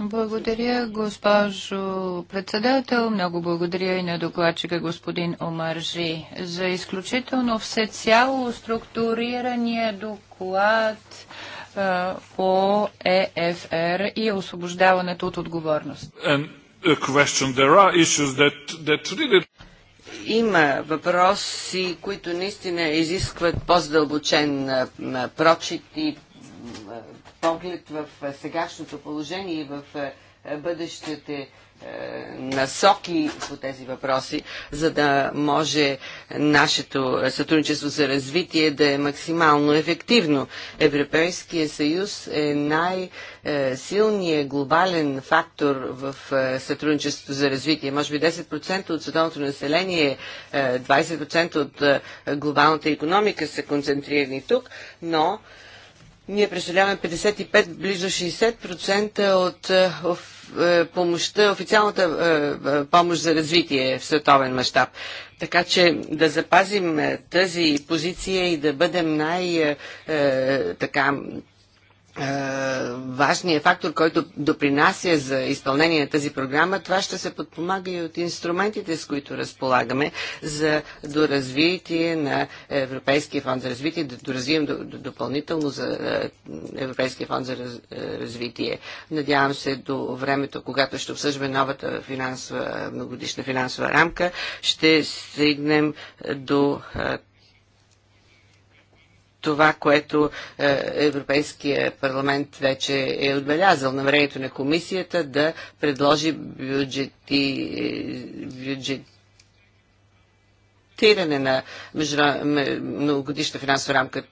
Speaker 2: Благодаря, госпожо председател. Много благодаря и на докладчика господин Омаржи за изключително всецяло структурирания доклад по ЕФР и освобождаването от отговорност. And има въпроси, които
Speaker 3: наистина изискват по-задълбочен прочит и поглед в сегашното положение и в бъдещите е, насоки по тези въпроси, за да може нашето сътрудничество за развитие да е максимално ефективно. Европейския съюз е най-силният глобален фактор в е, сътрудничеството за развитие. Може би 10% от световното население, 20% е, от глобалната економика са концентрирани тук, но ние представляваме 55, близо 60% от е, е, помощта, официалната е, помощ за развитие в световен мащаб. Така че да запазим тази позиция и да бъдем най- така е, важният фактор, който допринася за изпълнение на тази програма, това ще се подпомага и от инструментите, с които разполагаме за доразвитие на Европейския фонд за развитие, да доразвием допълнително за е, Европейския фонд за е, развитие. Надявам се до времето, когато ще обсъждаме новата финансова, многодишна финансова рамка, ще стигнем до това, което е, Европейския парламент вече е отбелязал. на времето на комисията да предложи бюджети, е, бюджет адаптиране на многогодишна финансова рамка.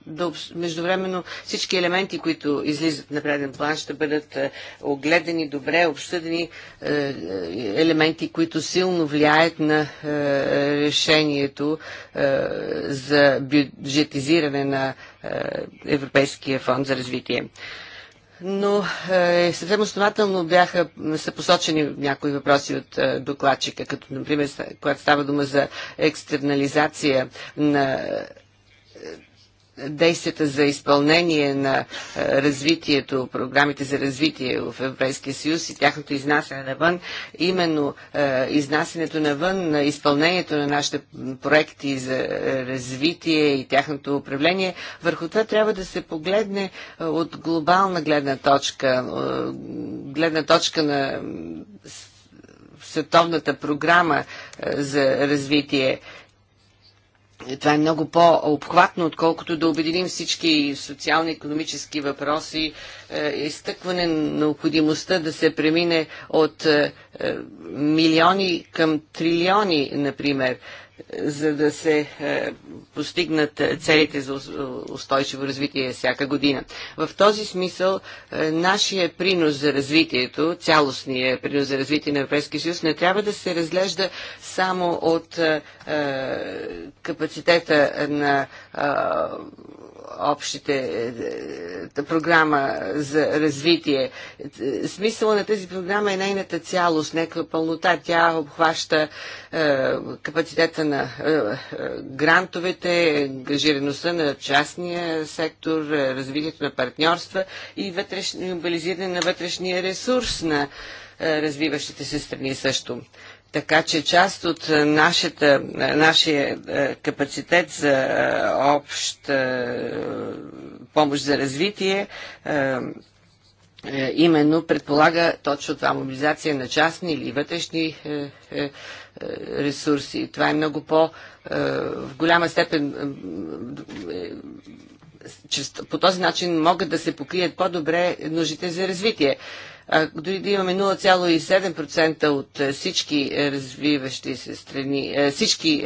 Speaker 3: Междувременно всички елементи, които излизат на преден план, ще бъдат е, огледани добре, обсъдени е, е, елементи, които силно влияят на решението за бюджетизиране на Европейския фонд за развитие но е, съвсем основателно бяха, са посочени някои въпроси от е, докладчика, като например, когато става дума за екстернализация на е, действията за изпълнение на е, развитието, програмите за развитие в Европейския съюз и тяхното изнасяне навън, именно е, изнасянето навън, на изпълнението на нашите проекти за е, развитие и тяхното управление, върху това трябва да се погледне от глобална гледна точка, гледна точка на световната програма за развитие това е много по-обхватно, отколкото да обединим всички социално-економически въпроси, е, изтъкване на необходимостта да се премине от е, е, милиони към трилиони, например за да се е, постигнат целите за устойчиво развитие всяка година. В този смисъл е, нашия принос за развитието, цялостния принос за развитие на Европейския съюз не трябва да се разглежда само от е, капацитета на общите е, е, програма за развитие. Смисъл на тази програма е нейната цялост, някаква пълнота. Тя обхваща е, капацитета на грантовете, ангажираността на частния сектор, развитието на партньорства и мобилизиране на вътрешния ресурс на развиващите се страни също. Така че част от е, нашата, е, нашия е, капацитет за общ помощ за развитие именно предполага точно това мобилизация на частни или вътрешни ресурси. Това е много по в голяма степен по този начин могат да се покрият по-добре нуждите за развитие. Дори да имаме 0,7% от е, всички е, развиващи се страни, е, всички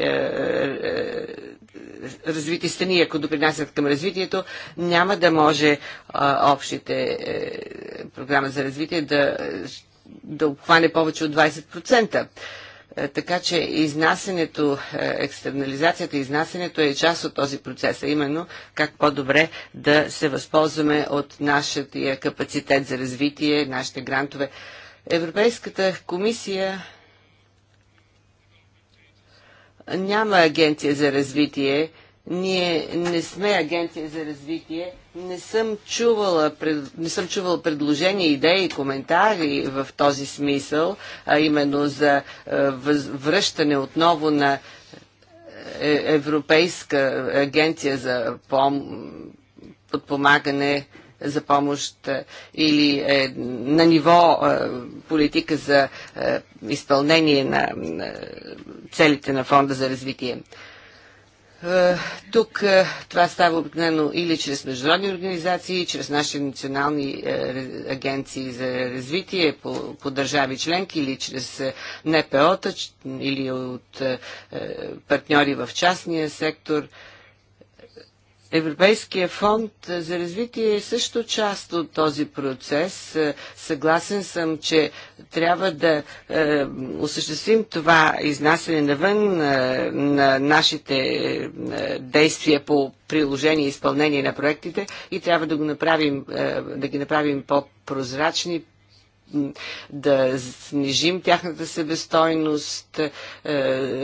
Speaker 3: развити страни, ако допринасят към развитието, няма да може общите програми за развитие да, да обхване повече от 20%. Е, така че изнасенето, е, екстернализацията, изнасенето е част от този процес, а именно как по-добре да се възползваме от нашия капацитет за развитие, нашите грантове. Европейската комисия няма агенция за развитие, ние не сме агенция за развитие. Не съм чувала, не съм чувала предложения, идеи, коментари в този смисъл, а именно за е, връщане отново на е, Европейска агенция за пом... подпомагане за помощ е, или е, на ниво е, политика за е, изпълнение на, на целите на Фонда за развитие. Е, тук е, това става обикновено или чрез международни организации, чрез наши национални е, агенции за развитие по, по държави членки, или чрез НПО-та, или от партньори в частния сектор – Европейския фонд за развитие е също част от този процес. Е, съгласен съм, че трябва да е, осъществим това изнасяне навън е, на нашите е, действия по приложение и изпълнение на проектите и трябва да го направим, е, да ги направим по-прозрачни, да снижим тяхната себестойност. Е,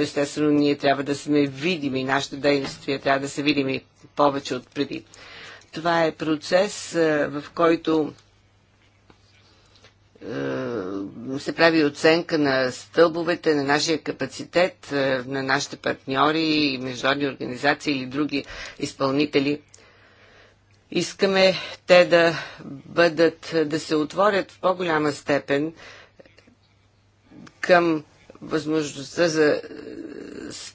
Speaker 3: естествено, ние трябва да сме видими, нашите действия трябва да са видими повече от преди. Това е процес, е, в който е, се прави оценка на стълбовете, на нашия капацитет, на нашите партньори, международни организации или други изпълнители – Искаме те да бъдат, да се отворят в по-голяма степен към възможността за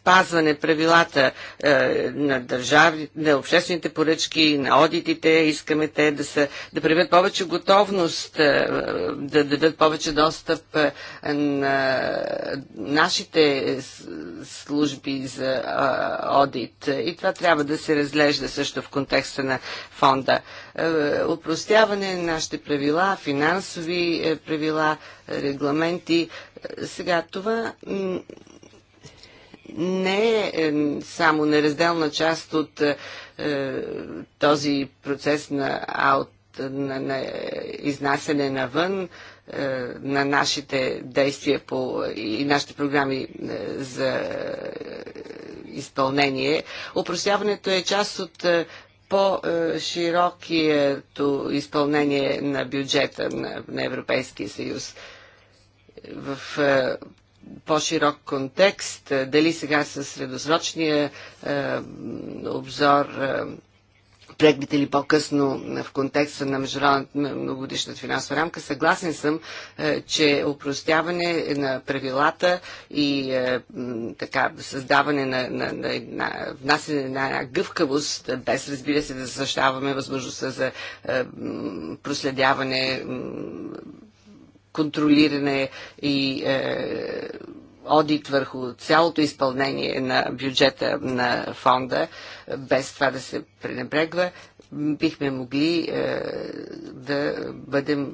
Speaker 3: спазване правилата е, на държави, на обществените поръчки, на одитите. Искаме те да, са, да проявят повече готовност, е, да дадат повече достъп е, на нашите служби за е, одит. И това трябва да се разглежда също в контекста на фонда. Е, упростяване на нашите правила, финансови е, правила, регламенти. Е, сега това не е само неразделна част от е, е, този процес на, аут, на, на изнасяне навън е, на нашите действия по, и нашите програми е, за е, изпълнение. Опростяването е част от по-широкието изпълнение на бюджета на, на Европейския съюз в по-широк контекст, е, дали сега с средосрочния е, обзор е, преглед или по-късно в контекста на международната многогодишна финансова рамка, съгласен съм, е, че упростяване на правилата и е, така създаване на, на, на, на внасяне на гъвкавост, без разбира се да защаваме възможността за е, проследяване контролиране и е, одит върху цялото изпълнение на бюджета на фонда, без това да се пренебрегва бихме могли е, да бъдем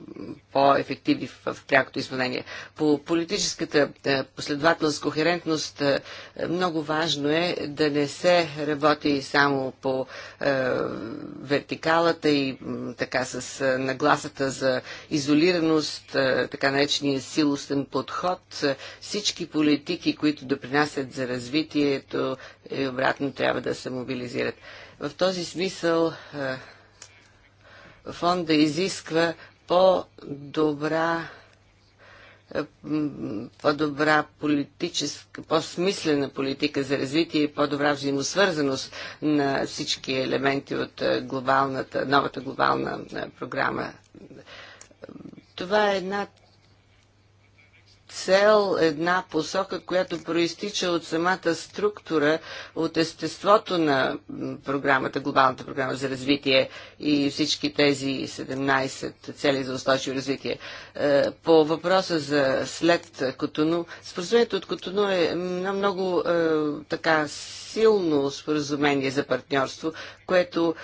Speaker 3: по-ефективни в, в прякото изпълнение. По политическата е, последователност, кохерентност, е, много важно е да не се работи само по е, вертикалата и така с е, нагласата за изолираност, е, така наречения силостен подход. Всички политики, които допринасят за развитието и обратно трябва да се мобилизират. В този смисъл е, фонда изисква по-добра е, по-добра политическа, по-смислена политика за развитие и по-добра взаимосвързаност на всички елементи от е, глобалната, новата глобална програма. Това е една цел, една посока, която проистича от самата структура, от естеството на програмата, глобалната програма за развитие и всички тези 17 цели за устойчиво развитие. Е, по въпроса за след Котону, споразумението от Котону е на много е, така силно споразумение за партньорство, което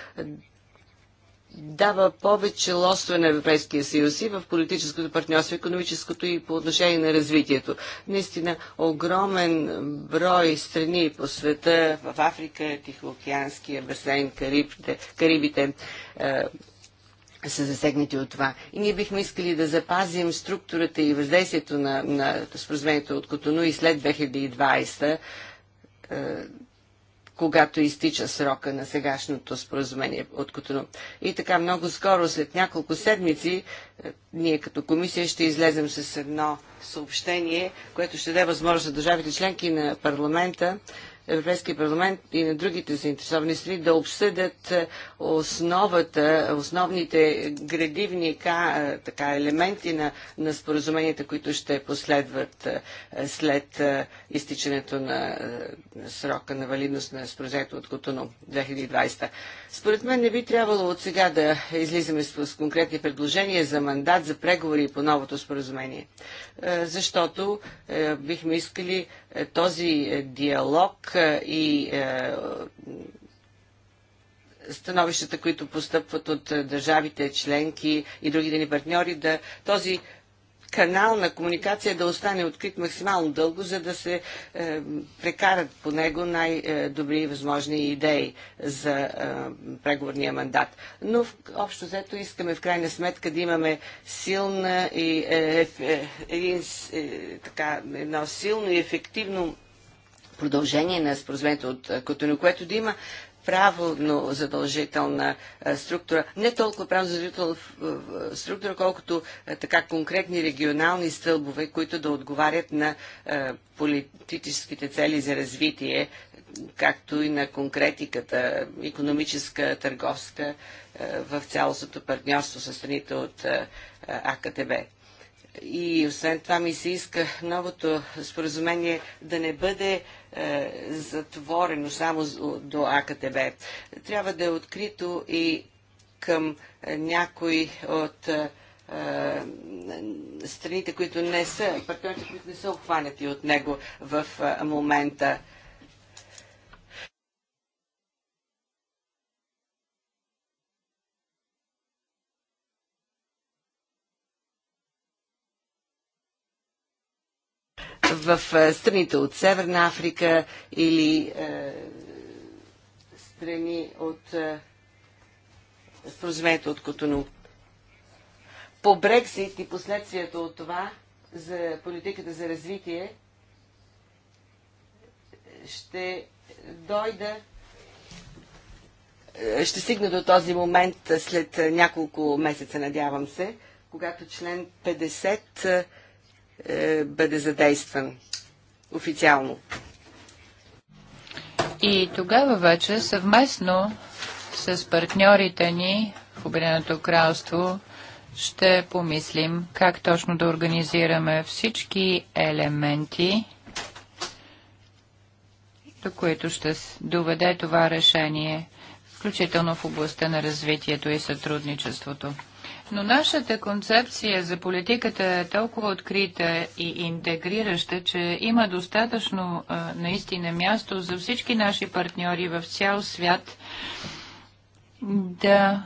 Speaker 3: дава повече лостове на Европейския съюз и в политическото партньорство, економическото и по отношение на развитието. Наистина, огромен брой страни по света, в Африка, Тихоокеанския басейн, Карибите, Карибите е, са засегнати от това. И ние бихме искали да запазим структурата и въздействието на, на споразумението от Котону и след 2020 е, когато изтича срока на сегашното споразумение от Котону. И така много скоро, след няколко седмици, е, ние като комисия ще излезем с едно съобщение, което ще даде възможност за държавите членки на парламента Европейския парламент и на другите заинтересовани страни да обсъдят е, основата, основните градивни е, така, елементи на, на споразуменията, които ще последват е, след изтичането на срока на валидност на споразумението от Котуно 2020. Според мен не би трябвало от сега да излизаме с, с конкретни предложения за мандат, за преговори по новото споразумение, защото бихме искали е, този е, диалог е, и становищата, които постъпват от държавите членки и другите ни партньори, да този канал на комуникация да остане открит максимално дълго, за да се е, прекарат по него най-добри възможни идеи за е, преговорния мандат. Но в, общо взето искаме в крайна сметка да имаме силна и е, е, е, е, така, едно силно и ефективно продължение на споразумението от Котоно, което да има правилно задължителна структура, не толкова правилно задължителна структура, колкото така конкретни регионални стълбове, които да отговарят на политическите цели за развитие, както и на конкретиката, економическа, търговска в цялостното партньорство с страните от АКТБ. И освен това ми се иска новото споразумение да не бъде е, затворено само до АКТБ. Трябва да е открито и към някои от е, е, страните, които не са, партньорите, които не са обхванати от него в момента. в е, страните от Северна Африка или е, страни от е, споразумението от Котону. По Брексит и последствията от това за политиката за развитие ще дойда ще стигна до този момент след няколко месеца, надявам се, когато член 50 е, бъде задействан официално.
Speaker 2: И тогава вече съвместно с партньорите ни в Обединеното кралство ще помислим как точно да организираме всички елементи, до които ще доведе това решение, включително в областта на развитието и сътрудничеството. Но нашата концепция за политиката е толкова открита и интегрираща, че има достатъчно наистина място за всички наши партньори в цял свят да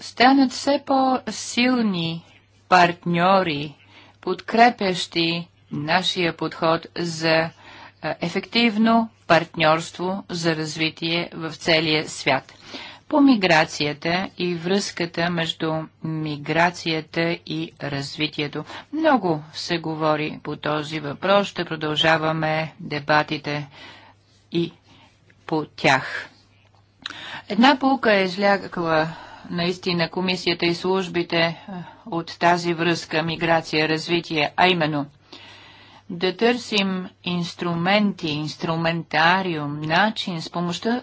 Speaker 2: станат все по-силни партньори, подкрепящи нашия подход за ефективно партньорство за развитие в целия свят по миграцията и връзката между миграцията и развитието. Много се говори по този въпрос. Ще продължаваме дебатите и по тях. Една полка е излягала наистина комисията и службите от тази връзка миграция-развитие, а именно да търсим инструменти, инструментариум, начин, с помощта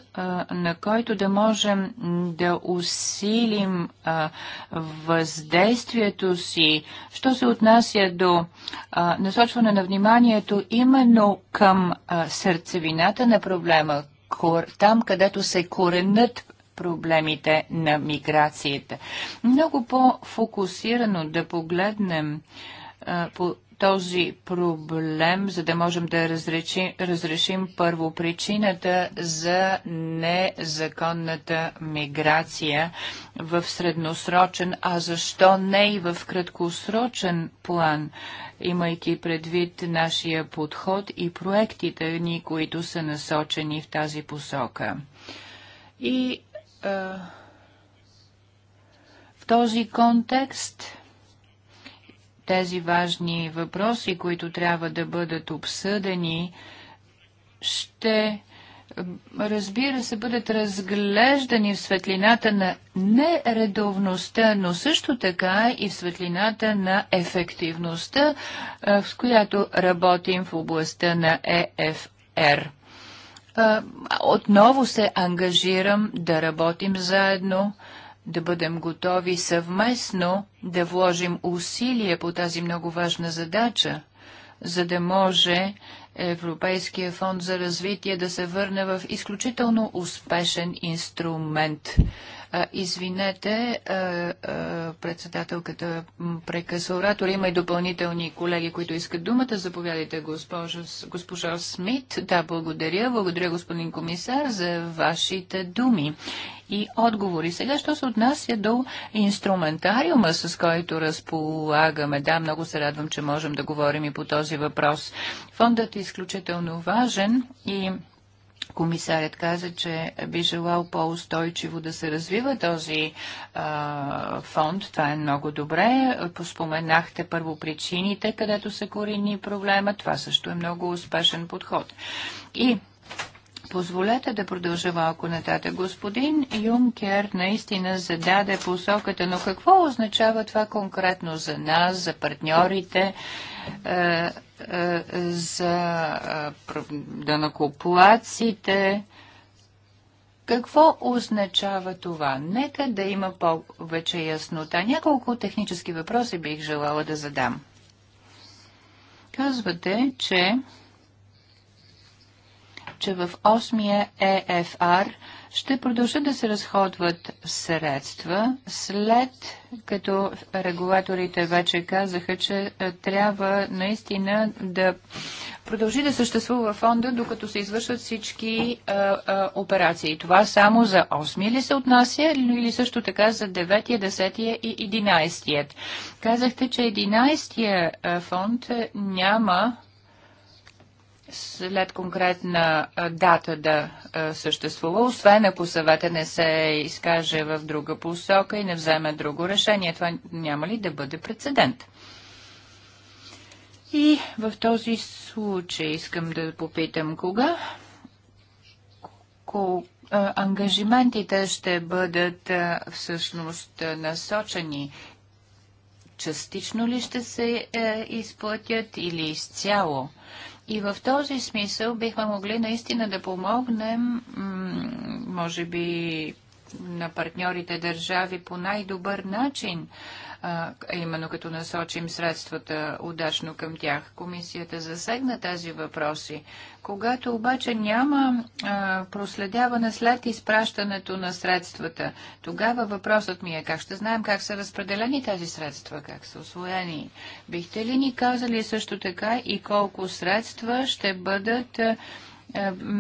Speaker 2: на който да можем да усилим въздействието си, що се отнася до насочване на вниманието именно към сърцевината на проблема, там където се коренят проблемите на миграцията. Много по-фокусирано да погледнем по този проблем, за да можем да разрешим, разрешим първо причината за незаконната миграция в средносрочен, а защо не и в краткосрочен план, имайки предвид нашия подход и проектите ни, които са насочени в тази посока. И а, в този контекст тези важни въпроси, които трябва да бъдат обсъдени, ще разбира се, бъдат разглеждани в светлината на нередовността, но също така и в светлината на ефективността, е, с която работим в областта на ЕФР. Е, отново се ангажирам да работим заедно да бъдем готови съвместно да вложим усилия по тази много важна задача, за да може Европейския фонд за развитие да се върне в изключително успешен инструмент. Извинете, председателката прекъсва оратора. Има и допълнителни колеги, които искат думата. Заповядайте, госпожо, госпожа Смит. Да, благодаря. Благодаря, господин комисар, за вашите думи и отговори. Сега, що се отнася до инструментариума, с който разполагаме, да, много се радвам, че можем да говорим и по този въпрос. Фондът е изключително важен и Комисарят каза, че би желал по-устойчиво да се развива този а, фонд. Това е много добре. Поспоменахте първо причините, където се корени проблема. Това също е много успешен подход. И Позволете да продължа малко нататък. Господин Юнкер наистина зададе посоката, но какво означава това конкретно за нас, за партньорите, е, е, за е, данакоплаците? Какво означава това? Нека да има повече яснота. Няколко технически въпроси бих желала да задам. Казвате, че че в 8-я ЕФР ще продължат да се разходват средства, след като регулаторите вече казаха, че е, трябва наистина да продължи да съществува фонда, докато се извършват всички а, е, а, е, операции. Това само за 8 я ли се отнася, или също така за 9, 10 и 11. Казахте, че 11 фонд няма след конкретна дата да съществува, освен ако съвета не се изкаже в друга посока и не вземе друго решение. Това няма ли да бъде прецедент? И в този случай искам да попитам кога ангажиментите ще бъдат всъщност насочени частично ли ще се е, изплатят или изцяло? И в този смисъл бихме могли наистина да помогнем, може би, на партньорите държави по най-добър начин а именно като насочим средствата удачно към тях. Комисията засегна тези въпроси. Когато обаче няма проследяване след изпращането на средствата, тогава въпросът ми е как ще знаем как са разпределени тези средства, как са освоени. Бихте ли ни казали също така и колко средства ще бъдат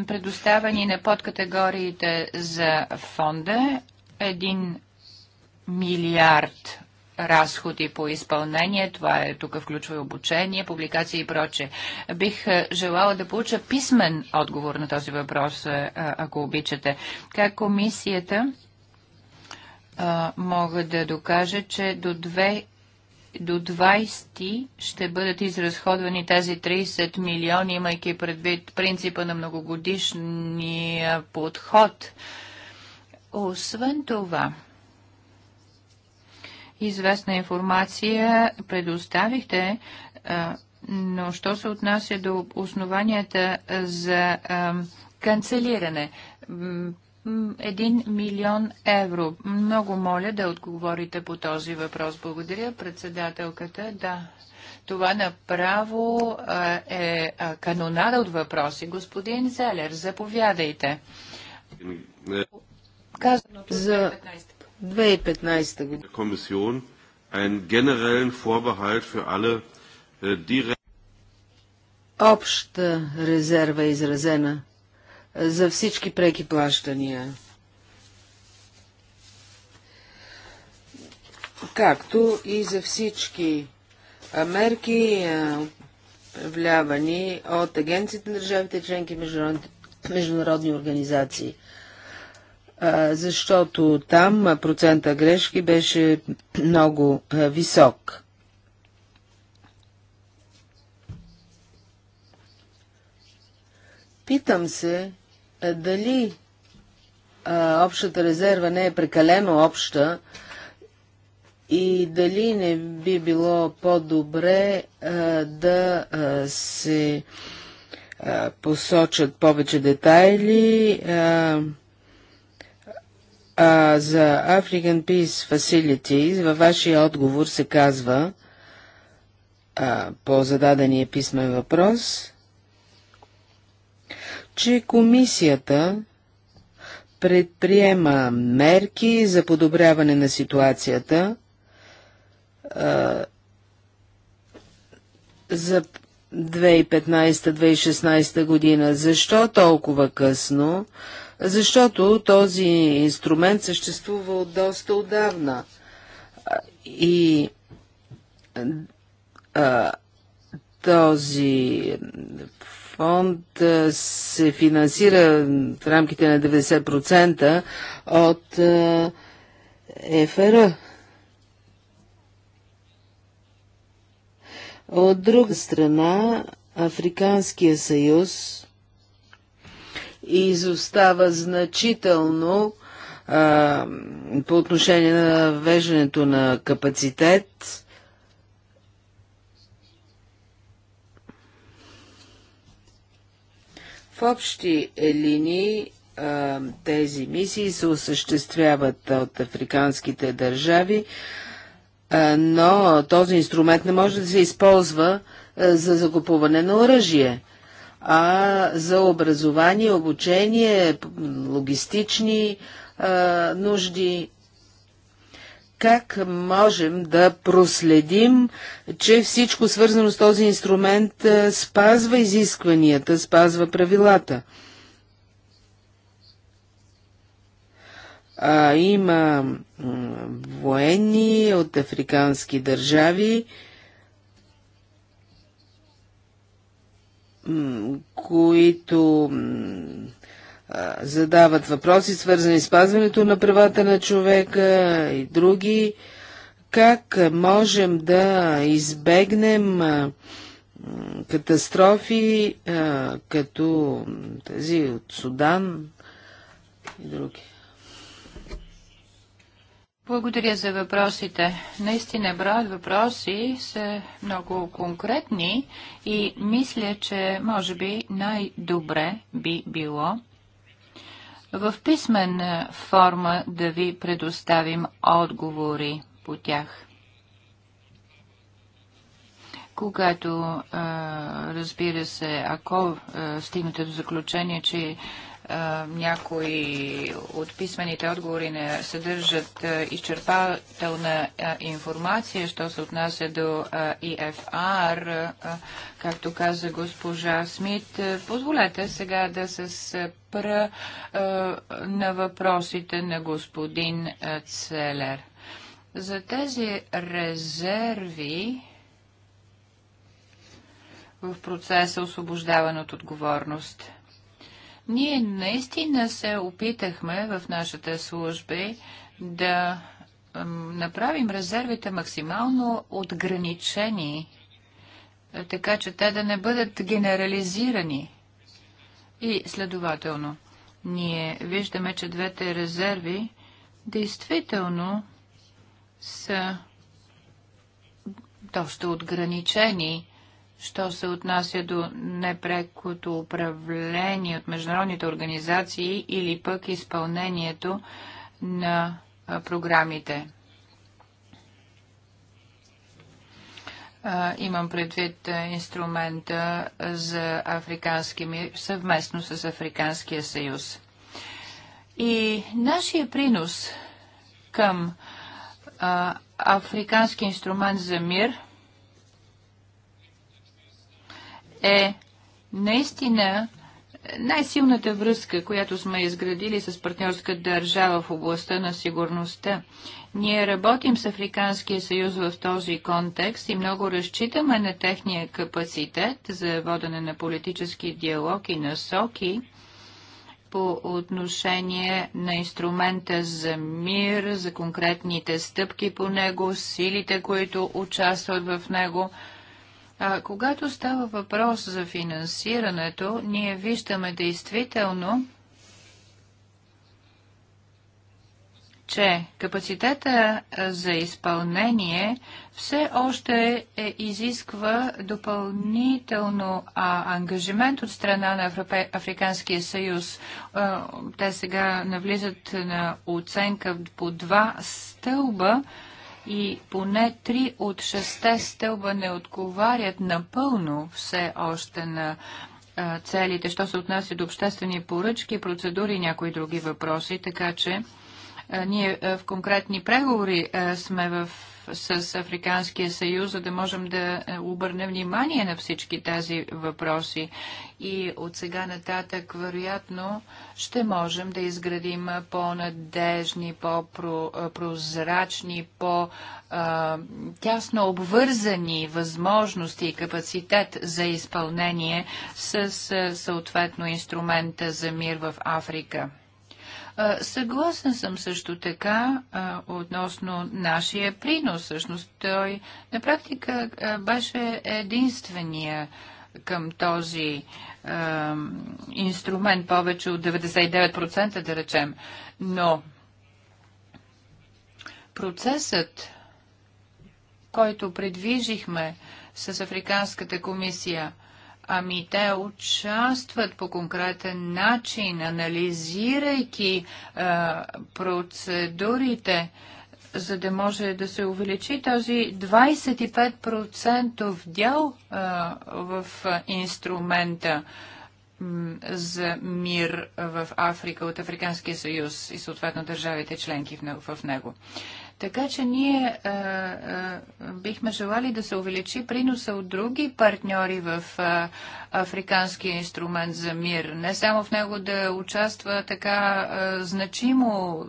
Speaker 2: предоставени на подкатегориите за фонда? Един милиард разходи по изпълнение, това е тук включва и обучение, публикации и проче. Бих е, желала да получа писмен отговор на този въпрос, е, е, ако обичате. Как комисията а, мога да докажа, че до две до 20 ще бъдат изразходвани тези 30 милиони, имайки предвид принципа на многогодишния подход. Освен това, известна информация предоставихте, но що се отнася до основанията за канцелиране? Един милион евро. Много моля да отговорите по този въпрос. Благодаря, председателката. Да. Това направо е канонада от въпроси. Господин Зелер, заповядайте. Казаното за 15. 2015
Speaker 1: äh, Обща резерва изразена э, за всички преки плащания. Както и за всички мерки, влявани от агенциите на държавите членки международни, международни организации защото там процента грешки беше много висок. Питам се дали общата резерва не е прекалено обща и дали не би било по-добре да се посочат повече детайли а, за African Peace Facilities във вашия отговор се казва а, по зададения писмен въпрос, че комисията предприема мерки за подобряване на ситуацията, а, за 2015-2016 година. Защо толкова късно? защото този инструмент съществува от доста отдавна. И а, този фонд се финансира в рамките на 90% от ФРА. От друга страна, Африканския съюз изостава значително а, по отношение на веждането на капацитет. В общи линии тези мисии се осъществяват от африканските държави, но този инструмент не може да се използва за закупуване на оръжие а за образование, обучение, логистични а, нужди. Как можем да проследим, че всичко свързано с този инструмент спазва изискванията, спазва правилата? А, има военни от африкански държави, които задават въпроси, свързани с пазването на правата на човека и други. Как можем да избегнем катастрофи като тези от Судан и други?
Speaker 2: Благодаря за въпросите. Наистина броят въпроси са много конкретни и мисля, че може би най-добре би било в писмен форма да ви предоставим отговори по тях. Когато, разбира се, ако стигнете до заключение, че някои от писмените отговори не съдържат изчерпателна информация, що се отнася до ИФР, както каза госпожа Смит. Позволете сега да се спра на въпросите на господин Целер. За тези резерви в процеса освобождаване от отговорност. Ние наистина се опитахме в нашите служби да направим резервите максимално отграничени, е, така че те да не бъдат генерализирани. И следователно, ние виждаме, че двете резерви действително са доста отграничени що се отнася до непрекото управление от международните организации или пък изпълнението на програмите. Имам предвид инструмента за африкански мир съвместно с Африканския съюз. И нашия принос към Африкански инструмент за мир – е наистина най-силната връзка, която сме изградили с партньорска държава в областта на сигурността. Ние работим с Африканския съюз в този контекст и много разчитаме на техния капацитет за водене на политически диалог и насоки по отношение на инструмента за мир, за конкретните стъпки по него, силите, които участват в него – а, когато става въпрос за финансирането, ние виждаме действително, че капацитета за изпълнение все още е, изисква допълнително а, ангажимент от страна на Европе, Африканския съюз. А, те сега навлизат на оценка по два стълба. А, и поне три от шесте стълба не отговарят напълно все още на целите, що се отнася до обществени поръчки, процедури и някои други въпроси, така че ние в конкретни преговори сме в с Африканския съюз, за да можем да е, обърнем внимание на всички тези въпроси. И от сега нататък, вероятно, ще можем да изградим по-надежни, по-прозрачни, по-тясно обвързани възможности и капацитет за изпълнение с е, съответно инструмента за мир в Африка. Съгласен съм също така относно нашия принос. Същност той на практика беше единствения към този е, инструмент повече от 99%, да речем. Но процесът, който предвижихме с Африканската комисия, Ами те участват по конкретен начин, анализирайки а, е, процедурите, за да може да се увеличи този 25% дял а, е, в инструмента за мир в Африка от Африканския съюз и съответно държавите членки в него. Така че ние а, е, а, е, бихме желали да се увеличи приноса от други партньори в а, е, Африканския инструмент за мир. Не само в него да участва така а, значимо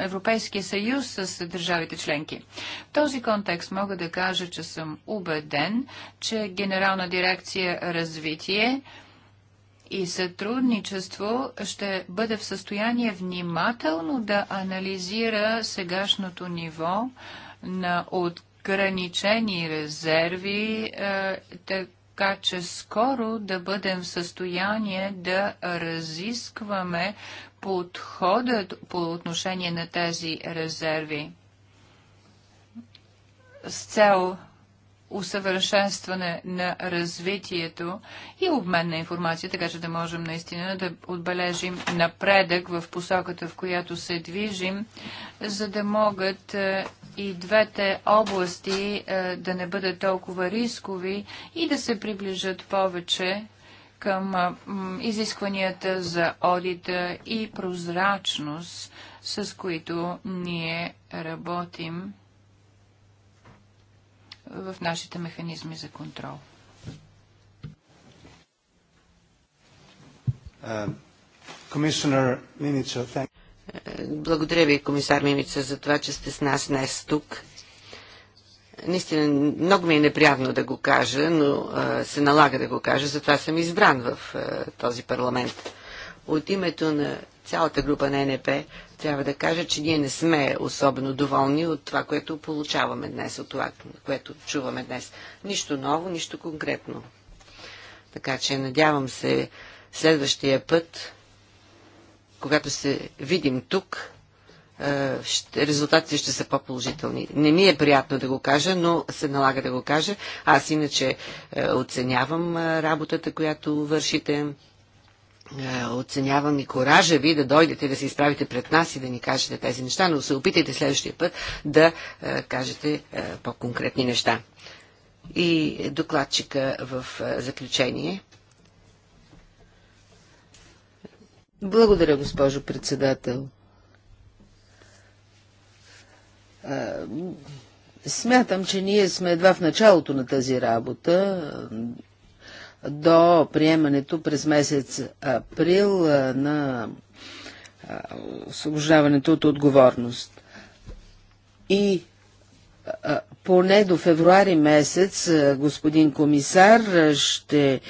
Speaker 2: Европейския съюз с държавите членки. В този контекст мога да кажа, че съм убеден, че Генерална дирекция развитие а, и сътрудничество ще бъде в състояние внимателно да анализира сегашното ниво на отграничени резерви, е, така че скоро да бъдем в състояние да разискваме подходът по отношение на тези резерви с цел усъвършенстване на развитието и обмен на информация, така че да можем наистина да отбележим напредък в посоката, в която се движим, за да могат е, и двете области е, да не бъдат толкова рискови и да се приближат повече към е, изискванията за одита и прозрачност, с които ние работим в нашите механизми за контрол.
Speaker 3: Uh, е, благодаря ви, комисар Мимица, за това, че сте с нас днес тук. Наистина, много ми е неприятно да го кажа, но а, се налага да го кажа, затова съм избран в а, този парламент. От името на цялата група на НП трябва да каже, че ние не сме особено доволни от това, което получаваме днес, от това, което чуваме днес. Нищо ново, нищо конкретно. Така че надявам се следващия път, когато се видим тук, е, резултатите ще са по-положителни. Не ми е приятно да го кажа, но се налага да го кажа. Аз иначе е, оценявам е, работата, която вършите. Е, оценявам и коража ви да дойдете да се изправите пред нас и да ни кажете тези неща, но се опитайте следващия път да е, кажете е, по-конкретни неща. И докладчика в заключение.
Speaker 1: Благодаря, госпожо председател. Смятам, че ние сме едва в началото на тази работа до приемането през месец април на освобождаването от отговорност. И поне до февруари месец, господин комисар, ще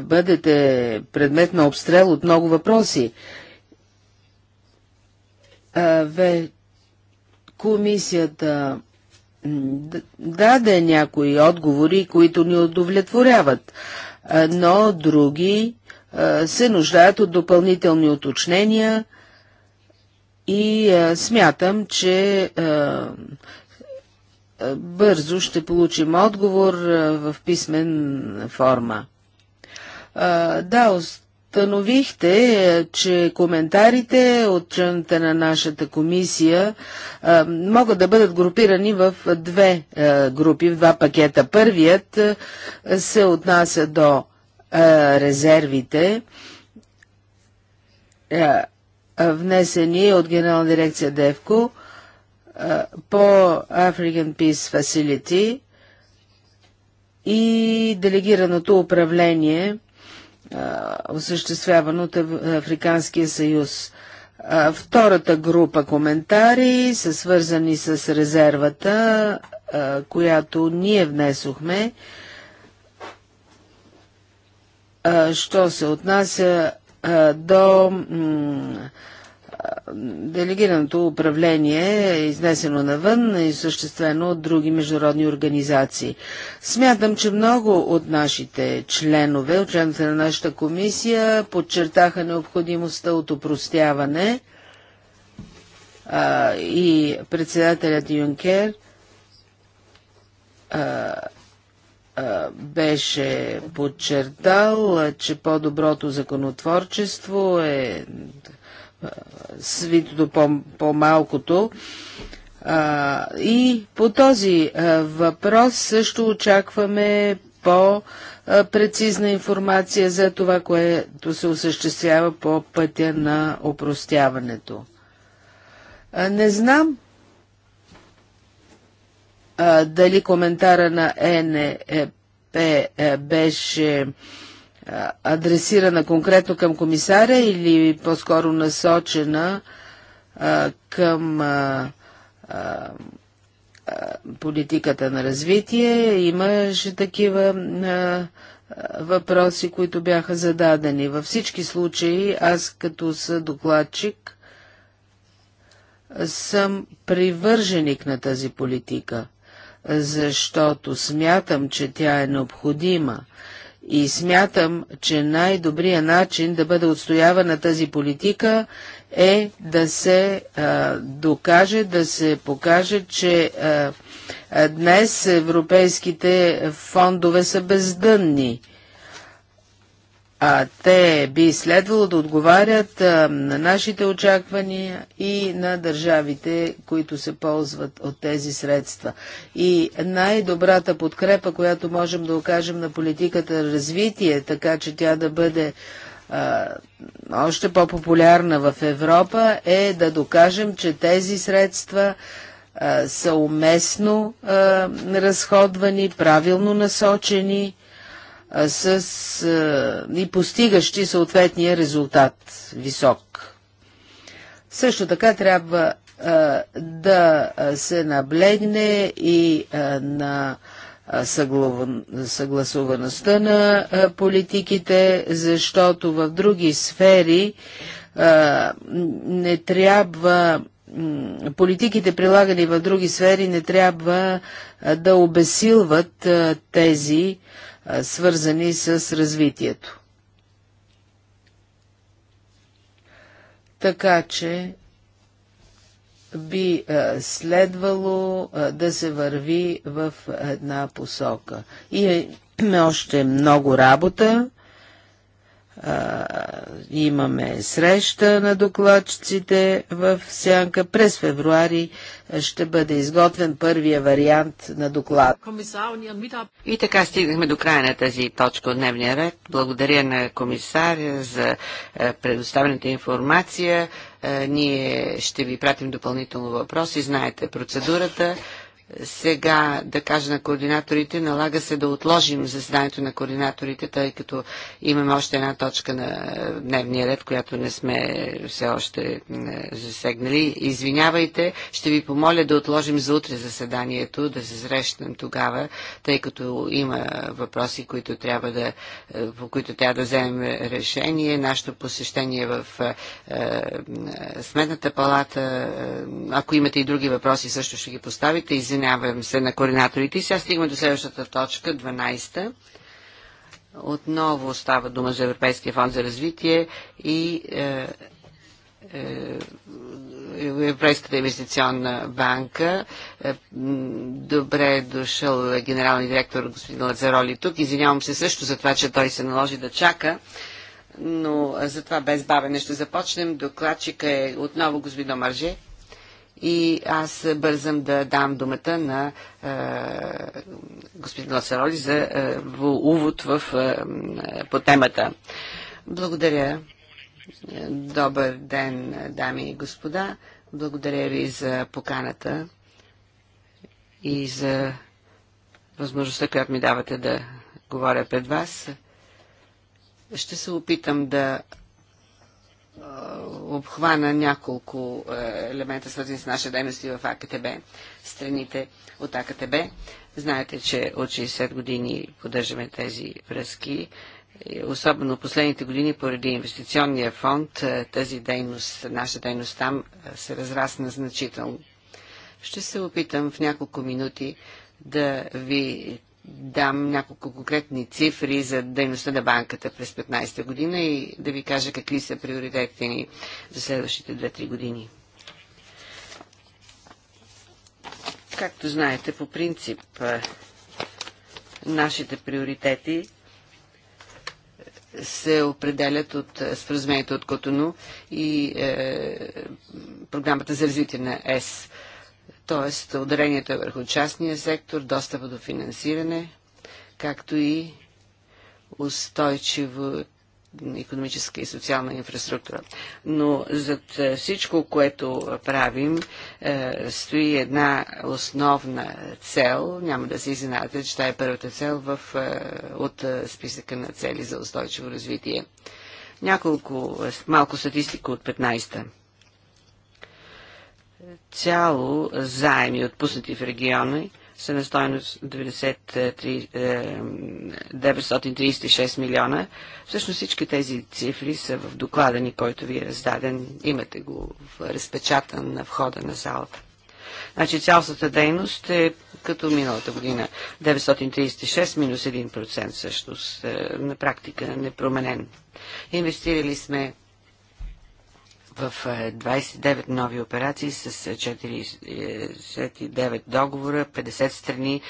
Speaker 1: бъдете предмет на обстрел от много въпроси. Ве комисията даде някои отговори, които ни удовлетворяват но други се нуждаят от допълнителни уточнения и смятам, че бързо ще получим отговор в писмен форма. Да, установихте, че коментарите от члената на нашата комисия могат да бъдат групирани в две групи, в два пакета. Първият се отнася до резервите, внесени от Генерална дирекция ДЕВКО по African Peace Facility и делегираното управление осъществяван от Африканския съюз. Втората група коментари са свързани с резервата, която ние внесохме, що се отнася до Делегираното управление е изнесено навън и съществено от други международни организации. Смятам, че много от нашите членове, от членовете на нашата комисия, подчертаха необходимостта от упростяване а, и председателят Юнкер а, беше подчертал, че по-доброто законотворчество е свитото по, по-малкото. и по този въпрос също очакваме по-прецизна информация за това, което се осъществява по пътя на опростяването. Не знам дали коментара на НЕП е, беше адресирана конкретно към комисаря или по-скоро насочена а, към а, а, политиката на развитие. Имаше такива въпроси, които бяха зададени. Във всички случаи, аз като съдокладчик съм привърженик на тази политика, защото смятам, че тя е необходима и смятам, че най-добрият начин да бъде отстоявана тази политика е да се а, докаже, да се покаже, че а, днес европейските фондове са бездънни а те би следвало да отговарят а, на нашите очаквания и на държавите, които се ползват от тези средства. И най-добрата подкрепа, която можем да окажем на политиката развитие, така че тя да бъде а, още по-популярна в Европа, е да докажем, че тези средства а, са уместно разходвани, правилно насочени с, и постигащи съответния резултат висок. Също така трябва да се наблегне и на съгласуваността на политиките, защото в други сфери не трябва политиките прилагани в други сфери не трябва да обесилват тези свързани с развитието. Така че би следвало да се върви в една посока. И имаме още много работа имаме среща на докладчиците в Сянка. През февруари ще бъде изготвен първия вариант на доклад.
Speaker 3: И така стигнахме до края на тази точка от дневния ред. Благодаря на комисаря за е, предоставената информация. Е, ние ще ви пратим допълнително въпроси. Знаете процедурата сега да кажа на координаторите, налага се да отложим заседанието на координаторите, тъй като имаме още една точка на дневния ред, която не сме все още е, засегнали. Извинявайте, ще ви помоля да отложим за утре заседанието, да се срещнем тогава, тъй като има въпроси, които трябва да, е, по които трябва да вземем решение. Нашето посещение в е, Сметната палата, ако имате и други въпроси, също ще ги поставите. Извинявайте Извинявам се на координаторите. Сега стигаме до следващата точка, 12-та. Отново става дума за Европейския фонд за развитие и е, е, е Европейската инвестиционна банка. Е, добре е дошъл генералния директор господин Лазароли тук. Извинявам се също за това, че той се наложи да чака, но затова без бавене ще започнем. Докладчика е отново господин Омарже и аз бързам да дам думата на е, господин Лосароли за е, увод в, е, по темата. Благодаря. Добър ден, дами и господа. Благодаря ви за поканата и за възможността, която ми давате да говоря пред вас. Ще се опитам да обхвана няколко е, елемента, свързани с дейност и в АКТБ, страните от АКТБ. Знаете, че от 60 години поддържаме тези връзки. Особено последните години поради инвестиционния фонд е, тази дейност, наша дейност там е, се разрасна значително. Ще се опитам в няколко минути да ви дам няколко конкретни цифри за дейността на банката през 15-та година и да ви кажа какви са приоритетите ни за следващите 2-3 години. Както знаете, по принцип е, нашите приоритети се определят от е, споразумението от Котону и е, програмата за развитие на ЕС т.е. ударението е върху частния сектор, достъпа до финансиране, както и устойчиво економическа и социална инфраструктура. Но зад е, всичко, което правим, е, стои една основна цел. Няма да се изненадате, че това е първата цел в, е, от списъка на цели за устойчиво развитие. Няколко, малко статистика от 15-та цяло заеми, отпуснати в региона, са на стоеност 936 е, милиона. Всъщност всички тези цифри са в доклада ни, който ви е раздаден. Имате го в разпечатан на входа на залата. Значи цялостната дейност е като миналата година 936 минус 1% всъщност. Е, на практика непроменен. Инвестирали сме в 29 е, нови операции с 49 е, договора, 50 страни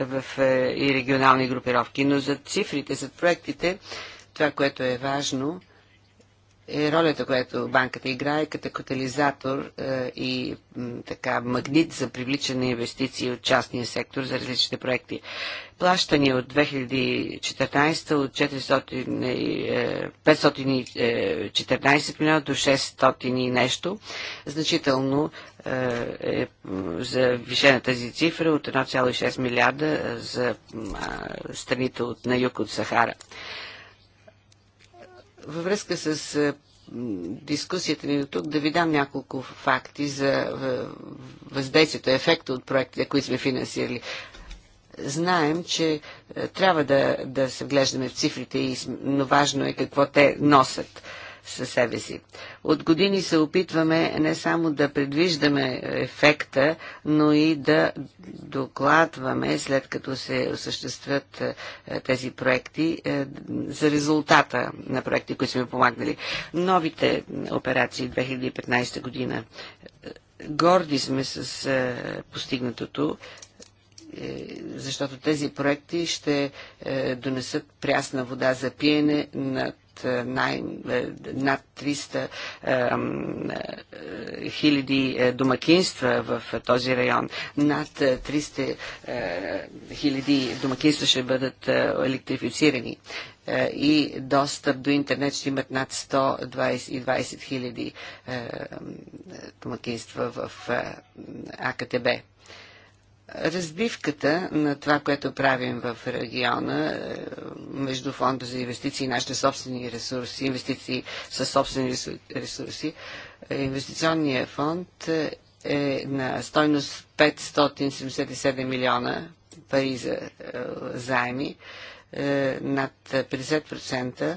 Speaker 3: в, е, и регионални групировки. Но за цифрите, за проектите, това, което е важно, е ролята, която банката играе като катализатор е, и така магнит за привличане на инвестиции от частния сектор за различните проекти. Плащани от 2014 от 400, 514 е, е, милиона до 600 и нещо. Значително е завишена тази цифра от 1,6 милиарда за страните от, на юг от Сахара. Във връзка с дискусията ми до тук да ви дам няколко факти за въздействието, ефекта от проектите, които сме финансирали. Знаем, че трябва да, да се вглеждаме в цифрите, но важно е какво те носят със себе си. От години се опитваме не само да предвиждаме ефекта, но и да докладваме, след като се осъществят е, тези проекти, е, за резултата на проекти, които сме помагнали. Новите операции 2015 година. Горди сме с е, постигнатото защото тези проекти ще донесат прясна вода за пиене на е, най, е, над 300 е, хиляди домакинства в този район. Над 300 хиляди домакинства ще бъдат електрифицирани и достъп до интернет ще имат над 120 хиляди домакинства в АКТБ. Разбивката на това, което правим в региона е, между фонда за инвестиции и нашите собствени ресурси, инвестиции със собствени ресурси, е, инвестиционния фонд е на стойност 577 милиона пари за е, заеми, над 50%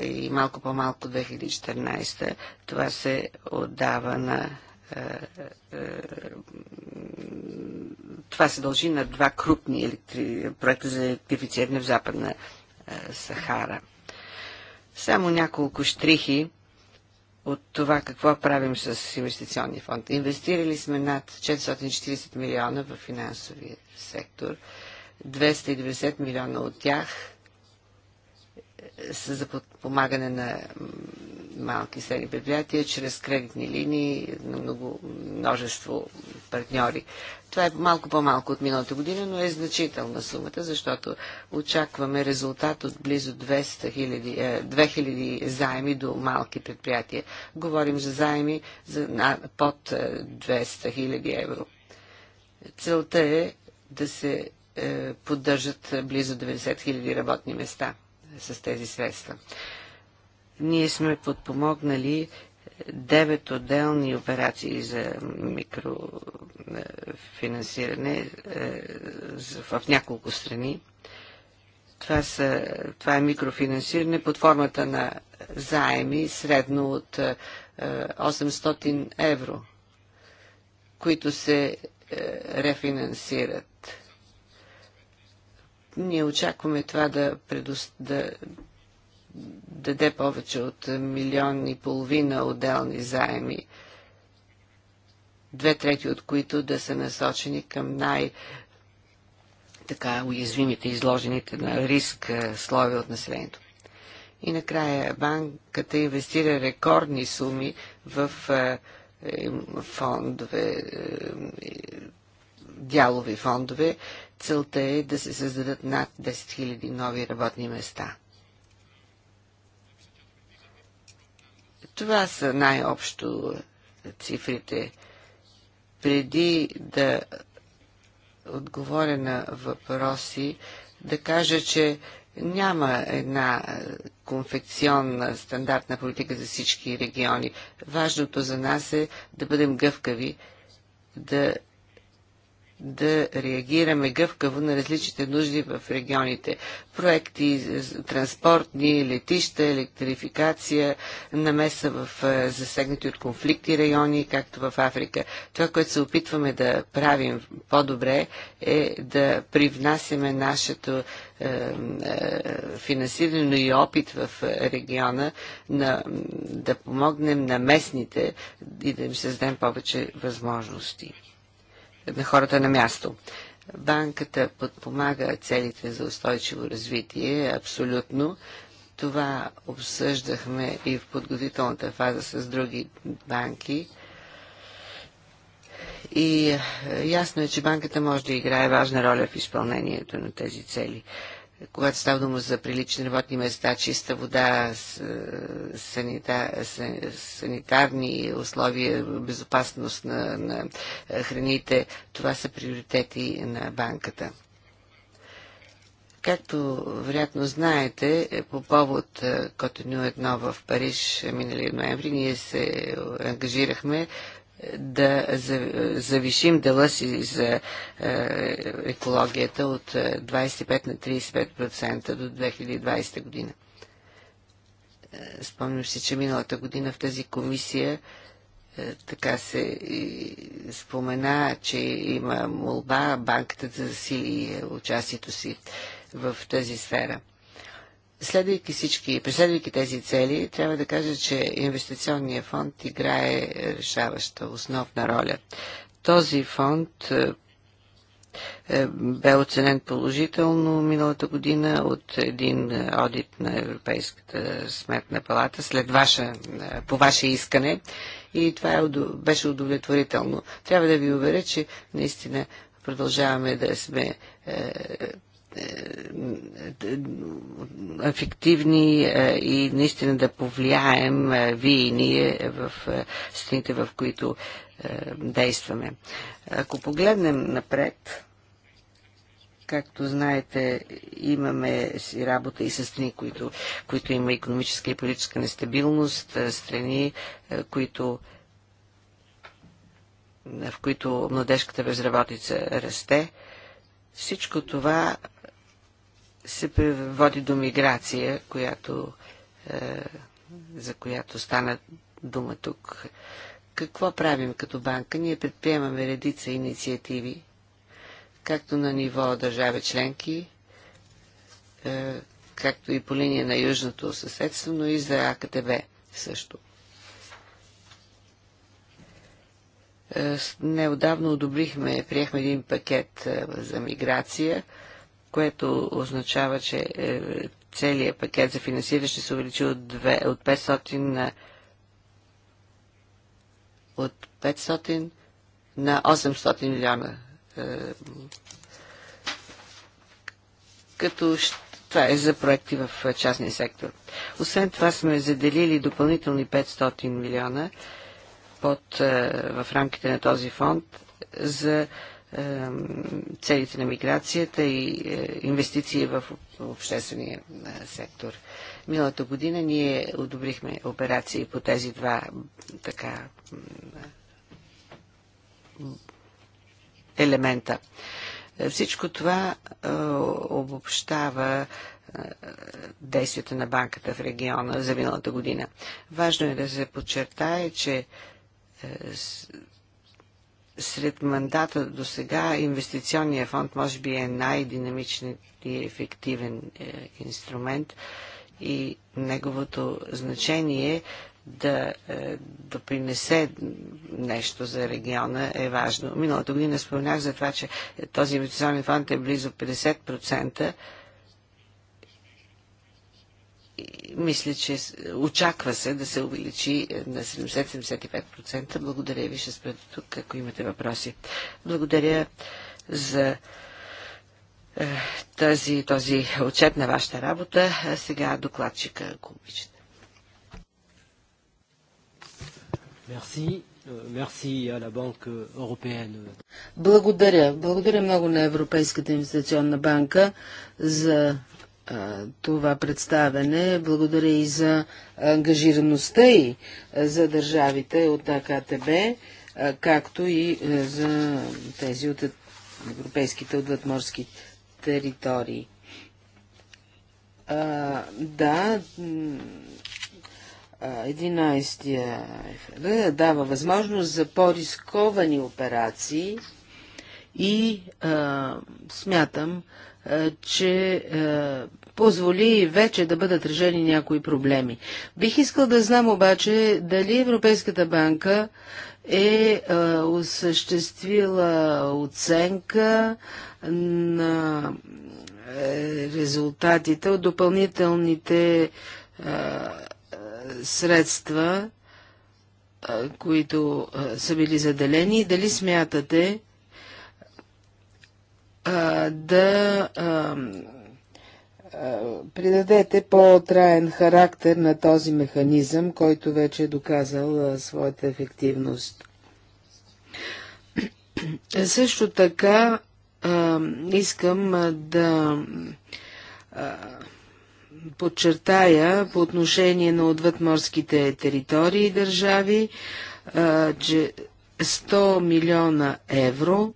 Speaker 3: и малко по-малко 2014. Това се отдава на това се дължи на два крупни електри... проекта за електрифициране в Западна Сахара. Само няколко штрихи от това какво правим с инвестиционния фонд. Инвестирали сме над 440 милиона в финансовия сектор. 290 милиона от тях е, са за подпомагане на малки и средни предприятия чрез кредитни линии на много множество партньори. Това е малко по-малко от миналата година, но е значителна сумата, защото очакваме резултат от близо 200 хиляди, 2000 е, заеми до малки предприятия. Говорим за заеми за под 200 е, 000 евро. Целта е да се е, поддържат близо 90 000 работни места с тези средства. Ние сме подпомогнали девет отделни операции за микрофинансиране е, в няколко страни. Това, са, това е микрофинансиране под формата на заеми средно от 800 е, евро, които се е, рефинансират. Ние очакваме това да, предо... да даде повече от милион и половина отделни заеми, две трети от които да са насочени към най- така уязвимите, изложените на риск слови от населението. И накрая банката инвестира рекордни суми в фондове, дялови фондове. Целта е да се създадат над 10 000 нови работни места. Това са най-общо цифрите. Преди да отговоря на въпроси, да кажа, че няма една конфекционна стандартна политика за всички региони. Важното за нас е да бъдем гъвкави, да да реагираме гъвкаво на различните нужди в регионите. Проекти транспортни, летища, електрификация, намеса в засегнати от конфликти райони, както в Африка. Това, което се опитваме да правим по-добре е да привнасяме нашето финансиране, но и опит в региона на, да помогнем на местните и да им създадем повече възможности на хората на място. Банката подпомага целите за устойчиво развитие, абсолютно. Това обсъждахме и в подготвителната фаза с други банки. И е, ясно е, че банката може да играе важна роля в изпълнението на тези цели когато става дума за прилични работни места, чиста вода, е, санитарни условия, безопасност на, на е, храните, това са приоритети на банката. Както вероятно знаете, е, по повод Котоню 1 в Париж миналия ноември, ние се ангажирахме да завишим дела си за е, екологията от 25 е, на 35% до 2020 година. Е, спомням си, че миналата година в тази комисия така се спомена, че има молба банката да засили участието си в тази сфера. Следвайки всички, преследвайки тези цели, трябва да кажа, че инвестиционният фонд играе решаваща основна роля. Този фонд е, е, бе оценен положително миналата година от един одит на Европейската сметна палата след ваша, е, по ваше искане и това е, беше удовлетворително. Трябва да ви уверя, че наистина продължаваме да сме е,
Speaker 1: е, е, е,
Speaker 3: ефективни и наистина да повлияем вие и ние в страните, в които действаме. Ако погледнем напред, както знаете, имаме си работа и с страни, които, които има економическа и политическа нестабилност, страни, които в които младежката безработица расте. Всичко това се води до миграция, която, е, за която стана дума тук. Какво правим като банка? Ние предприемаме редица инициативи, както на ниво държави членки, е, както и по линия на Южното съседство, но и за АКТБ също. Е, Неодавно одобрихме, приехме един пакет е, за миграция – което означава, че е, целият пакет за финансиране ще се увеличи от, 2, от 500 на от 500 на 800 милиона. Е, като това е за проекти в е, частния сектор. Освен това сме заделили допълнителни 500 милиона под, в рамките на този фонд за целите на миграцията и е, инвестиции в обществения е, сектор. Миналата година ние одобрихме операции по тези два така елемента. Всичко това е, обобщава действията на банката в региона за миналата година. Важно е да се подчертае, че сред мандата до сега инвестиционния фонд може би е най-динамичен и ефективен е, инструмент и неговото значение да е, допринесе нещо за региона е важно. Миналата година споменах за това, че този инвестиционен фонд е близо 50% мисля, че очаква се да се увеличи на 70-75%. Благодаря ви, ще спра тук, ако имате въпроси. Благодаря за е, тази, този отчет на вашата работа. А сега докладчика, ако
Speaker 1: обичате. Мерси. Мерси euh, à la Banque européenne. Благодаря. Благодаря много на Европейската инвестиционна банка за това представене. Благодаря и за ангажираността и за държавите от АКТБ, както и за тези от европейските отвъдморски територии. да, 11-я ФР дава възможност за по-рисковани операции и а, смятам, е, че е, позволи вече да бъдат решени някои проблеми. Бих искал да знам обаче дали Европейската банка е, е осъществила оценка на резултатите от допълнителните средства, които са били заделени и дали смятате, а, да а, а, придадете по-траен характер на този механизъм, който вече е доказал а, своята ефективност. Също така а, искам а, да а, подчертая по отношение на отвъдморските територии и държави, а, че 100 милиона евро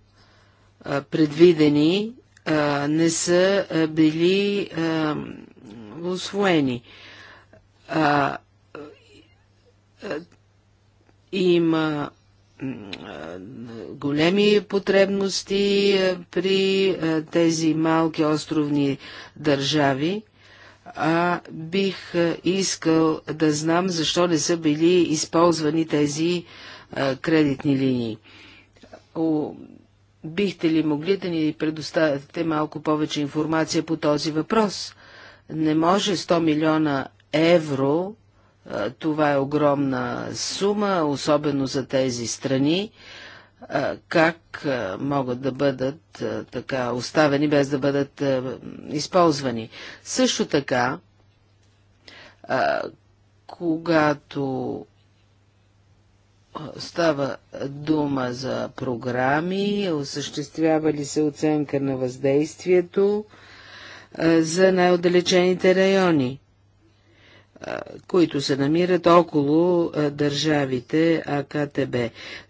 Speaker 1: предвидени, не са били освоени. Има големи потребности при тези малки островни държави, а бих искал да знам защо не са били използвани тези кредитни линии. Бихте ли могли да ни предоставите малко повече информация по този въпрос? Не може 100 милиона евро, това е огромна сума, особено за тези страни, как могат да бъдат така оставени без да бъдат използвани. Също така, когато Става дума за програми, осъществява ли се оценка на въздействието за най-отдалечените райони, които се намират около държавите АКТБ.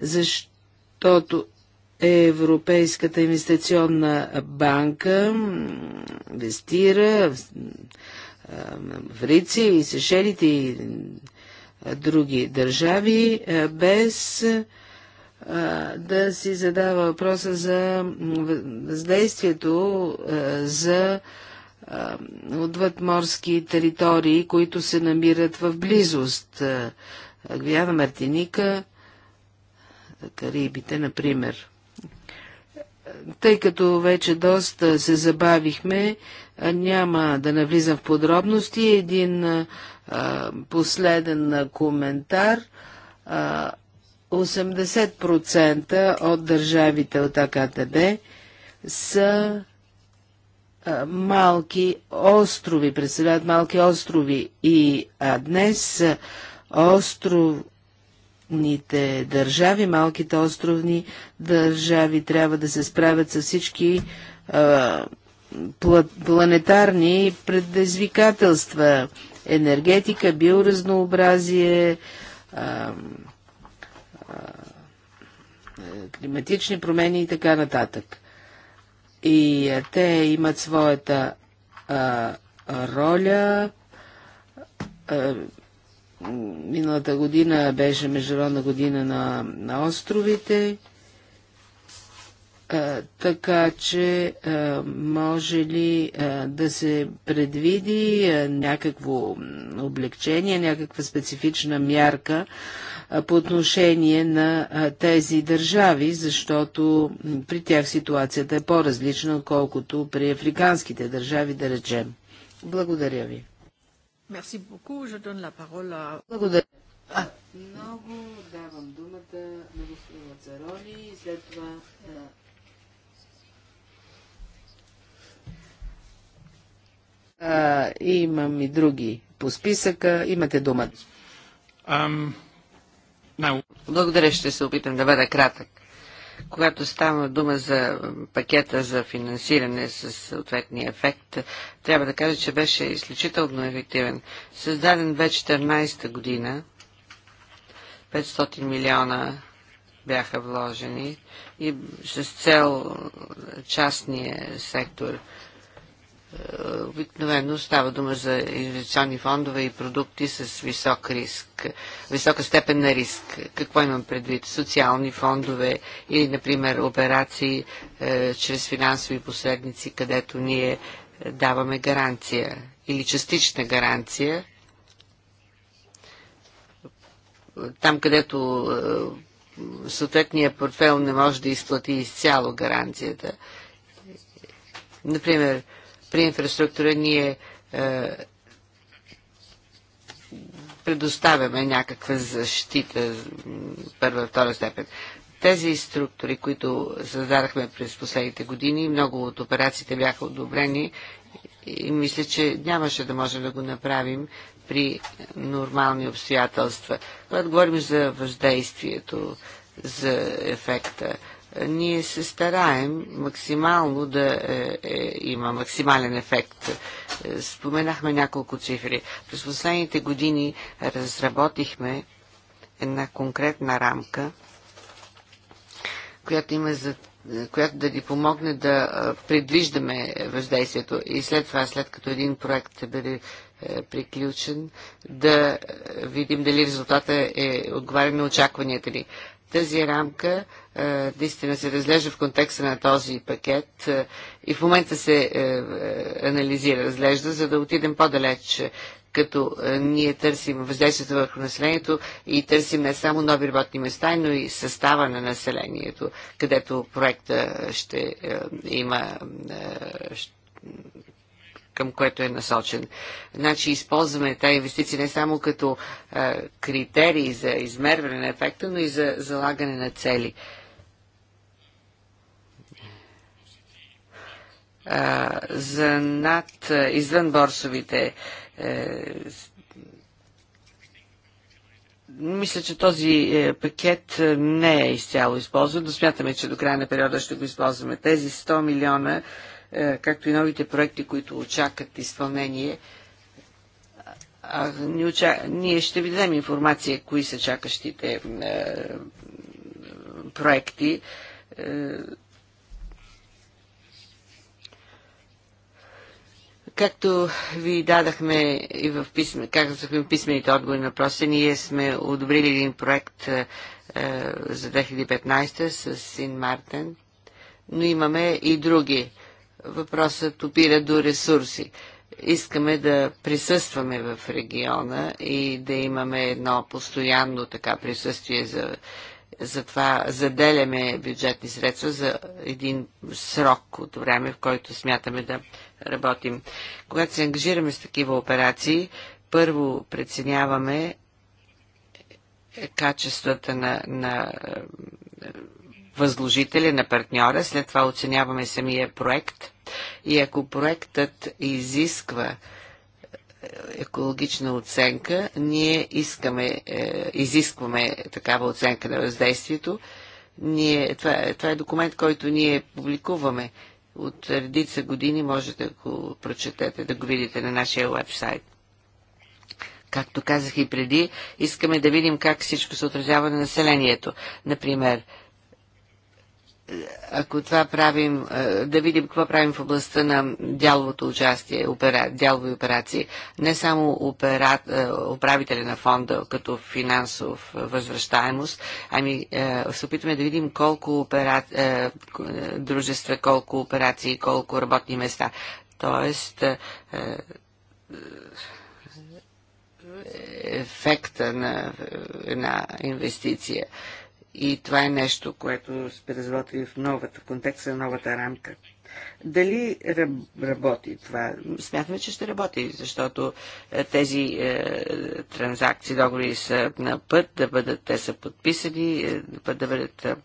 Speaker 1: Защото Европейската инвестиционна банка инвестира в Фриция и Сешелите и други държави, е, без е, да си задава въпроса за въздействието е, за отвъдморски територии, които се намират в близост. Гвиана Мартиника, Карибите, например. Тъй като вече доста се забавихме, няма да навлизам в подробности. Един последен коментар. 80% от държавите от АКТБ са малки острови, представляват малки острови и а днес островните държави, малките островни държави трябва да се справят с всички а, планетарни предизвикателства, енергетика, биоразнообразие, а, а, климатични промени и така нататък. И а, те имат своята а, роля. А, миналата година беше Международна година на, на островите така че може ли да се предвиди някакво облегчение, някаква специфична мярка по отношение на тези държави, защото при тях ситуацията е по-различна, отколкото при африканските държави, да речем. Благодаря ви. Благодаря. А, много давам думата на господин Царони и след това на А, имам и други по списъка. Имате дума.
Speaker 3: Um, no. Благодаря, ще се опитам да бъда кратък. Когато става дума за пакета за финансиране с съответния ефект, трябва да кажа, че беше изключително ефективен. Създаден в 2014 година, 500 милиона бяха вложени и с цел частния сектор – Обикновено става дума за инвестиционни фондове и продукти с висок риск, висока степен на риск. Какво имам предвид? Социални фондове или, например, операции е, чрез финансови посредници, където ние даваме гаранция или частична гаранция. Там, където е, съответният портфел не може да изплати изцяло гаранцията. Например, при инфраструктура ние е, предоставяме някаква защита първа, втора степен. Тези структури, които създадахме през последните години, много от операциите бяха одобрени и мисля, че нямаше да можем да го направим при нормални обстоятелства. Когато говорим за въздействието, за ефекта, ние се стараем максимално да е, е, има максимален ефект. Е, споменахме няколко цифри. През последните години разработихме една конкретна рамка, която има за е, която да ни помогне да е, предвиждаме въздействието и след това, след като един проект бъде приключен, да видим дали резултата е отговаря на очакванията ни. Тази рамка е, наистина се разглежда в контекста на този пакет е, и в момента се е, анализира, разглежда, за да отидем по-далеч като ние търсим въздействието върху населението и търсим не само нови работни места, но и състава на населението, където проекта ще има към което е насочен. Значи използваме тази инвестиция не само като а, е, критерии за измерване на ефекта, но и за залагане на цели. А, е, за над е, извън борсовите. е, мисля, че този пакет не е изцяло използван, но смятаме, че до края на периода ще го използваме. Тези 100 милиона е, както и новите проекти, които очакат изпълнение. А, ни Ние ще ви дадем информация, кои са чакащите е, проекти. Е, Както ви дадахме и в писме, казахме писмените отговори на въпроса, ние сме одобрили един проект е, е за 2015 с Син Мартен, но имаме и други Въпросът опира до ресурси. Искаме да присъстваме в региона и да имаме едно постоянно така присъствие за това, заделяме бюджетни средства за един срок от време, в който смятаме да работим. Когато се ангажираме с такива операции, първо преценяваме качествата на, на възложителя, на партньора, след това оценяваме самия проект и ако проектът изисква е, екологична оценка, ние искаме, е, изискваме такава оценка на въздействието. Ние, това, това е документ, който ние публикуваме от редица години. Можете, го прочетете, да го видите на нашия вебсайт. Както казах и преди, искаме да видим как всичко се отразява на населението. Например, ако това правим, да видим какво правим в областта на дяловото участие, опера, дялови операции, не само опера, управителя на фонда като финансов възвръщаемост, ами се опитваме да видим колко опера, дружества, колко операции, колко работни места. Тоест, ефекта на една инвестиция. И това е нещо, което сме разработили в, новата, контекста новата рамка. Дали работи това? Смятаме, че ще работи, защото е, тези е, транзакции, договори са на път да бъдат, те са подписани, е, да бъдат е,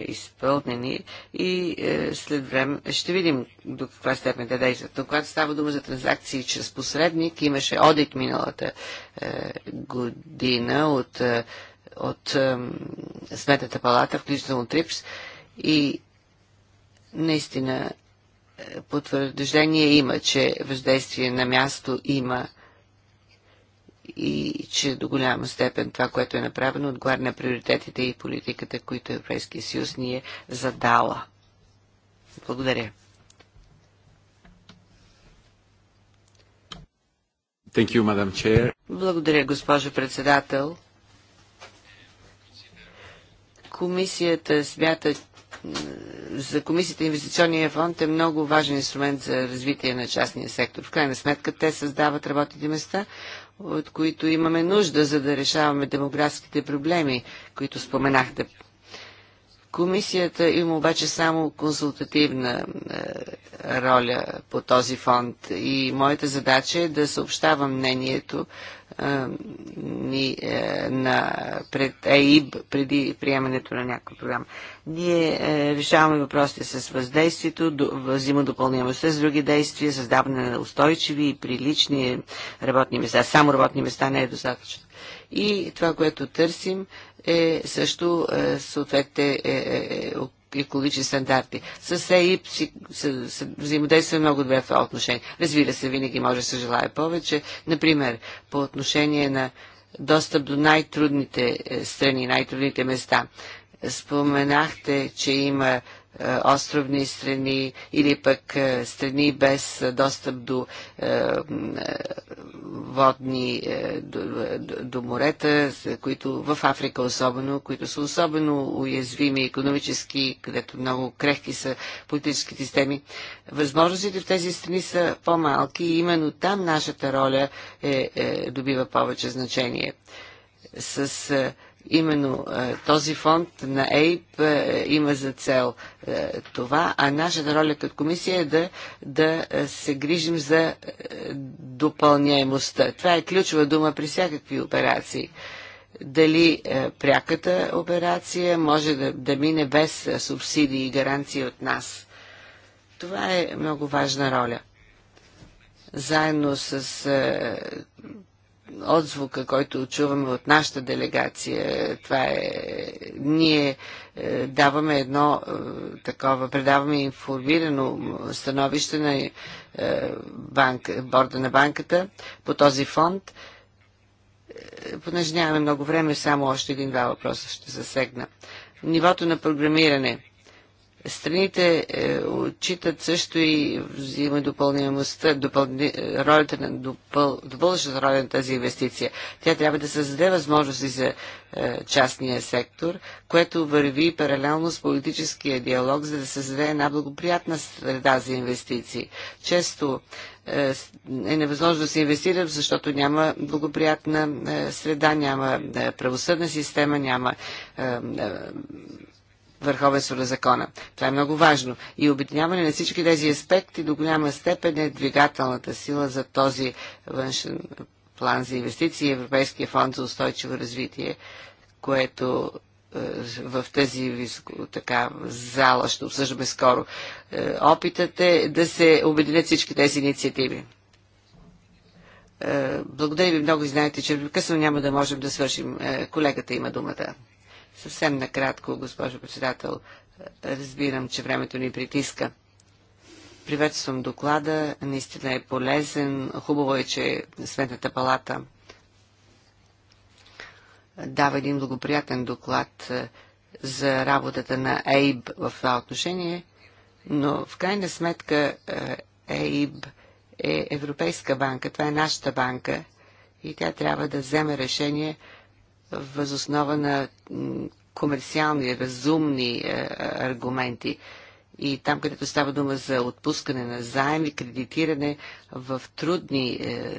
Speaker 3: изпълнени и е, след време ще видим до каква степен да действат. Но когато става дума за транзакции чрез посредник, имаше одит миналата е, година от е, от е, Сметната палата, включително ТРИПС и наистина е, потвърждение има, че въздействие на място има и че до голяма степен това, което е направено, отговаря на приоритетите и политиката, които Европейския съюз ни е задала. Благодаря. You, Благодаря, госпожо председател. Комисията смята, за Комисията инвестиционния фонд е много важен инструмент за развитие на частния сектор. В крайна сметка те създават работните места, от които имаме нужда, за да решаваме демографските проблеми, които споменахте. Комисията има обаче само консултативна е, роля по този фонд и моята задача е да съобщавам мнението ни, е, на, пред ЕИБ преди приемането на някаква програма. Ние а, е, решаваме въпросите с въздействието, до, взима с други действия, създаване на устойчиви и прилични работни места. Само работни места не е достатъчно. И това, което търсим е също е, е, е, е екологични стандарти. С ЕИП си, с, с, взаимодейства много добре в това отношение. Развира се, винаги може да се желая повече. Например, по отношение на достъп до най-трудните е, страни, най-трудните места. Споменахте, че има е, островни страни или пък е, страни без е, достъп до водни, до, морета, които в Африка особено, които са особено уязвими економически, където много крехки са политическите системи. Възможностите в тези страни са по-малки и именно там нашата роля е, е, добива повече значение. С Именно е, този фонд на ЕИП е, има за цел е, това, а нашата роля като комисия е да, да се грижим за допълняемостта. Това е ключова дума при всякакви операции дали пряката операция може да, да мине без субсидии и гаранции от нас. Това е много важна роля. Заедно с отзвука, който чуваме от нашата делегация. Това е... Ние е, даваме едно е, такова, предаваме информирано становище на е, банк, борда на банката по този фонд. Е, понеже нямаме много време, само още един-два въпроса ще засегна. Нивото на програмиране – Страните е, отчитат също и взима допълнимостта, допълни, ролята на допъл, роля на тази инвестиция. Тя трябва да създаде възможности за е, частния сектор, което върви паралелно с политическия диалог, за да създаде една благоприятна среда за инвестиции. Често е, е невъзможно да се инвестира, защото няма благоприятна е, среда, няма правосъдна система, няма върховенство на закона. Това е много важно. И обединяване на всички тези аспекти до голяма степен е двигателната сила за този външен план за инвестиции и Европейския фонд за устойчиво развитие, което е, в тази така, зала ще обсъждаме скоро. Е, опитът е да се обединят всички тези инициативи. Е, благодаря ви много и знаете, че късно няма да можем да свършим. Колегата има думата. Съвсем накратко, госпожо председател, разбирам, че времето ни притиска. Приветствам доклада, наистина е полезен. Хубаво е, че Светната палата дава един благоприятен доклад е, за работата на ЕИБ в това отношение, но в крайна сметка ЕИБ е Европейска банка, това е нашата банка и тя трябва да вземе решение – възоснова на комерциални, разумни е, аргументи. И там, където става дума за отпускане на заеми, кредитиране в трудни, е,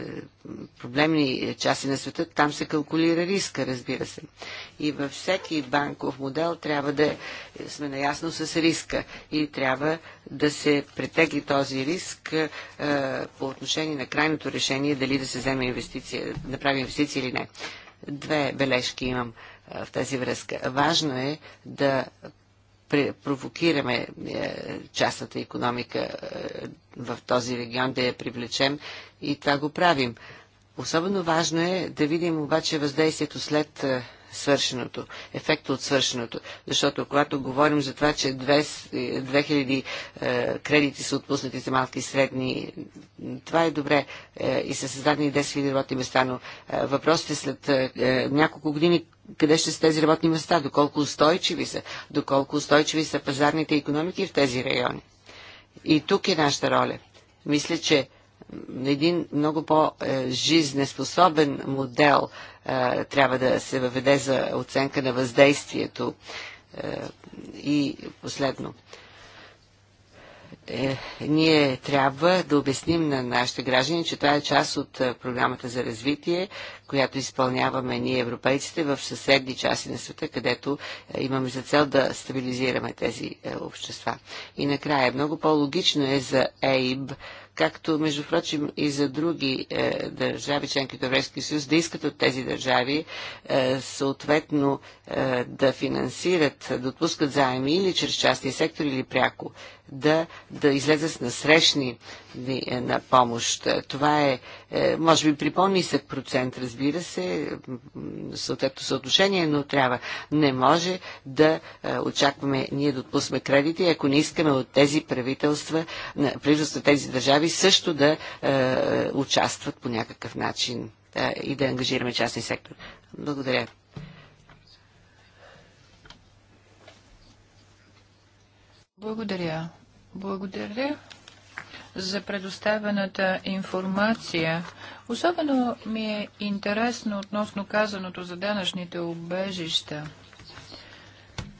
Speaker 3: проблемни части на света, там се калкулира риска, разбира се. И във всеки банков модел трябва да сме наясно с риска и трябва да се претегли този риск е, по отношение на крайното решение дали да се вземе инвестиция, да направи инвестиция или не. Две бележки имам в тази връзка. Важно е да провокираме е, частната економика е, в този регион, да я привлечем и това го правим. Особено важно е да видим обаче въздействието след е, свършеното, ефекта от свършеното. Защото когато говорим за това, че 2000 е, е, кредити са отпуснати за малки и средни, това е добре е, и са създадени 10 000 работни места, но въпросът е след няколко години къде ще са тези работни места, доколко устойчиви са, доколко устойчиви са пазарните економики в тези райони. И тук е нашата роля. Мисля, че един много по-жизнеспособен модел – трябва да се въведе за оценка на въздействието. И последно. Е, ние трябва да обясним на нашите граждани, че това е част от програмата за развитие, която изпълняваме ние европейците в съседни части на света, където имаме за цел да стабилизираме тези общества. И накрая, много по-логично е за ЕИБ както между прочим и за други е, държави, членки от Европейския съюз, да искат от тези държави е, съответно е, да финансират, да отпускат заеми или чрез частния сектор или пряко, да, да излезат с насрещни е, на помощ. Това е, е може би при по-нисък процент, разбира се, съответно съотношение, но трябва. Не може да е, очакваме ние да отпуснем кредити, ако не искаме от тези правителства, на правителства тези държави държави също да е, участват по някакъв начин е, и да ангажираме частния сектор. Благодаря.
Speaker 2: Благодаря. Благодаря за предоставената информация. Особено ми е интересно относно казаното за данъчните обежища.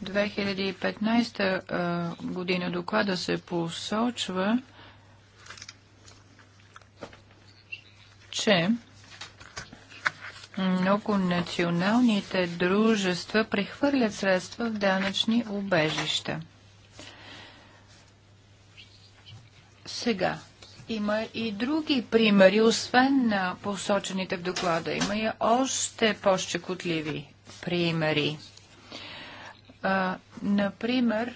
Speaker 2: 2015 е, година доклада се посочва, че много националните дружества прехвърлят средства в данъчни убежища. Сега, има и други примери, освен на посочените в доклада. Има и още по-щекотливи примери. А, например,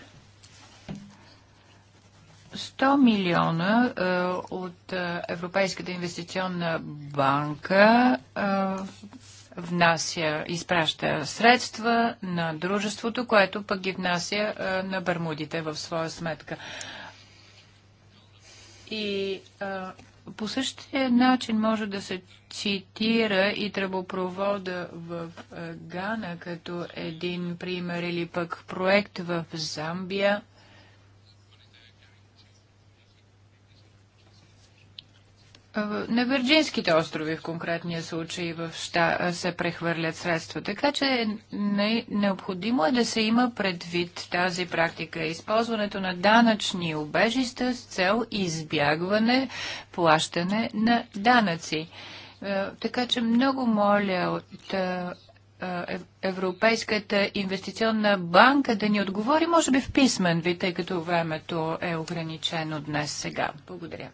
Speaker 2: 100 милиона е, от е, Европейската инвестиционна банка е, внася, изпраща средства на дружеството, което пък ги внася на Бермудите в своя сметка. И а, по същия начин може да се цитира и тръбопровода в Гана като един пример или пък проект в Замбия на Вирджинските острови в конкретния случай в ща, се прехвърлят средства. Така че не, необходимо е да се има предвид тази практика. Използването на данъчни обежища с цел избягване плащане на данъци. Така че много моля от Европейската инвестиционна банка да ни отговори, може би в писмен ви, тъй като времето е ограничено днес сега. Благодаря.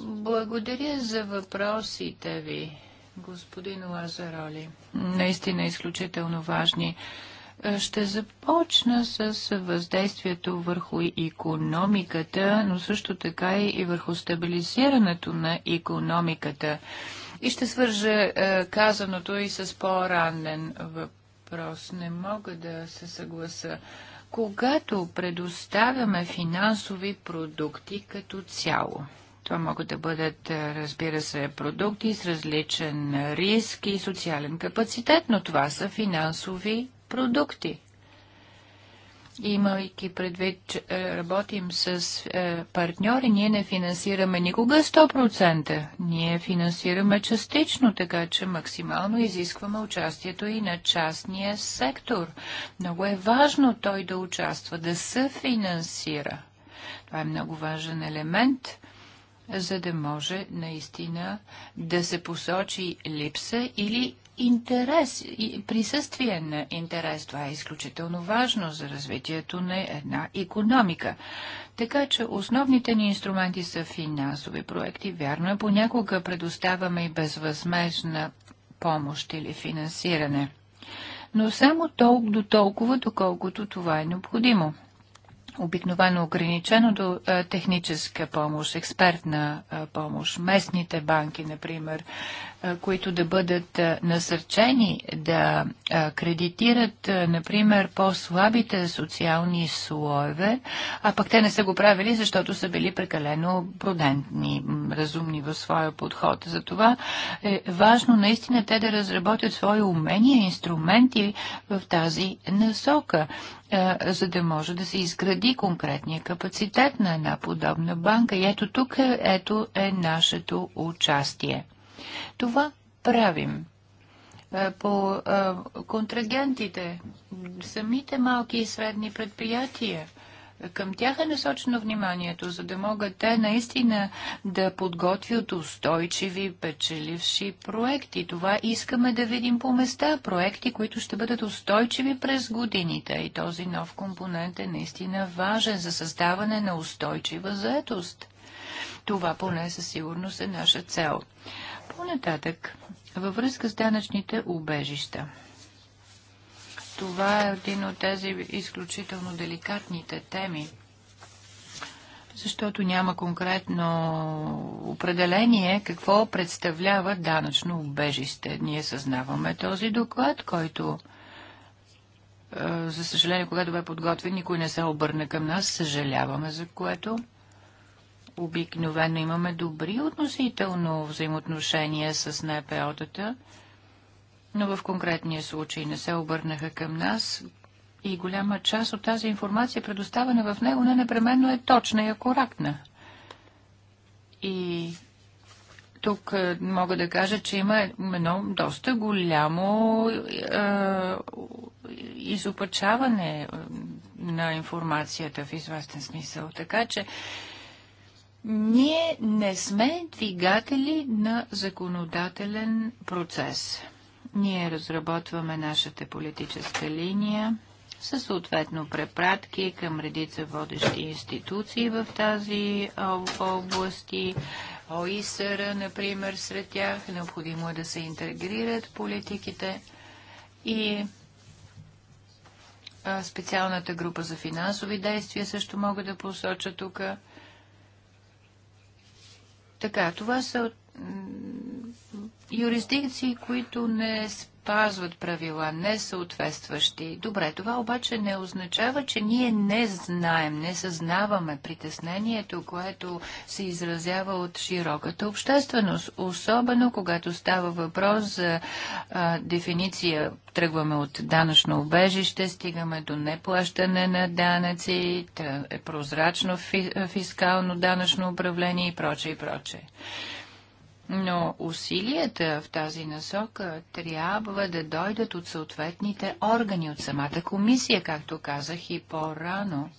Speaker 2: Благодаря за въпросите ви, господин Лазароли. Наистина изключително важни. Ще започна с въздействието върху економиката, но също така и върху стабилизирането на економиката. И ще свържа е, казаното и с по-ранен въпрос. Не мога да се съгласа. Когато предоставяме финансови продукти като цяло, това могат да бъдат, разбира се, продукти с различен риск и социален капацитет, но това са финансови продукти имайки предвид, че е, работим с е, партньори, ние не финансираме никога 100%. Ние финансираме частично, така че максимално изискваме участието и на частния сектор. Много е важно той да участва, да се финансира. Това е много важен елемент за да може наистина да се посочи липса или интерес, присъствие на интерес. Това е изключително важно за развитието на една економика. Така че основните ни инструменти са финансови проекти. Вярно е, понякога предоставяме и безвъзмежна помощ или финансиране. Но само толкова до толкова, доколкото това е необходимо обикновено ограничено до е, техническа помощ, експертна е, помощ. Местните банки, например, които да бъдат насърчени да кредитират, например, по-слабите социални слоеве, а пък те не са го правили, защото са били прекалено прудентни, разумни в своя подход. Затова е важно наистина те да разработят свои умения, инструменти в тази насока за да може да се изгради конкретния капацитет на една подобна банка. И ето тук ето е нашето участие. Това правим е, по е, контрагентите, самите малки и средни предприятия. Към тях е насочено вниманието, за да могат те наистина да подготвят устойчиви, печеливши проекти. Това искаме да видим по места. Проекти, които ще бъдат устойчиви през годините. И този нов компонент е наистина важен за създаване на устойчива заетост. Това поне със сигурност е наша цел. Понататък, във връзка с данъчните убежища. Това е един от тези изключително деликатните теми, защото няма конкретно определение какво представлява данъчно убежище. Ние съзнаваме този доклад, който е, за съжаление, когато бе подготвен, никой не се обърна към нас. Съжаляваме за което обикновено имаме добри относително взаимоотношения с НПО-тата, но в конкретния случай не се обърнаха към нас и голяма част от тази информация, предоставена в него, не непременно е точна и акуратна. И тук е, мога да кажа, че има едно доста голямо е, изопачаване е, на информацията в известен смисъл. Така че ние не сме двигатели на законодателен процес. Ние разработваме нашата политическа линия със съответно препратки към редица водещи институции в тази области, ОИСР, например, сред тях. Необходимо е да се интегрират политиките и специалната група за финансови действия също мога да посоча тук. Така, това са юрисдикции, които не спазват спазват правила, не съответстващи. Добре, това обаче не означава, че ние не знаем, не съзнаваме притеснението, което се изразява от широката общественост, особено когато става въпрос за а, дефиниция. Тръгваме от данъчно убежище, стигаме до неплащане на данъци, е прозрачно фискално данъчно управление и прочее и прочее. Но усилията в тази насока трябва да дойдат от съответните органи, от самата комисия, както казах и по-рано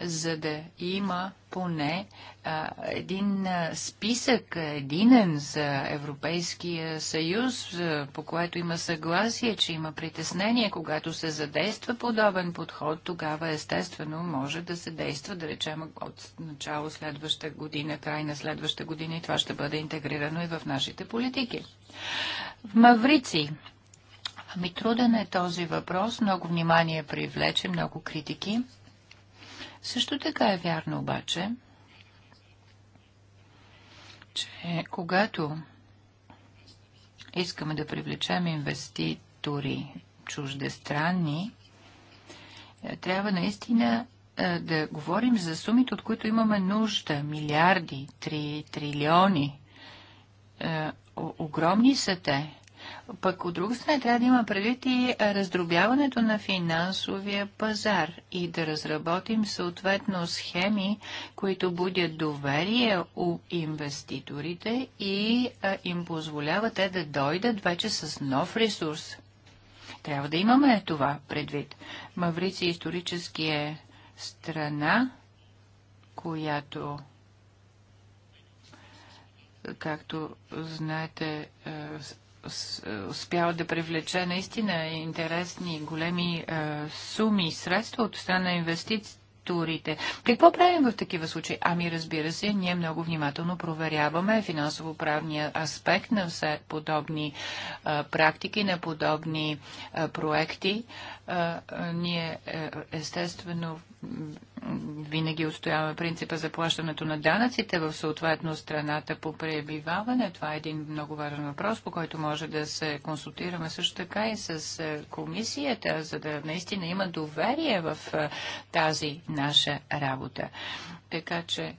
Speaker 2: за да има поне а, един а, списък, единен за Европейския съюз, а, по което има съгласие, че има притеснение, когато се задейства подобен подход, тогава естествено може да се действа, да речем, от начало следваща година, край на следваща година и това ще бъде интегрирано и в нашите политики. В Маврици. Ами труден е този въпрос, много внимание привлече, много критики. Също така е вярно обаче, че когато искаме да привлечем инвеститори чуждестранни, е, трябва наистина е, да говорим за сумите, от които имаме нужда. Милиарди, три, трилиони. Е, огромни са те. Пък от друга страна трябва да има предвид и раздробяването на финансовия пазар и да разработим съответно схеми, които будят доверие у инвеститорите и а, им позволяват те да дойдат вече с нов ресурс. Трябва да имаме това предвид. Маврици исторически е страна, която както знаете, е, Успява да привлече наистина интересни големи е, суми и средства от страна на инвестиции Какво правим в такива случаи? Ами разбира се, ние много внимателно проверяваме финансово-правния аспект на все подобни а, е, практики, на подобни а, проекти. Ние е, естествено винаги отстояваме принципа за плащането на данъците в съответно страната по пребиваване. Това е един много важен въпрос, по който може да се консултираме също така и с е, комисията, за да наистина има доверие в е, тази наша работа. Така че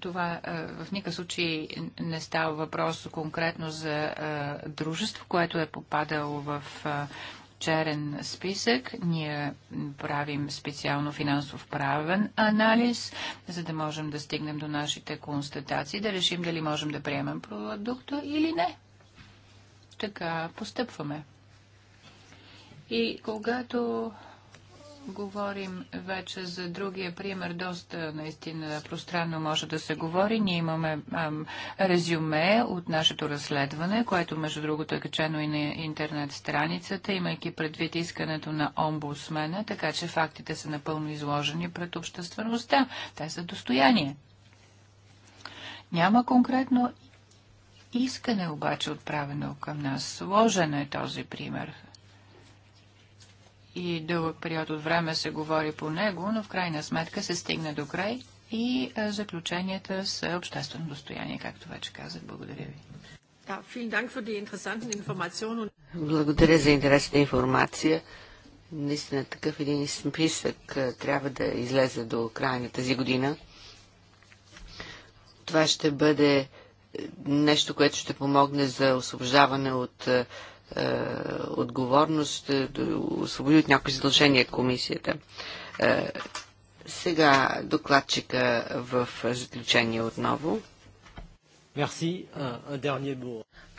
Speaker 2: това в никакъв случай не става въпрос конкретно за дружество, което е попадало в черен списък. Ние правим специално финансов правен анализ, за да можем да стигнем до нашите констатации, да решим дали можем да приемем продукта или не. Така постъпваме. И когато Говорим вече за другия пример. Доста наистина пространно може да се говори. Ние имаме ам, резюме от нашето разследване, което между другото е качено и на интернет страницата, имайки предвид искането на омбудсмена, така че фактите са напълно изложени пред обществеността. Те са достояние. Няма конкретно искане обаче отправено към нас. Сложен е този пример и дълъг период от време се говори по него, но в крайна сметка се стигна до край и заключенията са обществено достояние, както вече казах. Благодаря ви.
Speaker 3: Благодаря за интересна информация. Наистина такъв един списък трябва да излезе до края на тази година. Това ще бъде нещо, което ще помогне за освобождаване от е, отговорност, да освободи от някои задължения комисията. Е, сега докладчика в заключение отново.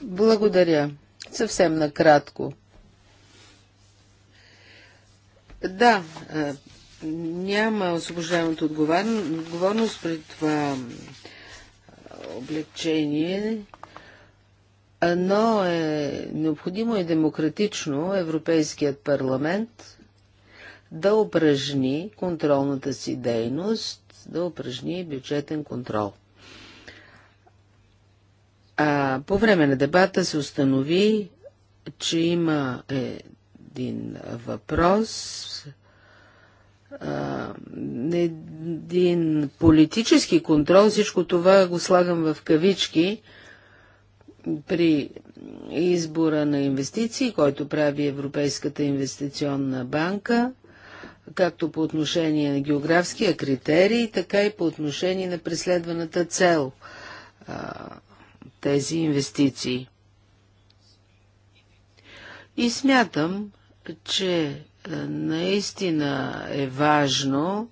Speaker 1: Благодаря. Съвсем накратко. Да, е, няма освобождаемата отговорност при това облегчение но е необходимо и демократично Европейският парламент да упражни контролната си дейност, да упражни бюджетен контрол. А, по време на дебата се установи, че има един въпрос, а, един политически контрол, всичко това го слагам в кавички – при избора на инвестиции, който прави Европейската инвестиционна банка, както по отношение на географския критерий, така и по отношение на преследваната цел а, тези инвестиции. И смятам, че наистина е важно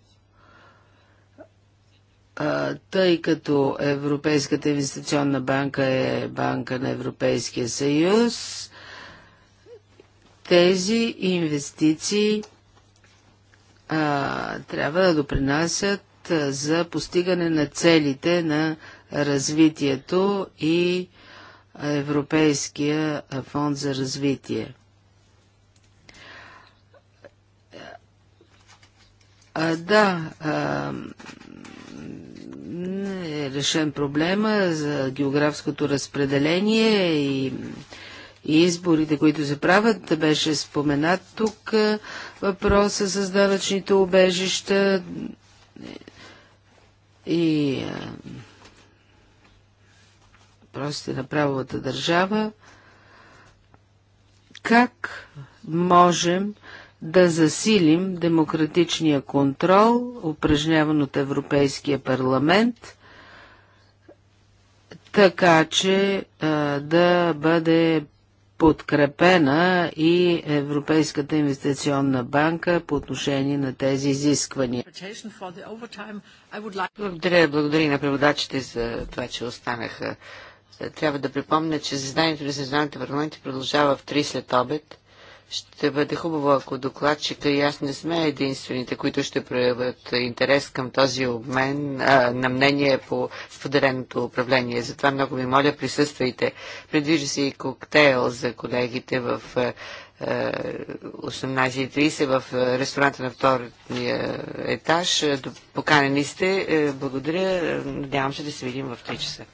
Speaker 1: тъй като Европейската инвестиционна банка е банка на Европейския съюз, тези инвестиции а, трябва да допринасят за постигане на целите на развитието и Европейския фонд за развитие. А, да, а, не е решен проблема за географското разпределение и, и изборите, които се правят. Беше споменат тук въпроса с данъчните обежища и въпросите на правовата държава. Как можем да засилим демократичния контрол, упражняван от Европейския парламент, така че а, да бъде подкрепена и Европейската инвестиционна банка по отношение на тези изисквания. Благодаря,
Speaker 3: благодаря на преводачите за това, че останаха. Трябва да припомня, че заседанието на Съединените парламенти продължава в 3 след обед. Ще бъде хубаво, ако докладчика и аз не сме единствените, които ще проявят интерес към този обмен а, на мнение по споделеното управление. Затова много ви моля, присъствайте. Предвижда се и коктейл за колегите в 18.30 в ресторанта на втория етаж. Поканени сте. Е, благодаря.
Speaker 1: Надявам се да се видим в 3 часа.